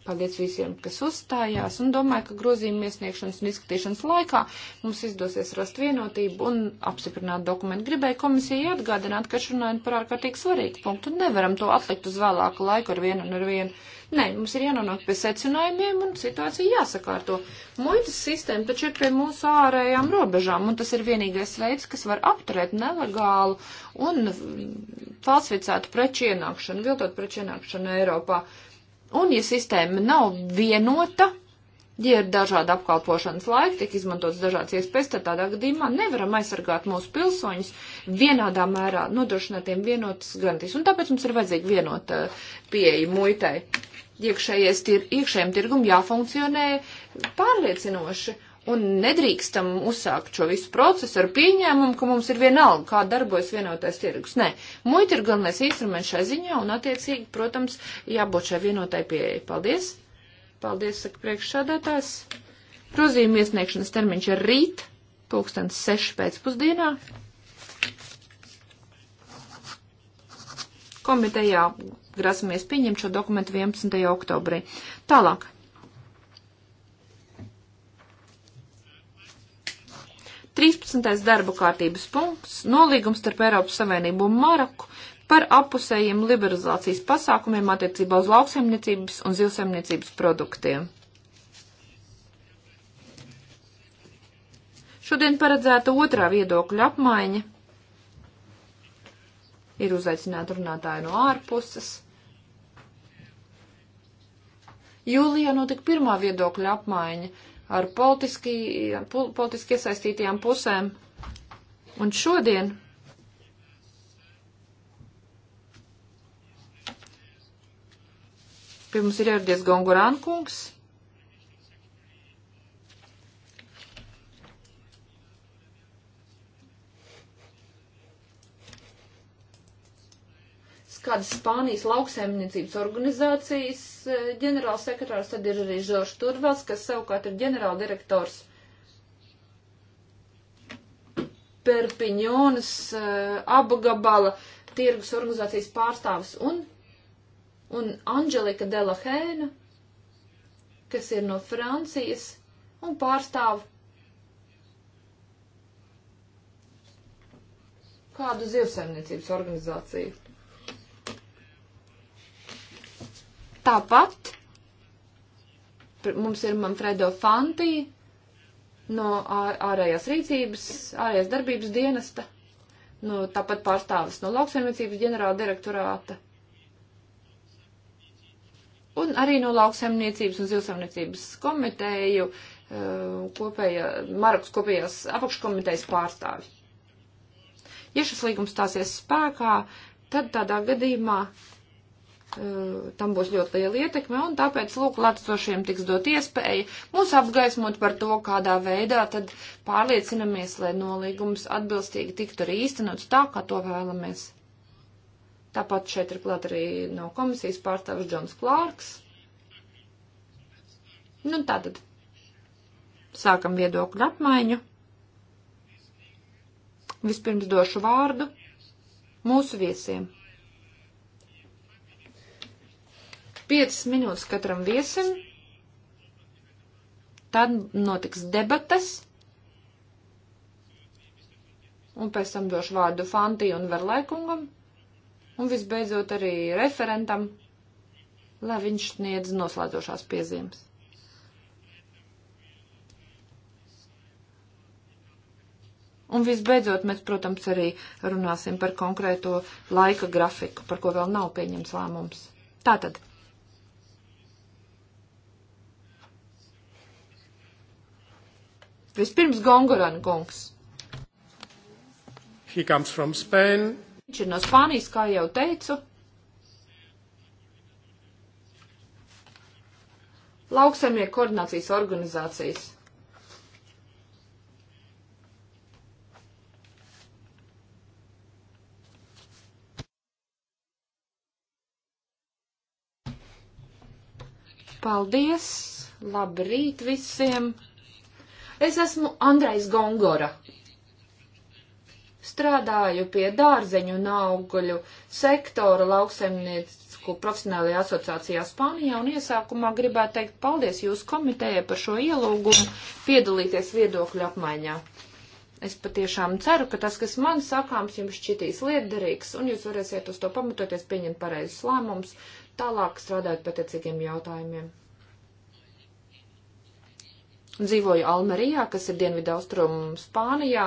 Paldies visiem, kas uzstājās, un domāju, ka grozījuma iesniegšanas un izskatīšanas laikā mums izdosies rast vienotību un apstiprināt dokumentu. Gribēju komisijai atgādināt, ka runājam par ārkārtīgi svarīgu punktu, un nevaram to atlikt uz vēlāku laiku ar vienu un ar vienu. Nē, mums ir jānonāk pie secinājumiem, un situācija jāsakārto. Muitas sistēma taču ir pie mūsu ārējām robežām, un tas ir vienīgais veids, kas var apturēt nelegālu un falsificētu preču ienākšanu, viltot preču ienākšanu Eiropā. Un, ja sistēma nav vienota, ja ir dažādi apkalpošanas laiki, tiek izmantots dažādas iespējas, tad tādā gadījumā nevaram aizsargāt mūsu pilsoņus vienādā mērā, nodrošināt tiem vienotas garantijas. Un tāpēc mums ir vajadzīga vienota uh, pieeja muitai. Iekšējais tir, iekšējiem tirgum jāfunkcionē pārliecinoši Un nedrīkstam uzsākt šo visu procesu ar pieņēmumu, ka mums ir vienalga, kā darbojas vienotais tirgus. Nē, muita ir galvenais instruments šai ziņā un, attiecīgi, protams, jābūt šai vienotai pieeja. Paldies! Paldies, saka priekšsādātājs. Grozījuma iesniegšanas termiņš ir rīt, pulkstens 6 pēcpusdienā. Komitejā grasamies pieņemt šo dokumentu 11. oktobrī. Tālāk. 13. darba kārtības punkts - nolīgums starp Eiropas Savienību un Maroku par apusējiem liberalizācijas pasākumiem attiecībā uz lauksaimniecības un zilsaimniecības produktiem. Šodien paredzēta otrā viedokļa apmaiņa. Ir uzaicināta runātāja no ārpuses. Jūlijā notika pirmā viedokļa apmaiņa ar politiski, politiski iesaistītajām pusēm. Un šodien pie mums ir ieradies Gongurānkungs. kādas Spānijas lauksaimniecības organizācijas Eh, ģenerālsekretārs, tad ir arī Žoržs Turvals, kas savukārt ir ģenerāldirektors Perpiņonas eh, apgabala tirgus organizācijas pārstāvis un, un Anželika Delahēna, kas ir no Francijas un pārstāv kādu zivsaimniecības organizāciju. Tāpat mums ir Manfredo Fanti no ārējās rīcības, ārējās darbības dienesta, no tāpat pārstāvis no lauksaimniecības ģenerāla direktorāta un arī no lauksaimniecības un zilsaimniecības komiteju kopējā, Marokas kopējās apakškomitejas pārstāvi. Ja šis līgums stāsies spēkā, tad tādā gadījumā Eh, tam būs ļoti liela ietekme, un tāpēc, lūk, latsošiem tiks dot iespēja mūs apgaismot par to, kādā veidā tad pārliecinamies, lai nolīgums atbilstīgi tiktu arī īstenots tā, kā to vēlamies. Tāpat šeit ir klāt arī no komisijas pārstāvis Džons Klārks. Nu, tātad. Sākam viedokļu apmaiņu. Vispirms došu vārdu mūsu viesiem. 5 minūtes katram viesim. Tad notiks debatas. Un pēc tam došu vārdu Fantī un Verlaikungam. Un visbeidzot arī referentam, lai viņš sniedz noslēdzošās piezīmes. Un visbeidzot, mēs, protams, arī runāsim par konkrēto laika grafiku, par ko vēl nav pieņems lēmums. Tātad. Vispirms Gongoran kungs. He comes from Spain. Viņš ir no Spānijas, kā jau teicu. Lauksaimie koordinācijas organizācijas. Paldies! Labrīt visiem! Es esmu Andrejs Gongora. Strādāju pie dārzeņu un auguļu sektora lauksaimniecisku profesionālajā asociācijā Spānijā un iesākumā gribētu teikt paldies jūsu komitējai par šo ielūgumu piedalīties viedokļu apmaiņā. Es patiešām ceru, ka tas, kas man sakāms, jums šķitīs lietderīgs un jūs varēsiet uz to pamatoties pieņemt pareizus lēmumus, tālāk strādājot pēc attiecīgiem jautājumiem dzīvoju Almerijā, kas ir dienvidu austrumu Spānijā,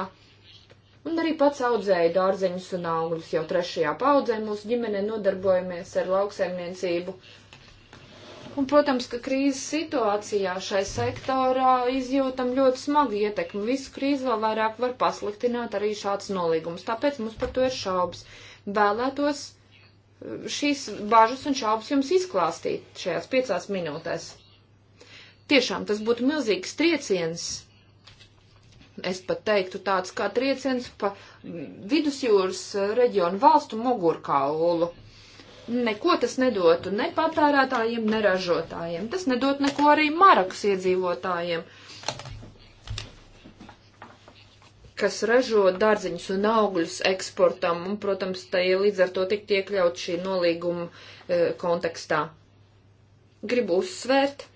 un arī pats audzēju dārzeņus un augļus. Jau trešajā paudzē mūsu ģimenē nodarbojamies ar lauksaimniecību. Un, protams, ka krīzes situācijā šai sektorā izjūtam ļoti smagu ietekmi. Visu krīzi vēl vairāk var pasliktināt arī šāds nolīgums. Tāpēc mums par to ir šaubas. Vēlētos šīs bažas un šaubas jums izklāstīt šajās piecās minūtēs. Tiešām tas būtu milzīgs trieciens. Es pat teiktu tāds kā trieciens pa vidusjūras reģionu valstu mugurkaulu. Neko tas nedotu ne patērētājiem, ne ražotājiem. Tas nedot neko arī Marakas iedzīvotājiem kas ražo dārzeņus un augļus eksportam, un, protams, tai līdz ar to tikt iekļaut šī nolīguma e, kontekstā. Gribu uzsvērt,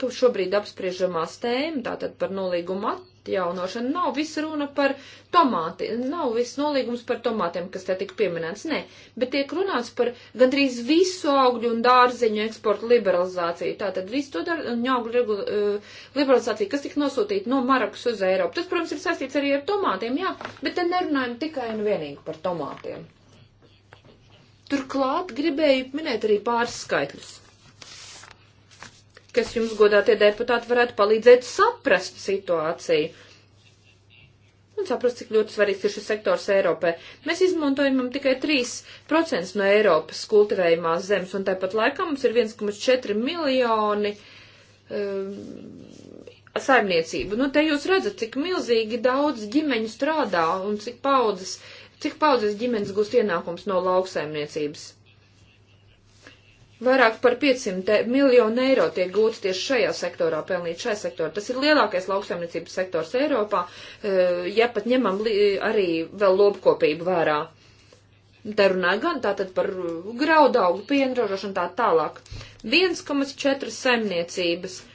tu šobrīd apspriežamās tēma, tātad par nolīgumu atjaunošanu, nav viss runa par tomāti, nav viss nolīgums par tomātiem, kas te tik pieminēts, nē, bet tiek runāts par gandrīz visu augļu un dārzeņu eksportu liberalizāciju, tātad visu to dar, un augļu uh, liberalizāciju, kas tik nosūtīta no Marakas uz Eiropu. Tas, protams, ir saistīts arī ar tomātiem, jā, bet te nerunājam tikai un vienīgi par tomātiem. Turklāt gribēju minēt arī pāris skaitļus kas jums, godātie deputāti, varētu palīdzēt saprast situāciju un saprast, cik ļoti svarīgs ir šis sektors Eiropai. Mēs izmantojam tikai 3% no Eiropas kultivējumās zemes, un tāpat laikā mums ir 1,4 miljoni um, saimniecību. Nu, te jūs redzat, cik milzīgi daudz ģimeņu strādā un cik paudzes, cik paudzes ģimenes gūst ienākums no lauksaimniecības. Vairāk par 500 miljonu eiro tiek gūti tieši šajā sektorā, pelnīt šajā sektorā. Tas ir lielākais lauksaimniecības sektors Eiropā, e, ja pat ņemam arī vēl lopkopību vērā. Te runā gan tātad par graudaugu, pienražošanu tā tālāk. 1,4 saimniecības. Uh,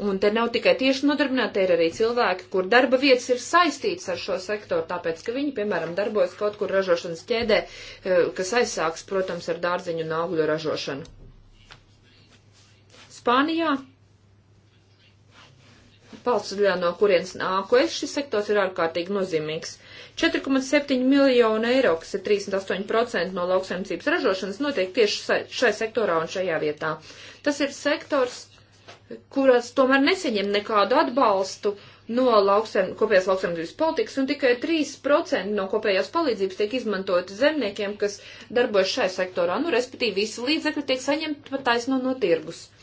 Un te nav tikai tieši nodarbināti, te ir arī cilvēki, kur darba vietas ir saistīts ar šo sektoru, tāpēc, ka viņi, piemēram, darbojas kaut kur ražošanas ķēdē, eh, kas aizsāks, protams, ar dārziņu un augļu ražošanu. Spānijā Palsuļā, no kurienes nāku es, šis sektors ir ārkārtīgi nozīmīgs. 4,7 miljonu eiro, kas ir 38% no lauksaimniecības ražošanas, notiek tieši šai sektorā un šajā vietā. Tas ir sektors, kuras tomēr neseņem nekādu atbalstu no lauksem, kopējās lauksemdzības politikas, un tikai 3% no kopējās palīdzības tiek izmantoti zemniekiem, kas darbojas šai sektorā. Nu, respektīvi, visi līdzekļi tiek saņemti pat taisno no tirgus. No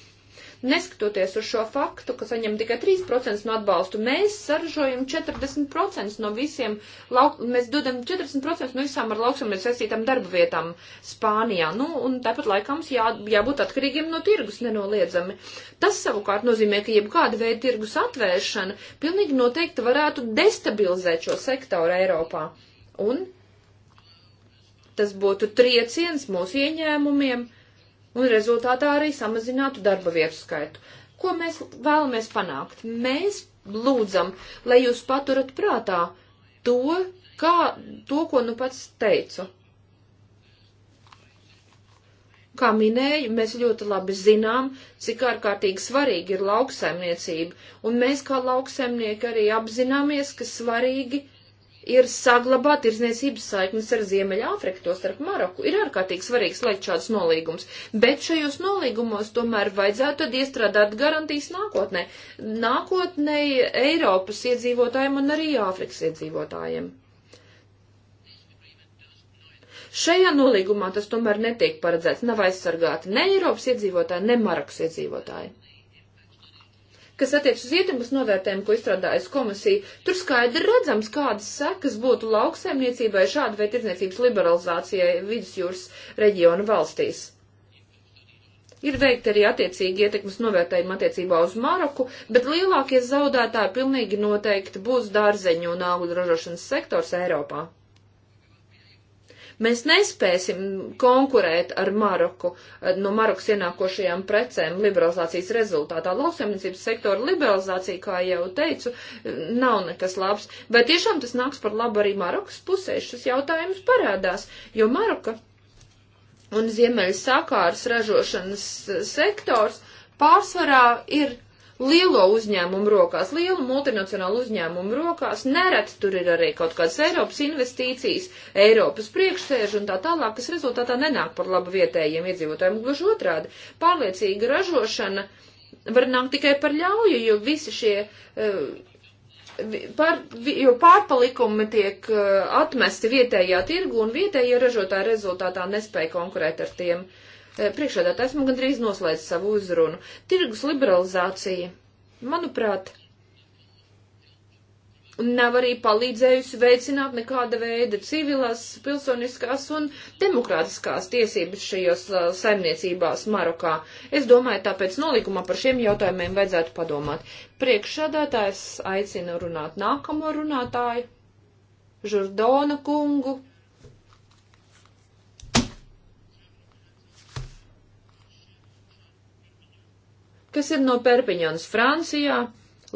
Neskatoties uz šo faktu, ka saņem tikai 3% no atbalstu, mēs saražojam 40% no visiem, lauk, mēs dodam 40% no visām ar lauksamniecības saistītām darba vietām Spānijā. Nu, un tāpat laikā mums jā, jābūt atkarīgiem no tirgus nenoliedzami. Tas savukārt nozīmē, ka jebkāda veida tirgus atvēršana pilnīgi noteikti varētu destabilizēt šo sektoru Eiropā. Un tas būtu trieciens mūsu ieņēmumiem un rezultātā arī samazinātu darba vietu skaitu. Ko mēs vēlamies panākt? Mēs lūdzam, lai jūs paturat prātā to, kā, to, ko nu pats teicu. Kā minēju, mēs ļoti labi zinām, cik ārkārtīgi svarīgi ir lauksaimniecība, un mēs kā lauksaimnieki arī apzināmies, ka svarīgi ir ir saglabāt tirzniecības saiknes ar Ziemeļāfriku, to starp Maroku. Ir ārkārtīgi svarīgi slēgt šādus nolīgumus, bet šajos nolīgumos tomēr vajadzētu tad iestrādāt garantijas nākotnē. Nākotnē Eiropas iedzīvotājiem un arī Āfrikas iedzīvotājiem. Šajā nolīgumā tas tomēr netiek paredzēts, nav aizsargāti ne Eiropas iedzīvotāji, ne Marakas iedzīvotāji. Kas attiecas uz ietekmes novērtējumu, ko izstrādājas komisija, tur skaidri redzams, kādas sekas būtu lauksaimniecībai šāda veida tirdzniecības liberalizācijai vidusjūras reģionu valstīs. Ir veikti arī attiecīgi ietekmes novērtējumi attiecībā uz Maroku, bet lielākie zaudētāji pilnīgi noteikti būs dārzeņu un augļu ražošanas sektors Eiropā. Mēs nespēsim konkurēt ar Maroku, eh, no Marokas ienākošajām precēm liberalizācijas rezultātā. Lauksaimniecības sektora liberalizācija, kā jau teicu, nav nekas labs, bet tiešām tas nāks par labu arī Marokas pusē. Šis jautājums parādās, jo Maroka un Ziemeļa sakāras ražošanas sektors pārsvarā ir lielo uzņēmumu rokās, lielu multinacionālu uzņēmumu rokās, nereti tur ir arī kaut kādas Eiropas investīcijas, Eiropas priekšsēži un tā tālāk, kas rezultātā nenāk par labu vietējiem iedzīvotājiem. Gluži otrādi, pārliecīga ražošana var nākt tikai par ļauju, jo visi šie. Eh, Pār, jo pārpalikumi tiek eh, atmesti vietējā tirgu un vietējie ražotāji rezultātā nespēja konkurēt ar tiem. Uh, priekšādā esmu gandrīz noslēdz savu uzrunu. Tirgus liberalizācija, manuprāt, nav arī palīdzējusi veicināt nekāda veida civilās, pilsoniskās un demokrātiskās tiesības šajos uh, saimniecībās Marokā. Es domāju, tāpēc nolikumā par šiem jautājumiem vajadzētu padomāt. Priekšsādātājs aicina runāt nākamo runātāju, Žurdona kungu. kas ir no Perpiņonas Francijā.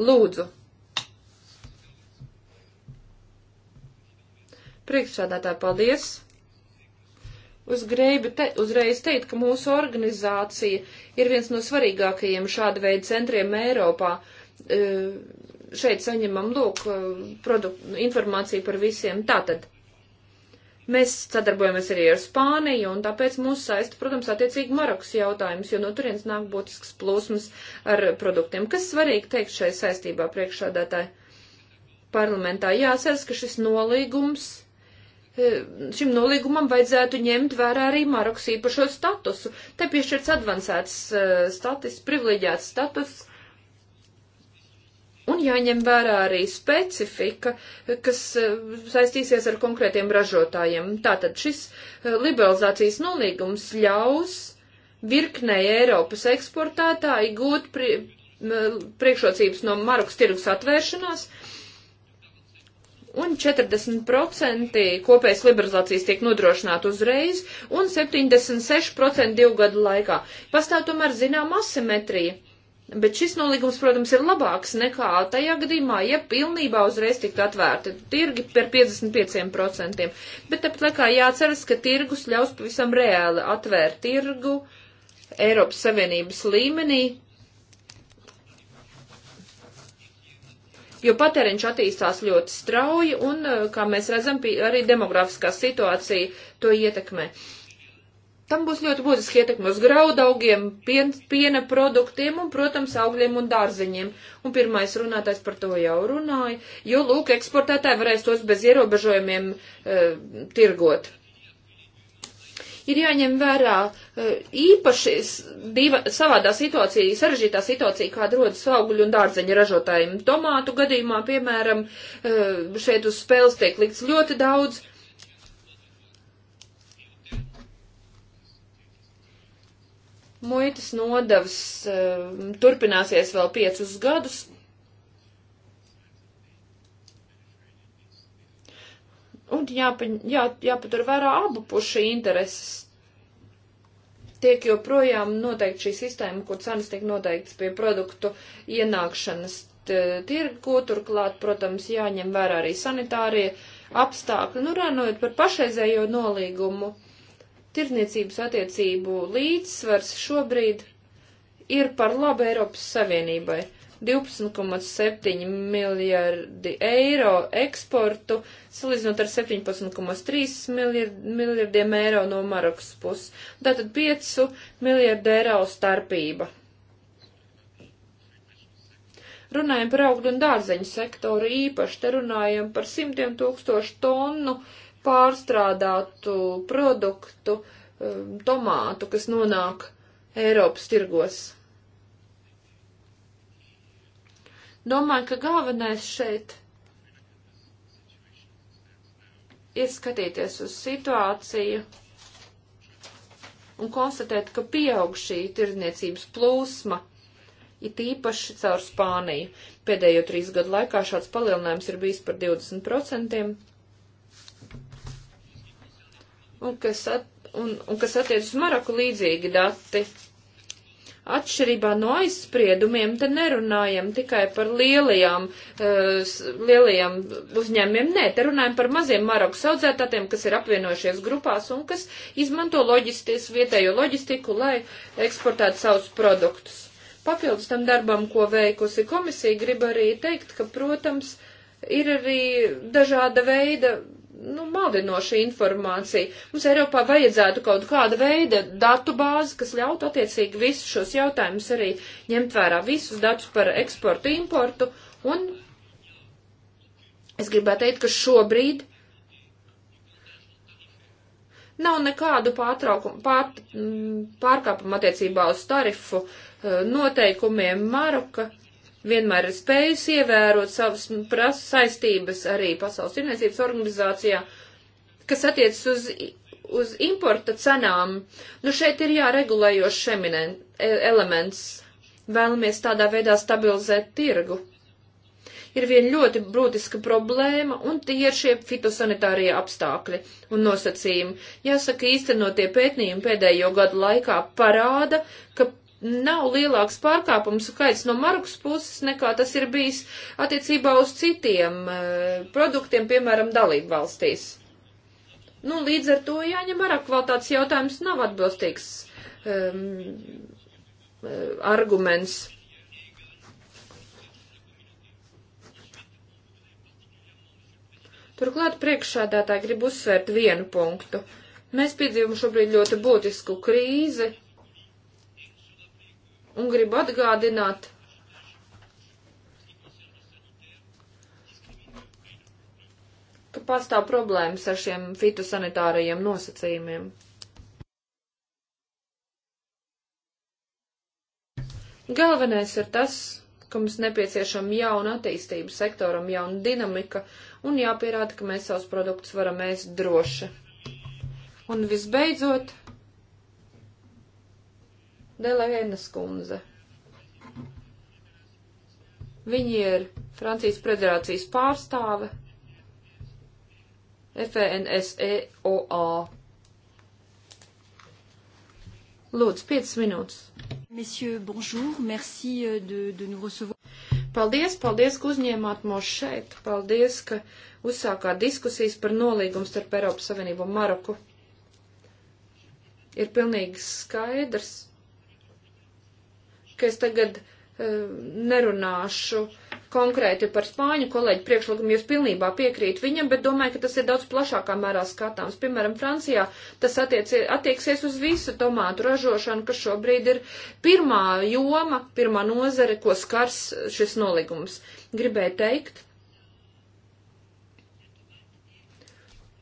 Lūdzu. Priekšsādātāji, paldies! Uz greibi te, uzreiz teikt, ka mūsu organizācija ir viens no svarīgākajiem šāda veida centriem Eiropā. E, šeit saņemam, lūk, e, produkt, informāciju par visiem. Tātad, Mēs sadarbojamies arī ar Spāniju, un tāpēc mūs saista, protams, attiecīgi Marokas jautājums, jo no turienes nāk būtisks plūsmas ar produktiem. Kas svarīgi teikt šai saistībā priekšādātāji parlamentā? Jāsars, ka šis nolīgums, e, šim nolīgumam vajadzētu ņemt vērā arī Marokas īpašo statusu. Te piešķirts advansēts e, status, privileģēts status Un jāņem vērā arī specifika, kas eh, saistīsies ar konkrētiem ražotājiem. Tātad šis eh, liberalizācijas nolīgums ļaus virknei Eiropas eksportētāji gūt pri, priekšrocības no Marukas tirgus atvēršanās, un 40% kopējas liberalizācijas tiek nodrošināta uzreiz, un 76% divu gadu laikā. Pastāv tomēr zinām asimetrija Bet šis nolīgums, protams, ir labāks nekā tajā gadījumā, ja pilnībā uzreiz tiktu atvērti tirgi par 55%. Bet tāpat laikā jāceras, ka tirgus ļaus pavisam reāli atvērt tirgu Eiropas Savienības līmenī. Jo patēriņš attīstās ļoti strauji un, kā mēs redzam, arī demografiskā situācija to ietekmē. Uh, Tam būs ļoti būtiski ietekme uz graudaugiem, pien, piena produktiem un, protams, augļiem un dārzeņiem. Un pirmais runātājs par to jau runāja, jo, lūk, eksportētāji varēs tos bez ierobežojumiem e, tirgot. Ir jāņem vērā e, īpaši diva, savādā situācija, sarežģītā situācija, kāda rodas augļu un dārzeņu ražotājiem. Tomātu gadījumā, piemēram, e, šeit uz spēles tiek likts ļoti daudz Muitas nodavas eh, turpināsies vēl piecus gadus. Un jāpa, jā, jāpatur vērā abu pušu intereses. Tiek joprojām noteikti šī sistēma, kur cenas tiek noteiktas pie produktu ienākšanas tirgu, turklāt, protams, jāņem vērā arī sanitārie apstākļi. Nu, runājot par pašreizējo nolīgumu, tirdzniecības attiecību līdzsvars šobrīd ir par labu Eiropas Savienībai. 12,7 miljardi eiro eksportu, salīdzinot ar 17,3 miljardiem eiro no Marokas puses. Tātad 5 miljardi eiro starpība. Runājam par augļu un dārzeņu sektoru īpaši, te runājam par simtiem tūkstošu tonnu pārstrādātu produktu, um, tomātu, kas nonāk Eiropas tirgos. Domāju, ka galvenais šeit ir skatīties uz situāciju un konstatēt, ka pieaug šī tirdzniecības plūsma, it īpaši caur Spāniju. Pēdējo trīs gadu laikā šāds palielinājums ir bijis par 20% un kas, at, un, un kas attiec uz Maroku līdzīgi dati. Atšķirībā no aizspriedumiem te nerunājam tikai par lielajām, uh, lielajām uzņēmiem, nē, te runājam par maziem Maroku saudzētātiem, kas ir apvienojušies grupās un kas izmanto loģistis, vietējo loģistiku, lai eksportētu savus produktus. Papildus tam darbam, ko veikusi komisija, grib arī teikt, ka, protams, ir arī dažāda veida nu, maldinoša informācija. Mums Eiropā vajadzētu kaut kāda veida datu bāzi, kas ļautu attiecīgi visus šos jautājumus arī ņemt vērā, visus datus par eksportu, importu. Un es gribētu teikt, ka šobrīd nav nekādu pārtraukumu, pār, pārkāpumu attiecībā uz tarifu eh, noteikumiem Maroka vienmēr ir spējusi ievērot savas prasas saistības arī Pasaules tirniecības organizācijā, kas attiecas uz, uz importa cenām. Nu, šeit ir jāregulējošs e- elements. Vēlamies tādā veidā stabilizēt tirgu. Ir viena ļoti būtiska problēma, un tie ir šie fitosanitārie apstākļi un nosacījumi. Jāsaka, īstenotie pētījumi pēdējo gadu laikā parāda, ka nav lielāks pārkāpums skaits no Marukas puses, nekā tas ir bijis attiecībā uz citiem eh, produktiem, piemēram, dalību valstīs. Nu, līdz ar to jāņem vērā kvalitātes jautājums nav atbilstīgs um, arguments. Turklāt priekšsādātāji grib uzsvērt vienu punktu. Mēs piedzīvam šobrīd ļoti būtisku krīzi, un gribu atgādināt, ka pastāv problēmas ar šiem fitosanitārajiem nosacījumiem. Galvenais ir tas, ka mums nepieciešama jauna attīstība sektoram, jauna dinamika un jāpierāda, ka mēs savus produktus varam ēst droši. Un visbeidzot, Delēnas kundze. Viņa ir Francijas federācijas pārstāve FNSEOA. Lūdzu, 5 minūtes. Monsieur, bonjour, merci euh, de, de nous recevoir. Paldies, paldies, ka uzņēmāt mūs šeit. Paldies, ka uzsākāt diskusijas par nolīgumu starp Eiropas Savienību un Maroku. Ir pilnīgi skaidrs, ka es tagad uh, nerunāšu konkrēti par Spāņu kolēģi priekšlikumu, jūs pilnībā piekrīt viņam, bet domāju, ka tas ir daudz plašākā mērā skatāms. Piemēram, Francijā tas attiec, attieksies uz visu tomātu ražošanu, kas šobrīd ir pirmā joma, pirmā nozare, ko skars šis noligums. Gribēju teikt.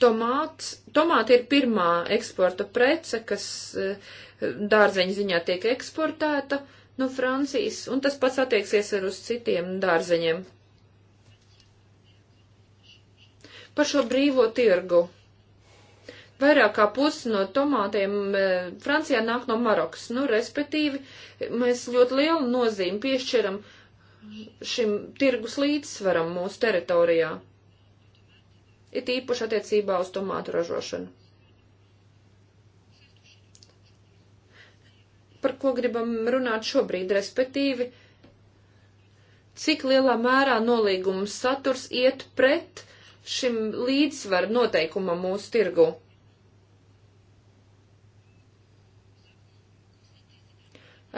Tomāts, tomāti ir pirmā eksporta prece, kas eh, dārzeņu ziņā tiek eksportēta. Uh, no Francijas, un tas pats attieksies ar uz citiem dārzeņiem. Par šo brīvo tirgu. Vairāk kā pusi no tomātiem eh, Francijā nāk no Marokas, nu, respektīvi, mēs ļoti lielu nozīmi piešķiram šim tirgus līdzsvaram mūsu teritorijā. It īpaši attiecībā uz tomātu ražošanu. par ko gribam runāt šobrīd, respektīvi, cik lielā mērā nolīguma saturs iet pret šim līdzsvaru noteikumam mūsu tirgu.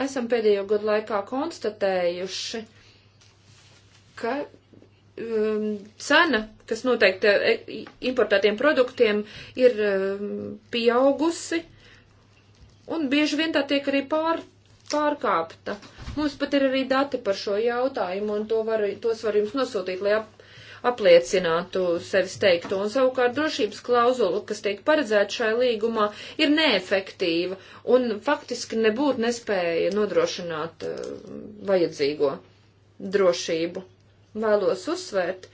Esam pēdējo gadu laikā konstatējuši, ka um, cena, kas noteikti e, importētiem produktiem, ir um, pieaugusi un bieži vien tā tiek arī pār, pārkāpta. Mums pat ir arī dati par šo jautājumu, un to var, tos var jums nosūtīt, lai ap, apliecinātu sevis teikto. Un savukārt drošības klauzula, kas tiek paredzēta šai līgumā, ir neefektīva un faktiski nebūtu nespēja nodrošināt uh, vajadzīgo drošību. Vēlos uzsvērt,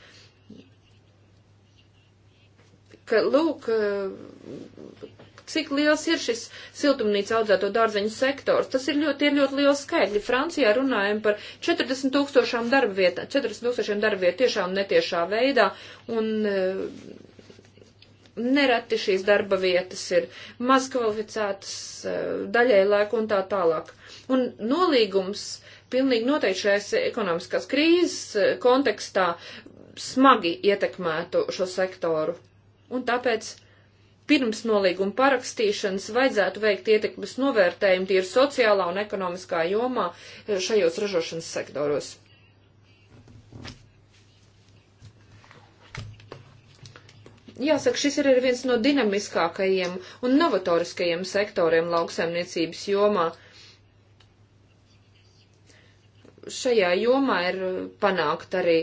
ka, lūk, uh, cik liels ir šis siltumnīca audzēto dārzeņu sektors. Tas ir ļoti, ir ļoti liels skaitļi. Francijā runājam par 40 tūkstošām darba vietā, 40 tūkstošiem darba vietā tiešā un netiešā veidā. Un, e, Nereti šīs darba vietas ir mazkvalificētas, e, daļai lēku un tā tālāk. Un nolīgums pilnīgi noteikti šajās ekonomiskās krīzes e, kontekstā smagi ietekmētu šo sektoru. Un tāpēc pirms nolīguma parakstīšanas vajadzētu veikt ietekmes novērtējumu tīri sociālā un ekonomiskā jomā eh, šajos ražošanas sektoros. Jāsaka, šis ir viens no dinamiskākajiem un novatoriskajiem sektoriem lauksaimniecības jomā šajā jomā ir panākt arī,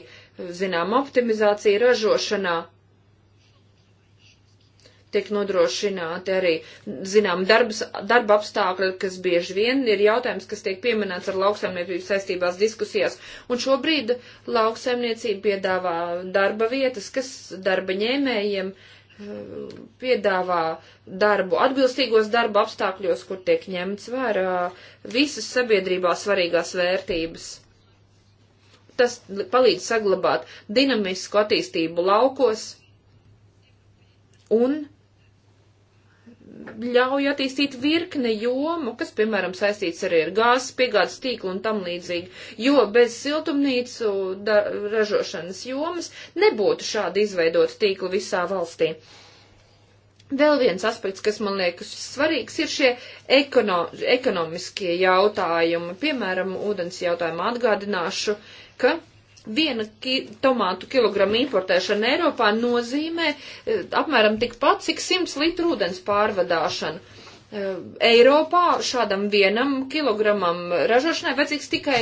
zinām, optimizācija ražošanā tiek nodrošināti arī, zinām, darbs, darba apstākļi, kas bieži vien ir jautājums, kas tiek pieminēts ar lauksaimniecību saistībās diskusijās. Un šobrīd lauksaimniecība piedāvā darba vietas, kas darba ņēmējiem eh, piedāvā darbu atbilstīgos darba apstākļos, kur tiek ņemts vērā visas sabiedrībā svarīgās vērtības tas palīdz saglabāt dinamisku attīstību laukos un ļauj attīstīt virkne jomu, kas, piemēram, saistīts arī ar gāzes piegādes tīklu un tam līdzīgi, jo bez siltumnīcu da, ražošanas jomas nebūtu šādi izveidot tīklu visā valstī. Vēl viens aspekts, kas man liekas svarīgs, ir šie ekono, ekonomiskie jautājumi. Piemēram, ūdens jautājumu atgādināšu, ka viena ki tomātu kilogramu importēšana Eiropā nozīmē e, apmēram tikpat, cik 100 litru ūdens pārvadāšana. E, Eiropā šādam vienam kilogramam ražošanai vajadzīgs tikai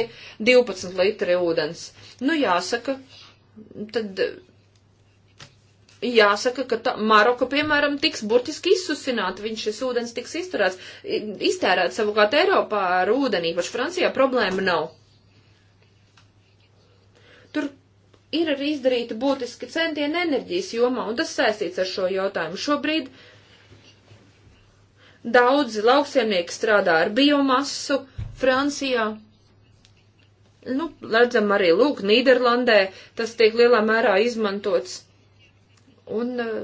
12 litri ūdens. Nu, jāsaka, tad jāsaka, ka tā, Maroka, piemēram, tiks burtiski izsusināta, viņš šis ūdens tiks izturēts, iztērēts savukārt Eiropā ar ūdeni, īpaši Francijā problēma nav. Tur ir arī izdarīti būtiski centieni enerģijas jomā, un tas saistīts ar šo jautājumu. Šobrīd daudzi lauksiemnieki strādā ar biomasu Francijā. Nu, redzam arī, lūk, Nīderlandē tas tiek lielā mērā izmantots. Un uh,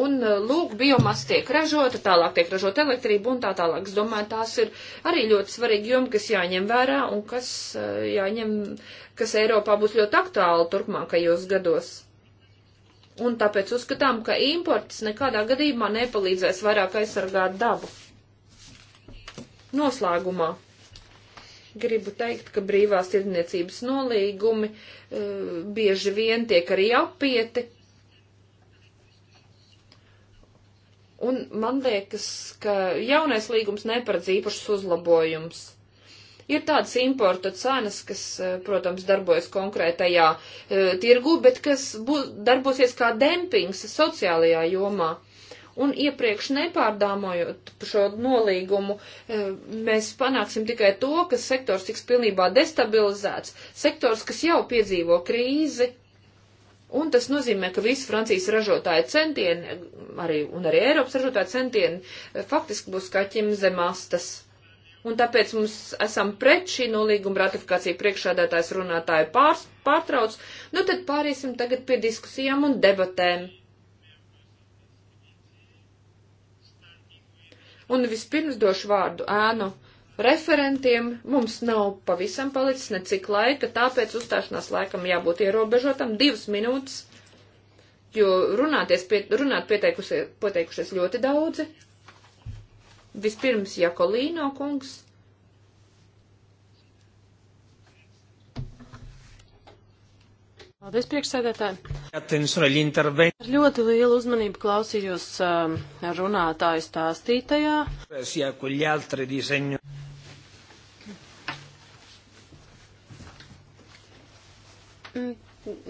Un, uh, lūk, biomasa tiek ražota, tālāk tiek ražota elektrība un tā tālāk. Es domāju, tās ir arī ļoti svarīgi joma, kas jāņem vērā un kas uh, jāņem, kas Eiropā būs ļoti aktuāli turpmākajos gados. Un tāpēc uzskatām, ka imports nekādā gadījumā nepalīdzēs vairāk aizsargāt dabu. Noslēgumā gribu teikt, ka brīvās tirdzniecības nolīgumi uh, bieži vien tiek arī apieti Un man liekas, ka jaunais līgums neparedz īpašus uzlabojumus. Ir tādas importa cenas, kas, eh, protams, darbojas konkrētajā e, tirgu, bet kas būs, darbosies kā dempings sociālajā jomā un iepriekš nepārdāmojot šo nolīgumu, eh, mēs panāksim tikai to, ka sektors tiks pilnībā destabilizēts, sektors, kas jau piedzīvo krīzi, Un tas nozīmē, ka visi Francijas ražotāji centieni, arī, un arī Eiropas ražotāji centieni eh, faktiski būs kaķim zem astas. Un tāpēc mums esam pret šī nolīguma ratifikācija priekšādātājs runātāju pār, pārtrauc. Nu tad pāriesim tagad pie diskusijām un debatēm. Un vispirms došu vārdu ēnu referentiem. Mums nav pavisam palicis necik laika, tāpēc uzstāšanās laikam jābūt ierobežotam divas minūtes, jo runāties, pie, runāt pieteikušies ļoti daudzi. Vispirms Jakolīno kungs. Paldies, priekšsēdētāji! Ar ļoti lielu uzmanību klausījos um, runātāju stāstītajā.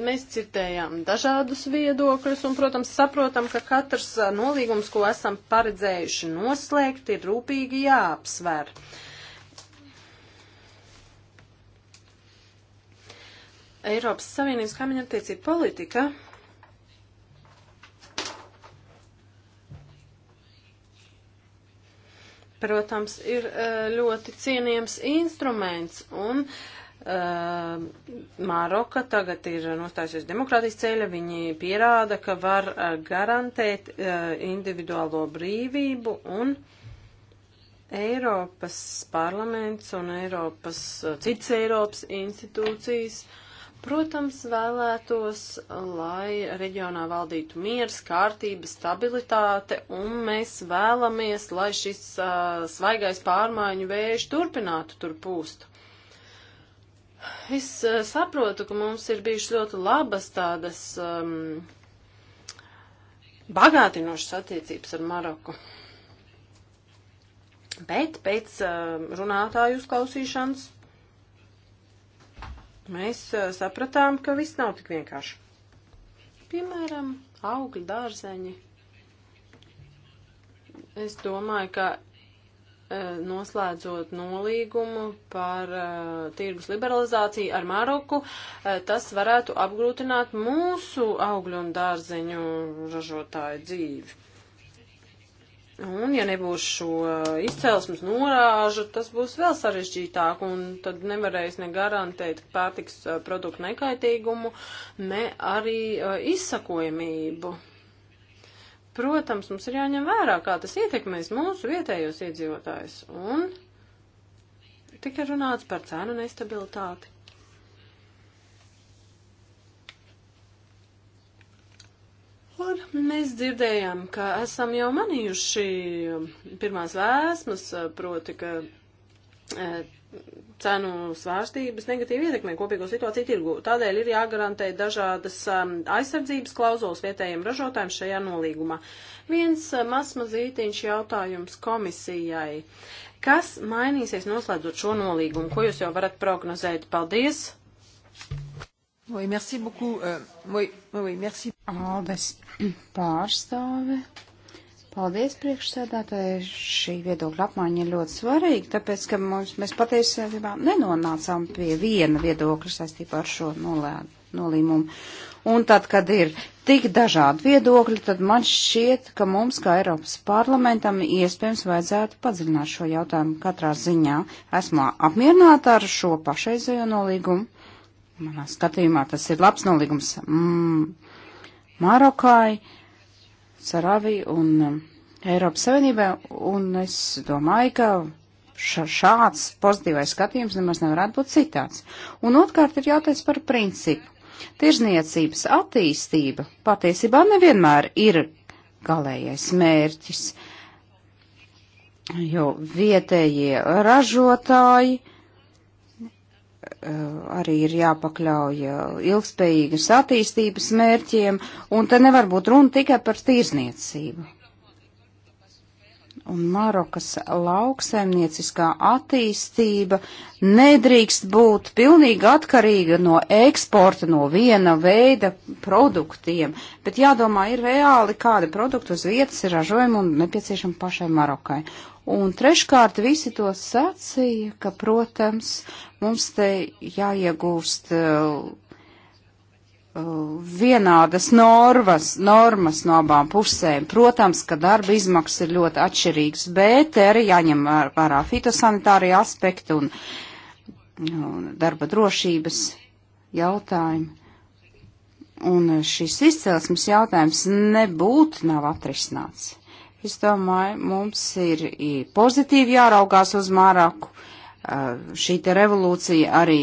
Mēs citējām dažādus viedokļus un, protams, saprotam, ka katrs nolīgums, ko esam paredzējuši noslēgt, ir rūpīgi jāapsver. Eiropas Savienības kaimiņa attiecība politika protams, ir ļoti cienījams instruments, un Ehm, Maroka tagad ir nostājusies demokrātijas ceļa, viņi pierāda, ka var eh, garantēt eh, individuālo brīvību un Eiropas parlaments un Eiropas, eh, citas Eiropas institūcijas, protams, vēlētos, lai reģionā valdītu miers, kārtība, stabilitāte, un mēs vēlamies, lai šis uh, svaigais pārmaiņu vējš turpinātu tur pūst. Es eh, saprotu, ka mums ir bijušas ļoti labas tādas um, bagātinošas attiecības ar Maroku. Bet pēc uh, runātāju uzklausīšanas mēs uh, sapratām, ka viss nav tik vienkārši. Piemēram, augļi, dārzeņi. Es domāju, ka Eh, noslēdzot nolīgumu par uh, tirgus liberalizāciju ar Maroku, uh, tas varētu apgrūtināt mūsu augļu un dārzeņu ražotāju dzīvi. Un, ja nebūs šo izcelsmes norāžu, tas būs vēl sarežģītāk, un tad nevarēs ne garantēt pārtiks produktu nekaitīgumu, ne arī uh, izsakojamību protams, mums ir jāņem vērā, kā tas ietekmēs mūsu vietējos iedzīvotājus. Un tika runāts par cēnu nestabilitāti. Un mēs dzirdējām, ka esam jau manījuši pirmās vēsmas, proti, ka eh, cenu svārstības negatīvi ietekmē kopīgo situāciju tirgu. Tādēļ ir jāgarantē dažādas um, aizsardzības klauzulas vietējiem ražotājiem šajā nolīgumā. Viens um, uh, mazmazītiņš jautājums komisijai. Kas mainīsies noslēdzot šo nolīgumu? Ko jūs jau varat prognozēt? Paldies! Oui, merci beaucoup. Uh, oui, oui, merci. Aldes pārstāve. Paldies, priekšsēdētāji. Šī viedokļa apmaiņa ir ļoti svarīga, tāpēc, ka mums, mēs patiesībā nenonācām pie viena viedokļa saistībā ar šo nolēdu, nolīmumu. Un tad, kad ir tik dažādi viedokļi, tad man šķiet, ka mums, kā Eiropas parlamentam, iespējams vajadzētu padziļināt šo jautājumu katrā ziņā. Esmu apmierināta ar šo pašreizējo nolīgumu. Manā skatījumā tas ir labs nolīgums mm, Marokai. Uh, Saravī un um, Eiropas Savienībai, un es domāju, ka šāds pozitīvais skatījums nemaz nevarētu būt citāds. Un otrkārt ir jāteic par principu. Tirzniecības attīstība patiesībā nevienmēr ir galējais mērķis, jo vietējie ražotāji Eh, arī ir jāpakļauj eh, ilgspējīgas attīstības mērķiem, un te nevar būt runa tikai par tīrzniecību. Un Marokas lauksaimnieciskā attīstība nedrīkst būt pilnīgi atkarīga no eksporta, no viena veida produktiem, bet jādomā ir reāli, kādi produkti uz vietas ir ražojumi un nepieciešami pašai Marokai. Un treškārt visi to sacīja, ka, protams, mums te jāiegūst uh, uh, vienādas normas, normas no abām pusēm. Protams, ka darba izmaksas ir ļoti atšķirīgas, bet arī jāņem vērā fitosanitārie aspekti un, un darba drošības jautājumi. Un šis izcelsmes jautājums nebūtu nav atrisināts. Es domāju, mums ir pozitīvi jāraugās uz Māraku. Šī te revolūcija arī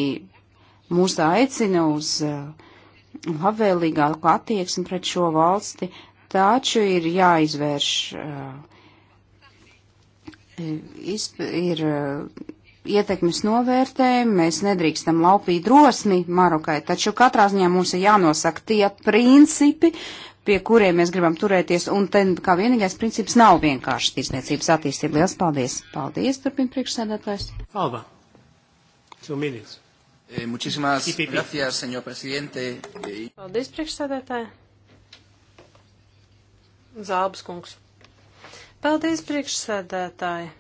mūs aicina uz labvēlīgāku attieksmi pret šo valsti, taču ir jāizvērš, ir ietekmes novērtējumi, mēs nedrīkstam laupīt drosmi Marokai, taču katrā ziņā mums ir jānosaka tie principi, pie kuriem mēs gribam turēties, un te kā vienīgais princips nav vienkārši tirsniecības attīstība. Lielas paldies! Paldies, turpina priekšsēdētājs. Alba, two minutes. Eh, muchísimas gracias, señor presidente. Eh, paldies, priekšsēdētāji. Zābas kungs. Paldies, priekšsēdētāji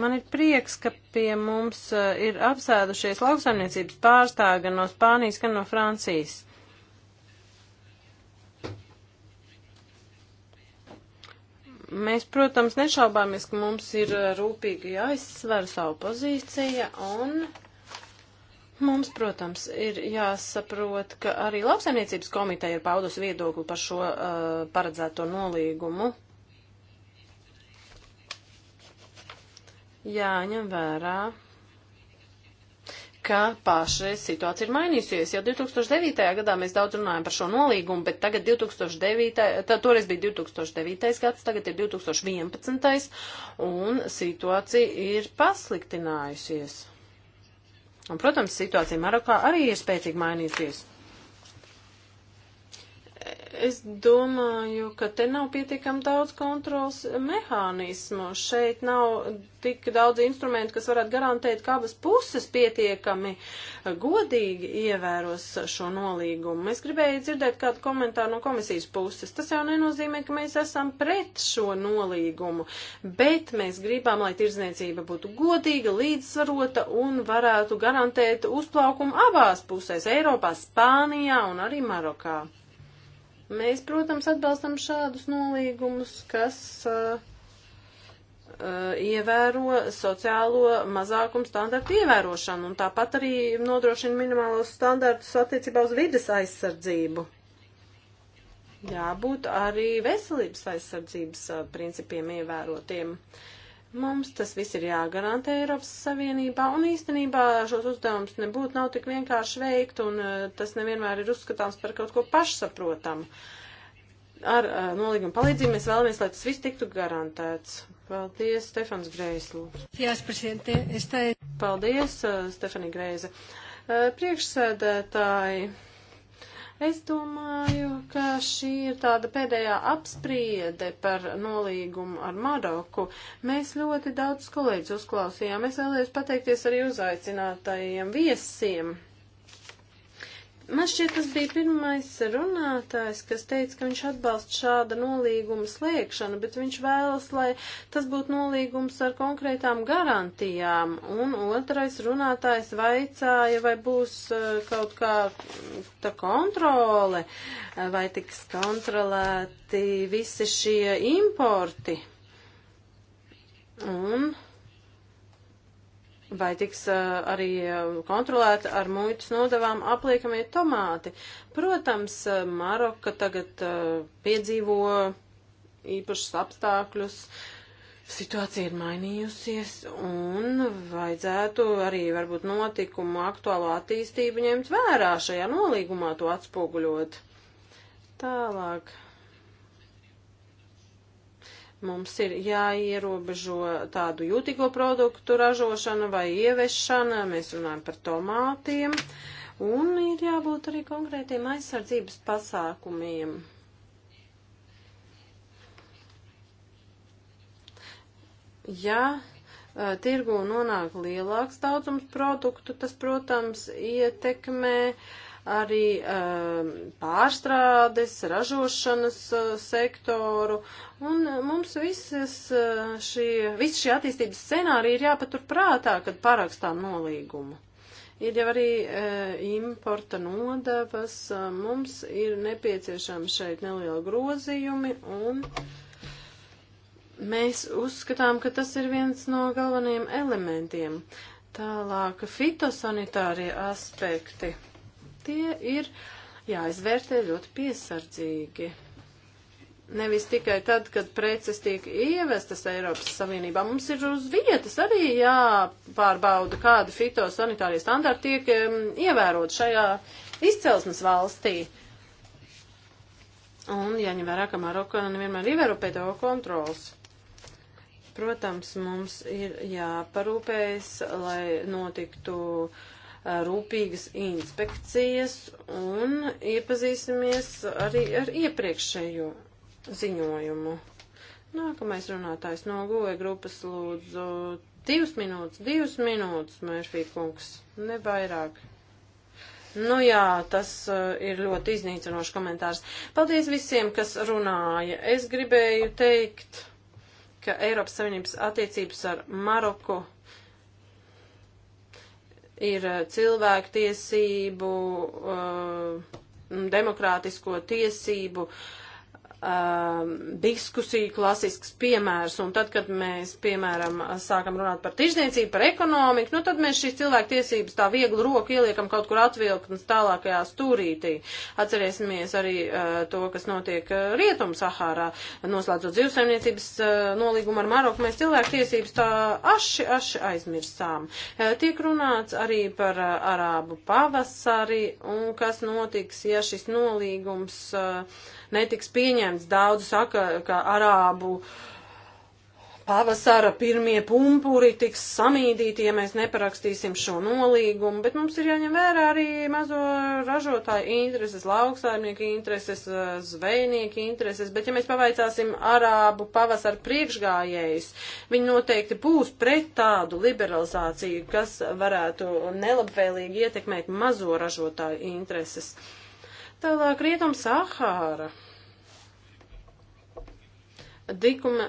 man ir prieks, ka pie mums uh, ir apsēdušies lauksaimniecības pārstāvi gan no Spānijas, gan no Francijas. Mēs, protams, nešaubāmies, ka mums ir eh, rūpīgi jāizsver savu pozīciju un mums, protams, ir jāsaprot, ka arī lauksaimniecības komiteja ir paudus viedokli par šo uh, paredzēto nolīgumu. Jāņem vērā ka pašreiz situācija ir mainījusies. Jau 2009. gadā mēs daudz runājam par šo nolīgumu, bet tagad 2009, tā, toreiz bija 2009. gads, tagad ir 2011. un situācija ir pasliktinājusies. Un, protams, situācija Marokā arī ir spēcīgi mainījusies. Es domāju, ka te nav pietiekami daudz kontrols mehānismu. Šeit nav tik daudz instrumentu, kas varētu garantēt, ka abas puses pietiekami godīgi ievēros šo nolīgumu. Es gribēju dzirdēt kādu komentāru no komisijas puses. Tas jau nenozīmē, ka mēs esam pret šo nolīgumu, bet mēs gribam, lai tirdzniecība būtu godīga, līdzsvarota un varētu garantēt uzplaukumu abās pusēs - Eiropā, Spānijā un arī Marokā. Mēs, protams, atbalstam šādus nolīgumus, kas uh, uh, ievēro sociālo mazākumu standartu ievērošanu un tāpat arī nodrošina minimālos standartus attiecībā uz vides aizsardzību. Jābūt arī veselības aizsardzības uh, principiem ievērotiem. Uh, Mums tas viss ir jāgarantē Eiropas Savienībā, un īstenībā šos uzdevumus nebūtu nav tik vienkārši veikt, un e, tas nevienmēr ir uzskatāms par kaut ko pašsaprotamu. Ar uh, e, nolīgumu palīdzību mēs vēlamies, lai tas viss tiktu garantēts. Paldies, Stefans Greislu. Jās, prezidente, es te. Paldies, uh, e, Stefanija Greize. Uh, priekšsēdētāji. Uh, Es domāju, ka šī ir tāda pēdējā apspriede par nolīgumu ar Maroku. Mēs ļoti daudz kolēģis uzklausījām. Es vēlējos pateikties arī uzaicinātajiem viesiem. Man šķiet, tas bija pirmais runātājs, kas teica, ka viņš atbalsta šāda nolīguma slēgšanu, bet viņš vēlas, lai tas būtu nolīgums ar konkrētām garantijām. Un otrais runātājs vaicāja, vai būs eh, kaut kā tā kontrole, eh, vai tiks kontrolēti visi šie importi. Un. Mm Vai tiks uh, arī kontrolēta ar muitas nodavām apliekamie tomāti? Protams, Maroka tagad uh, piedzīvo īpašas apstākļus, situācija ir mainījusies un vajadzētu arī varbūt notikumu aktuālo attīstību ņemt vērā šajā nolīgumā to atspoguļot. Tālāk. Mums ir jāierobežo tādu jūtīgo produktu ražošanu vai ievešanu, mēs runājam par tomātiem, un ir jābūt arī konkrētiem aizsardzības pasākumiem. Ja tirgu nonāk lielāks daudzums produktu, tas, protams, ietekmē uh, arī um, pārstrādes, ražošanas uh, sektoru, un uh, mums visas uh, šie, visi šie attīstības scenāriji ir jāpatur prātā, kad parakstām nolīgumu. Ir jau arī e, uh, importa nodevas, uh, mums ir nepieciešami šeit nelieli grozījumi un mēs uzskatām, ka tas ir viens no galvenajiem elementiem. Tālāk fitosanitārie aspekti tie ir jāizvērtē ļoti piesardzīgi. Nevis tikai tad, kad preces tiek ievestas Eiropas Savienībā. Mums ir uz vietas arī jāpārbauda, kāda fitosanitārie standarti tiek um, ievērot šajā izcelsmes valstī. Un jāņem ja vērā, ka Maroka nevienmēr ievēro pēdējo kontrols. Protams, mums ir jāparūpējas, lai notiktu uh, rūpīgas inspekcijas un iepazīsimies arī ar iepriekšējo ziņojumu. Nākamais runātājs no goja grupas lūdzu divas minūtes, divas minūtes, Mērfī kungs, ne vairāk. Nu jā, tas uh, ir ļoti iznīcinošs komentārs. Paldies visiem, kas runāja. Es gribēju teikt, ka Eiropas Savienības attiecības ar Maroku ir eh, cilvēktiesību, eh, demokrātisko tiesību uh, um, diskusiju klasisks piemērs. Un tad, kad mēs, piemēram, sākam runāt par tirzniecību, par ekonomiku, nu tad mēs šīs cilvēktiesības tā viegli roku ieliekam kaut kur atvilktnes tālākajā stūrītī. Atcerēsimies arī uh, to, kas notiek uh, Rietum Sahārā. Noslēdzot dzīvesaimniecības uh, nolīgumu ar Maroku, mēs cilvēktiesības tā aši, aši aizmirsām. Uh, tiek runāts arī par uh, arābu pavasari un kas notiks, ja šis nolīgums uh, netiks pieņemts. Daudz saka, ka arābu pavasara pirmie pumpuri tiks samīdīti, ja mēs neparakstīsim šo nolīgumu, bet mums ir jāņem vērā arī mazo ražotāju intereses, lauksaimnieku intereses, zvejnieku intereses, bet ja mēs pavaicāsim arābu pavasara priekšgājējus, viņi noteikti būs pret tādu liberalizāciju, kas varētu nelabvēlīgi ietekmēt mazo ražotāju intereses. Uh, Tālāk rietum Sahāra.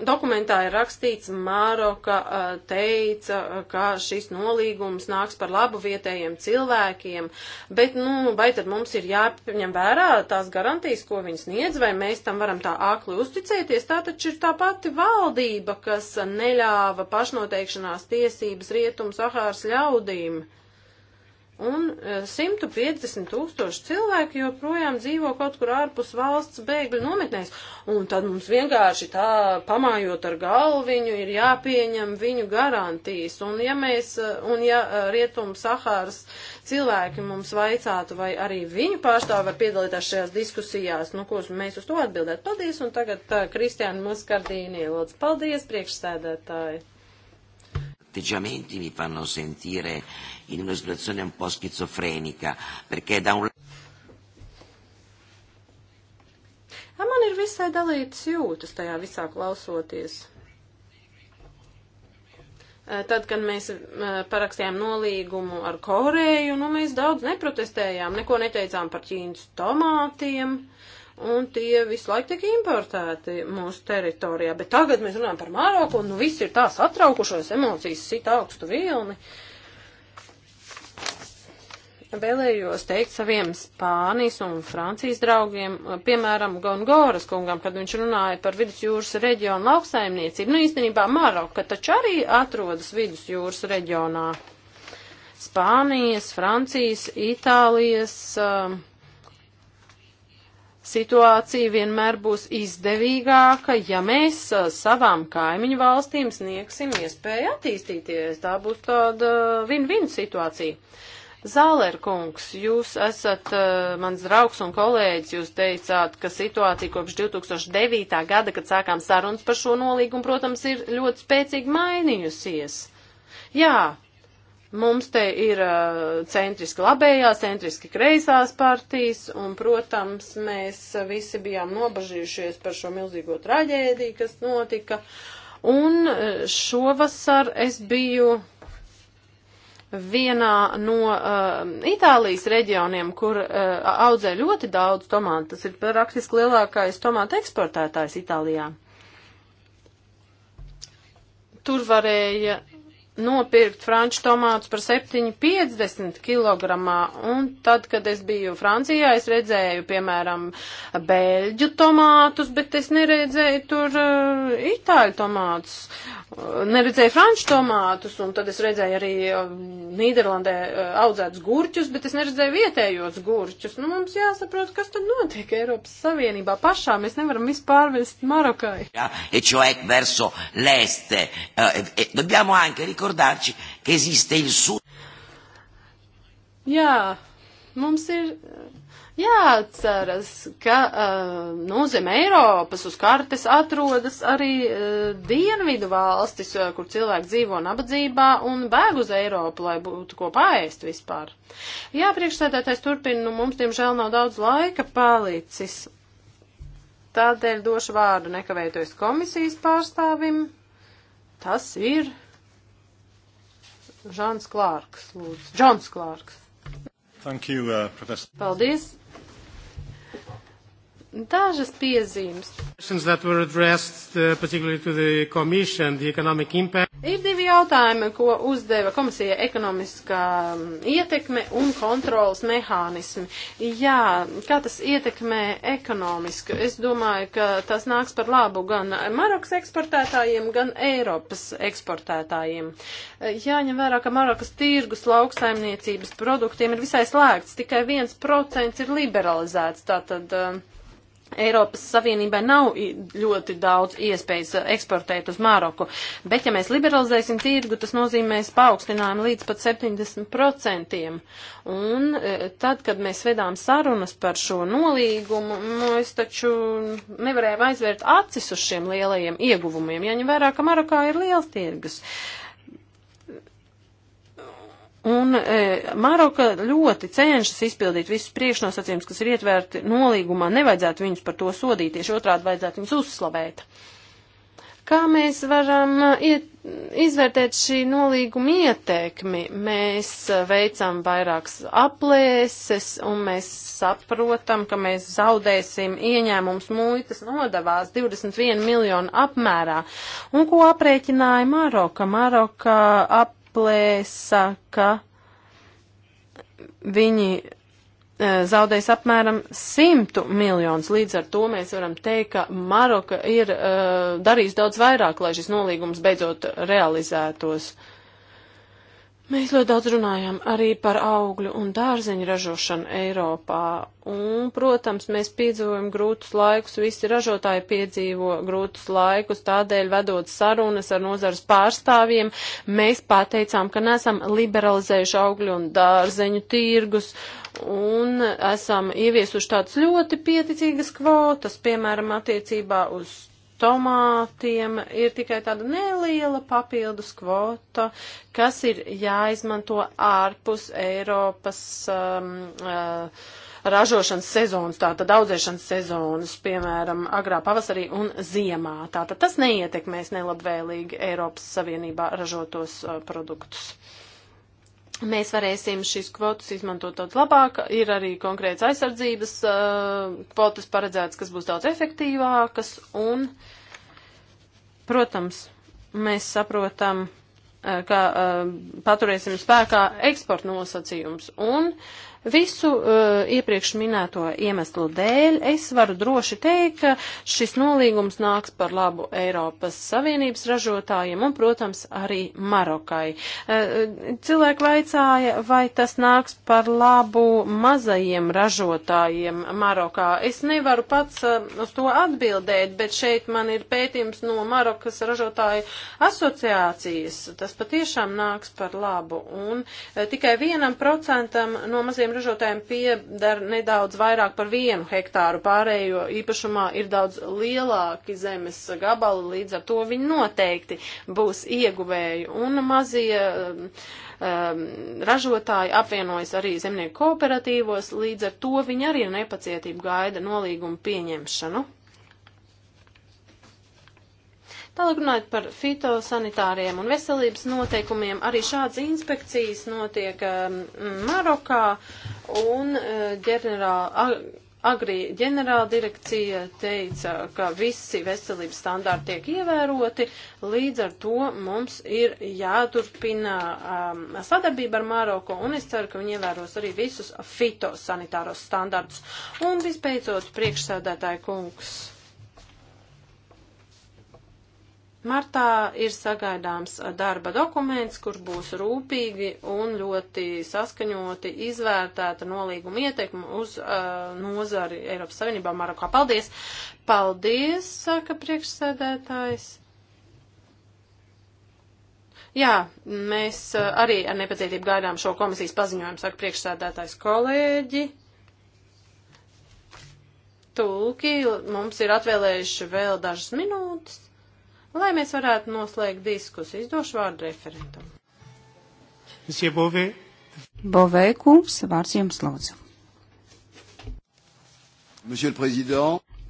Dokumentā ir rakstīts, Māroka uh, teica, uh, ka šis nolīgums nāks par labu vietējiem cilvēkiem, bet, nu, vai tad mums ir jāpieņem vērā tās garantijas, ko viņi sniedz, vai mēs tam varam tā ākli uzticēties? Tā taču ir tā pati valdība, kas neļāva pašnoteikšanās tiesības rietum Sahāras ļaudīm. Uh, un 150 e, tūkstoši cilvēki joprojām dzīvo kaut kur ārpus valsts bēgļu nometnēs, un tad mums vienkārši tā pamājot ar galviņu ir jāpieņem viņu garantijas, un ja mēs, e, un ja e, Rietum Sahāras cilvēki mums vaicātu, vai arī viņu pārstāvi var piedalīties šajās diskusijās, nu, ko mēs uz to atbildētu. Paldies, un tagad Kristiāna Muskardīnie, lūdzu, paldies, priekšsēdētāji! atteggiamenti mi fanno sentire in una situazione un po' schizofrenica, perché da un lato. Man ir visai dalītas jūtas tajā visā klausoties. Eh, tad, kad mēs eh, parakstījām nolīgumu ar Koreju, nu mēs daudz neprotestējām, neko neteicām par ķīnas tomātiem. Uh, un tie visu laiku tika importēti mūsu teritorijā. Bet tagad mēs runājam par Māroku, un nu viss ir tā satraukušos emocijas, sit augstu vilni. Vēlējos teikt saviem Spānijas un Francijas draugiem, piemēram, Gongoras kungam, kad viņš runāja par vidusjūras reģionu lauksaimniecību. Nu, īstenībā Maroka taču arī atrodas vidusjūras reģionā. Spānijas, Francijas, Itālijas. Uh, situācija vienmēr būs izdevīgāka, ja mēs savām kaimiņu valstīm sniegsim iespēju attīstīties. Tā būs tāda win-win situācija. Zālērkungs, jūs esat uh, mans draugs un kolēģis, jūs teicāt, ka situācija kopš 2009. gada, kad sākām sarunas par šo nolīgumu, protams, ir ļoti spēcīgi mainījusies. Jā, Mums te ir centriski labējā, centriski kreisās partijas, un, protams, mēs visi bijām nobažījušies par šo milzīgo traģēdiju, kas notika. Un šovasar es biju vienā no uh, Itālijas reģioniem, kur uh, audzē ļoti daudz tomātu. Tas ir praktiski lielākais tomātu eksportētājs Itālijā. Tur varēja nopirkt franču tomātus par 7,50 kg. Un tad, kad es biju Francijā, es redzēju, piemēram, bēļģu tomātus, bet es neredzēju tur uh, itāļu tomātus neredzēju franču tomātus, un tad es redzēju arī um, Nīderlandē uh, audzētus gurķus, bet es neredzēju vietējos gurķus. Nu, mums jāsaprot, kas tad notiek Eiropas Savienībā pašā. Mēs nevaram visu pārvest Marokai. Jā, e cioè verso l'est. E dobbiamo anche ricordarci che esiste il sud. Jā, Mums ir eh, jāatceras, ka uh, nu, zem Eiropas uz kartes atrodas arī uh, dienvidu valstis, kur cilvēki dzīvo nabadzībā un bēg uz Eiropu, lai būtu ko pāēst vispār. Jā, priekšsēdētājs turpina, nu mums, diemžēl, nav daudz laika palicis. Tādēļ došu vārdu nekavējoties komisijas pārstāvim. Tas ir Žāns Klārks, lūdzu. Džons Klārks. Thank you, uh, professor. Paldies. Dažas piezīmes. Questions that were addressed uh, particularly to the Commission, the economic impact. Ir divi jautājumi, ko uzdeva komisija ekonomiskā ietekme un kontrolas mehānismi. Jā, kā tas ietekmē ekonomiski? Es domāju, ka tas nāks par labu gan Marokas eksportētājiem, gan Eiropas eksportētājiem. Jāņem vērā, ka Marokas tirgus lauksaimniecības produktiem ir visai slēgts, tikai viens procents ir liberalizēts. Tātad, uh, Eiropas Savienībai nav ļoti daudz iespējas uh, eksportēt uz Maroku, bet ja mēs liberalizēsim tirgu, tas nozīmēs paaugstinājumu līdz pat 70%. Un eh, tad, kad mēs vedām sarunas par šo nolīgumu, nu, es taču nevarēju aizvērt acis uz šiem lielajiem ieguvumiem, jaņem vērā, ka Marokā ir liels tirgus. Uh, Un e, Maroka ļoti cenšas izpildīt visus priekšnosacījumus, kas ir ietvērti nolīgumā. Nevajadzētu viņus par to sodīt, tieši otrādi vajadzētu viņus uzslavēt. Kā mēs varam e, iet, izvērtēt šī nolīguma ietekmi? Mēs e, veicam vairākas aplēses un mēs saprotam, ka mēs zaudēsim ieņēmums muitas nodavās 21 miljonu apmērā. Un ko aprēķināja Maroka? Maroka ap plēsa, ka viņi e, zaudējis apmēram 100 miljonus. Līdz ar to mēs varam teikt, ka Maroka ir uh, darījis daudz vairāk, lai šis nolīgums beidzot realizētos. Uh, Mēs ļoti daudz runājam arī par augļu un dārzeņu ražošanu Eiropā. Un, protams, mēs piedzīvojam grūtus laikus, visi ražotāji piedzīvo grūtus laikus, tādēļ vedot sarunas ar nozares pārstāvjiem, mēs pateicām, ka nesam liberalizējuši augļu un dārzeņu tirgus un esam ieviesuši tādas ļoti pieticīgas kvotas, piemēram, attiecībā uz tomātiem ir tikai tāda neliela papildus kvota, kas ir jāizmanto ārpus Eiropas um, uh, ražošanas sezonas, tātad audzēšanas sezonas, piemēram, agrā pavasarī un ziemā. Tātad tas neietekmēs nelabvēlīgi Eiropas Savienībā ražotos uh, produktus mēs varēsim šīs kvotas izmantot daudz labāk. Ir arī konkrēts aizsardzības eh, kvotas paredzētas, kas būs daudz efektīvākas. Un, protams, mēs saprotam, eh, ka eh, paturēsim spēkā eksporta nosacījums. Un Visu uh, iepriekš minēto iemeslu dēļ es varu droši teikt, ka šis nolīgums nāks par labu Eiropas Savienības ražotājiem un, protams, arī Marokai. Uh, cilvēki vaicāja, vai tas nāks par labu mazajiem ražotājiem Marokā. Es nevaru pats uh, uz to atbildēt, bet šeit man ir pētījums no Marokas ražotāju asociācijas. Tas patiešām nāks par labu. Un uh, tikai vienam procentam no maziem maziem ražotājiem piedar nedaudz vairāk par vienu hektāru, pārējo īpašumā ir daudz lielāki zemes gabali, līdz ar to viņi noteikti būs ieguvēji. Un mazie um, um ražotāji apvienojas arī zemnieku kooperatīvos, līdz ar to viņi arī ar nepacietību gaida nolīgumu pieņemšanu. Tālāk runājot par fitosanitāriem un veselības noteikumiem, arī šādas inspekcijas notiek um, Marokā un uh, ģenerāla. Ag, Agri ģenerāla direkcija teica, ka visi veselības standārti tiek ievēroti, līdz ar to mums ir jāturpina um, sadarbība ar Maroku, un es ceru, ka viņi ievēros arī visus fitosanitāros standārtus. Un vispēcot priekšsēdētāju kungs. Martā ir sagaidāms uh, darba dokuments, kur būs rūpīgi un ļoti saskaņoti izvērtēta nolīguma ietekme uz uh, nozari Eiropas Savienībā Marokā. Paldies! Paldies, saka priekšsēdētājs. Jā, mēs uh, arī ar nepacietību gaidām šo komisijas paziņojumu, saka priekšsēdētājs kolēģi tulki mums ir atvēlējuši vēl dažas minūtes lai mēs varētu noslēgt diskusiju. Izdošu vārdu referentam. Bovē. Bovē kungs, vārds jums lūdzu.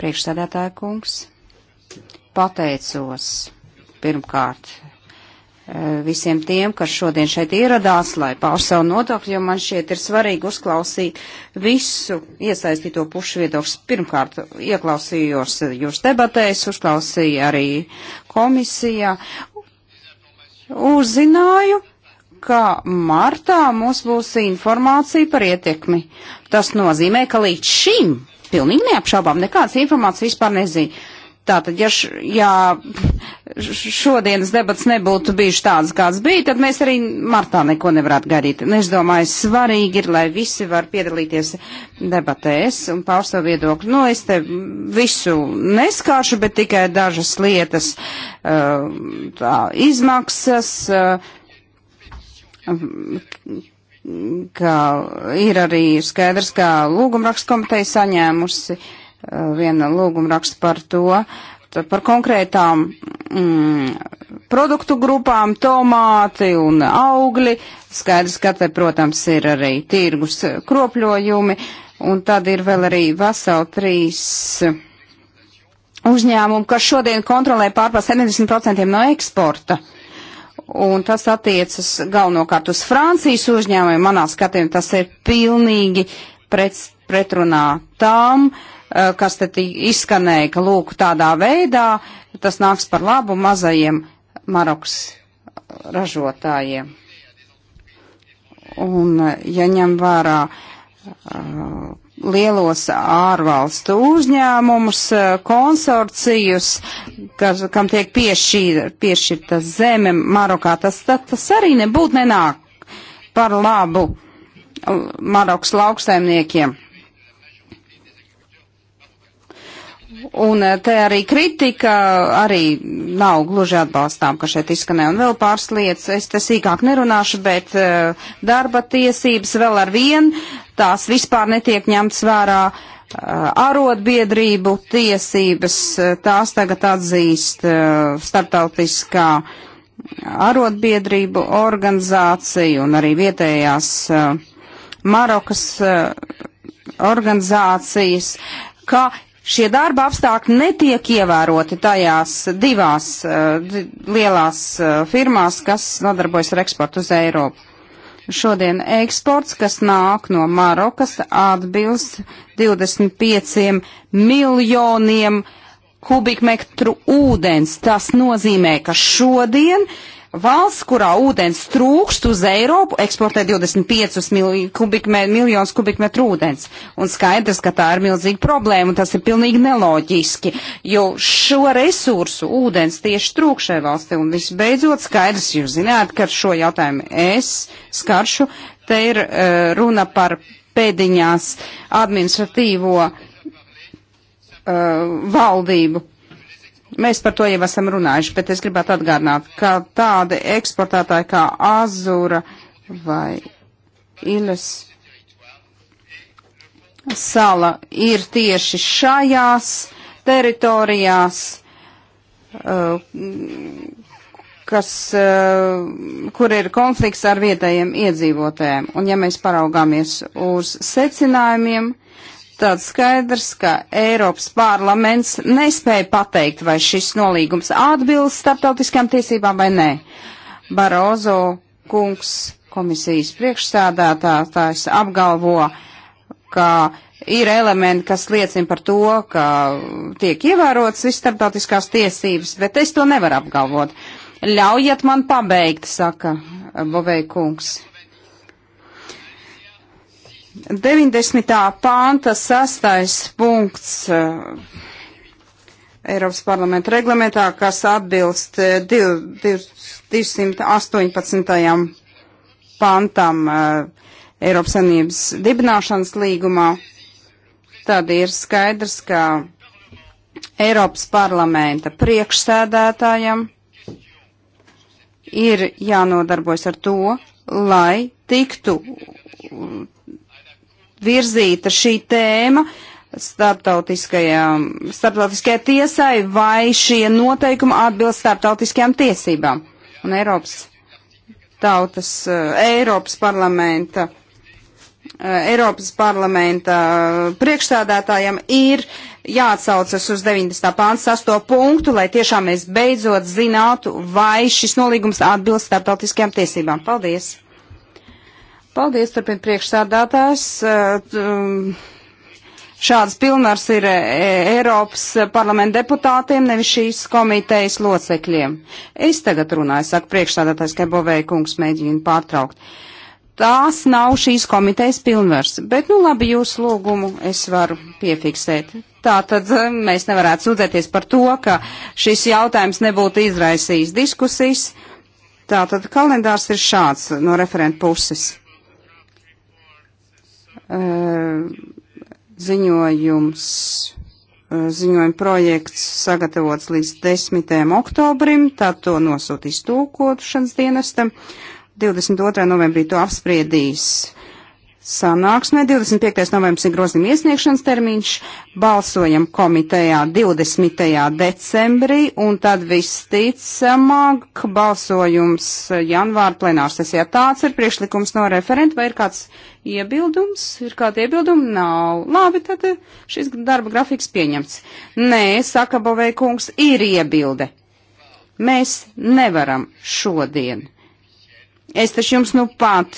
Priekšsēdētāja kungs, pateicos pirmkārt Eh, visiem tiem, kas šodien šeit ieradās, lai pauž savu nodokļu, jo man šķiet ir svarīgi uzklausīt visu iesaistīto pušu viedokļus. Pirmkārt, ieklausījos jūs debatēs, uzklausīju arī komisijā. Uzzināju, ka martā mums būs informācija par ietekmi. Tas nozīmē, ka līdz šim pilnīgi neapšaubām nekādas informācijas vispār nezinu Tātad, ja, š, ja šodienas debats nebūtu bijuši tāds, kāds bija, tad mēs arī martā neko nevarētu gaidīt. Un es domāju, svarīgi ir, lai visi var piedalīties debatēs un paust savu viedokli. Nu, es te visu neskāršu, bet tikai dažas lietas, tā, izmaksas, ka ir arī skaidrs, ka lūgumrakstu komiteja saņēmusi Eh, viena lūguma raksta par to, par konkrētām mm, produktu grupām, tomāti un augļi. Skaidrs, ka te, protams, ir arī tirgus kropļojumi, un tad ir vēl arī veseli trīs uzņēmumi, kas šodien kontrolē pārpār 70% no eksporta. Un tas attiecas galvenokārt uz Francijas uzņēmumiem. Manā skatījumā tas ir pilnīgi pret, pretrunā tām. Uh, Eh, kas te izskanēja, ka lūk tādā veidā tas nāks par labu mazajiem Maroks ražotājiem. Un eh, ja ņem vērā uh, lielos ārvalstu uzņēmumus, konsorcijus, kas, kam tiek piešķirta piešķir zeme Marokā, tas, tas, tas arī nebūtu nenāk par labu Marokas lauksaimniekiem. Un eh, te arī kritika arī nav gluži atbalstām, ka šeit izskanē un vēl pāris lietas. Es te sīkāk nerunāšu, bet eh, darba tiesības vēl ar vienu, tās vispār netiek ņemts vērā. Eh, arotbiedrību tiesības tās tagad atzīst starptautiskā arotbiedrību organizācija un arī vietējās Marokas organizācijas, ka šie darba apstākļi netiek ievēroti tajās divās uh, lielās uh, firmās, kas nodarbojas ar eksportu uz Eiropu. Šodien eksports, kas nāk no Marokas, atbilst 25 miljoniem kubikmetru ūdens. Tas nozīmē, ka šodien uh, Valsts, kurā ūdens trūkst uz Eiropu, eksportē 25 milj kubikmē, miljonus kubikmetru ūdens. Un skaidrs, ka tā ir milzīga problēma, un tas ir pilnīgi neloģiski, jo šo resursu ūdens tieši trūk šai valstī. Un visbeidzot, skaidrs, jūs zināt, ka šo jautājumu es skaršu. Te ir uh, runa par pēdiņās administratīvo uh, valdību Mēs par to jau esam runājuši, bet es gribētu atgādināt, ka tādi eksportētāji kā Azura vai Iles sala ir tieši šajās teritorijās, eh, kas, eh, kur ir konflikts ar vietējiem iedzīvotājiem. Un ja mēs paraugāmies uz secinājumiem, tad skaidrs, ka Eiropas parlaments nespēja pateikt, vai šis nolīgums atbilst starptautiskām tiesībām vai nē. Barozo kungs, komisijas priekšstādātājs, apgalvo, ka ir elementi, kas liecina par to, ka tiek ievērotas visas starptautiskās tiesības, bet es to nevaru apgalvot. Ļaujiet man pabeigt, saka Bovei kungs. 90. pānta sastais punkts eh, Eiropas parlamenta reglamentā, kas atbilst 218. Eh, pantam eh, Eiropas Sanības dibināšanas līgumā, tad ir skaidrs, ka Eiropas parlamenta priekšsēdētājam ir jānodarbojas ar to, lai tiktu virzīta šī tēma starptautiskajai tiesai, vai šie noteikumi atbilst starptautiskajām tiesībām. Un Eiropas tautas, eh, Eiropas parlamenta, eh, Eiropas parlamenta priekšstādātājiem ir jāatsaucas uz 90. pāns 8. punktu, lai tiešām mēs beidzot zinātu, vai šis nolīgums atbilst starptautiskajām tiesībām. Paldies! Paldies, turpin priekšsādātājs. Um, šāds pilnvars ir Eiropas parlamenta deputātiem, nevis šīs komitejas locekļiem. Es tagad runāju, saka priekšstādātājs, ka Bovēja kungs mēģina pārtraukt. Tās nav šīs komitejas pilnvars, bet, nu labi, jūsu lūgumu es varu piefiksēt. Tā tad mēs nevarētu sūdzēties par to, ka šis jautājums nebūtu izraisījis diskusijas. Tātad kalendārs ir šāds no referenta puses. Eh, ziņojums, eh, ziņojuma projekts sagatavots līdz 10. oktobrim, tad to nosūtīs tūkošanas dienestam. 22. novembrī to apspriedīs sanāksmē. 25. novembris ir grozījuma iesniegšanas termiņš, balsojam komitejā 20. decembrī, un tad visticamāk balsojums janvāra plenārsesijā. Tāds ir priekšlikums no referenta, vai ir kāds iebildums? Ir kāda iebilduma? Nav. Labi, tad eh, šis darba grafiks pieņemts. Nē, saka Boveikungs, ir iebilde. Mēs nevaram šodien. Es taču jums nu pat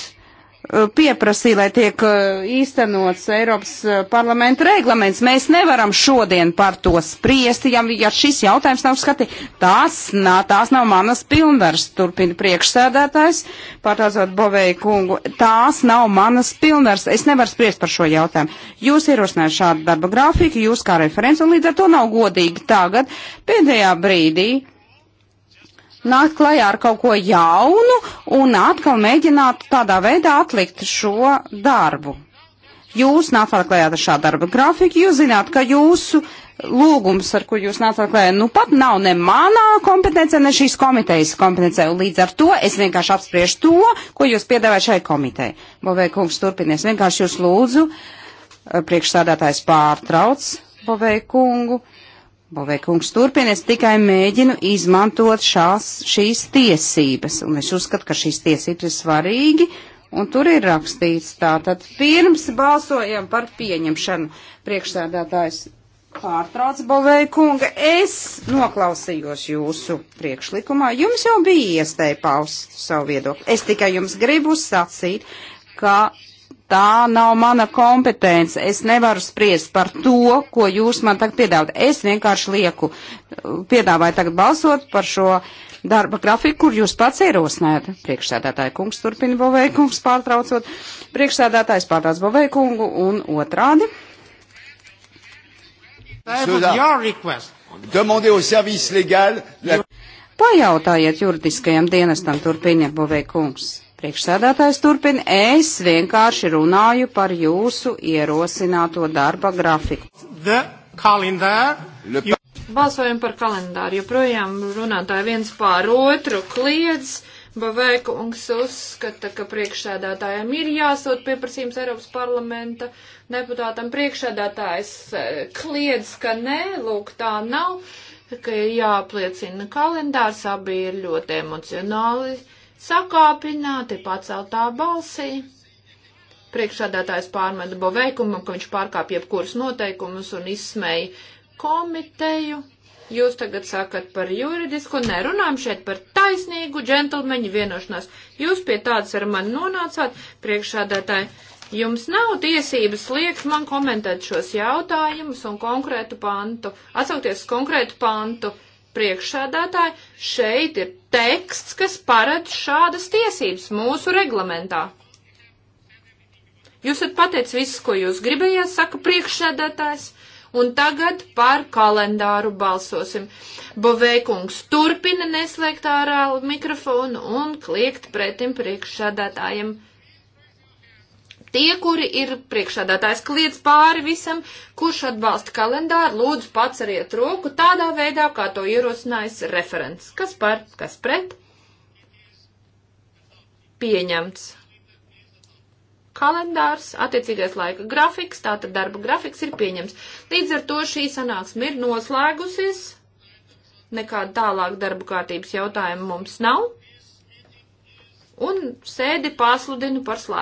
Eh, pieprasīja, lai tiek eh, īstenots Eiropas eh, parlamenta reglaments. Mēs nevaram šodien par to spriest, ja, ja šis jautājums nav skatī. Tās, nā, tās nav manas pilnvaras, turpina priekšsēdētājs, pārtāzot Bovēju kungu. Tās nav manas pilnvaras. Es nevaru spriest par šo jautājumu. Jūs ierosinājāt šādu darba grafiku, jūs kā referents, un līdz ar to nav godīgi tagad pēdējā brīdī nākt klajā ar kaut ko jaunu un atkal mēģināt tādā veidā atlikt šo darbu. Jūs nācāt klajā ar šādu darba grafiku, jūs zināt, ka jūsu lūgums, ar kur jūs nācāt klajā, nu pat nav ne manā kompetencija, ne šīs komitejas kompetencija. Līdz ar to es vienkārši apspriešu to, ko jūs piedāvājat šai komitejai. Bovē kungs turpinies. Vienkārši jūs lūdzu, priekšsādātājs pārtrauc Bovē kungu Bovē kungs turpinies, tikai mēģinu izmantot šās, šīs tiesības, un es uzskatu, ka šīs tiesības ir svarīgi, un tur ir rakstīts tātad pirms balsojam par pieņemšanu. Priekšsēdētājs pārtrauc Bovē kunga, es noklausījos jūsu priekšlikumā, jums jau bija iespēja paust savu viedokli. Es tikai jums gribu sacīt, ka tā nav mana kompetence. Es nevaru spriest par to, ko jūs man tagad piedāvājat. Es vienkārši lieku, piedāvāju tagad balsot par šo darba grafiku, kur jūs pats ierosinājat. Priekšsēdētāja kungs turpina Boveikungs pārtraucot. Priekšsēdētājs pārtrauc Boveikungu un otrādi. Pajautājiet juridiskajam dienestam, turpina Boveikungs Priekšsēdētājs turpina, es vienkārši runāju par jūsu ierosināto darba grafiku. You... Balsojam par kalendāru, joprojām runātāji viens pār otru kliedz. Bavēkungs uzskata, ka priekšsēdētājiem ir jāsūt pieprasījums Eiropas parlamenta deputātam. Priekšsēdētājs e, kliedz, ka nē, lūk, tā nav, ka ir jāpliecina kalendārs, abi ir ļoti emocionāli sakāpināti, paceltā balsī. Priekšādātājs pārmeta Boveikumam, ka viņš pārkāpj jebkurus noteikumus un izsmēja komiteju. Jūs tagad sakat par juridisku, nerunājam šeit par taisnīgu džentlmeņu vienošanos. Jūs pie tādas ar mani nonācāt, priekšādātāji. Jums nav tiesības liekt man komentēt šos jautājumus un konkrētu pantu, atsaukties konkrētu pantu. Uh, priekšsādātāji, šeit ir teksts, kas paredz šādas tiesības mūsu reglamentā. Jūs esat pateicis viss, ko jūs gribējāt, saka priekšsēdētājs, un tagad par kalendāru balsosim. Bovēkungs turpina neslēgt ārā mikrofonu un kliegt pretim priekšsēdētājiem. Tie, kuri ir priekšādātājs kliedz pāri visam, kurš atbalsta kalendāru, lūdzu paceriet roku tādā veidā, kā to ierosinājis referents. Kas par, kas pret? Pieņemts. Kalendārs, attiecīgais laika grafiks, tātad darba grafiks ir pieņemts. Līdz ar to šī sanāksme ir noslēgusies. Nekāda tālāk darba kārtības jautājuma mums nav. Un sēdi pasludinu par slēgtu.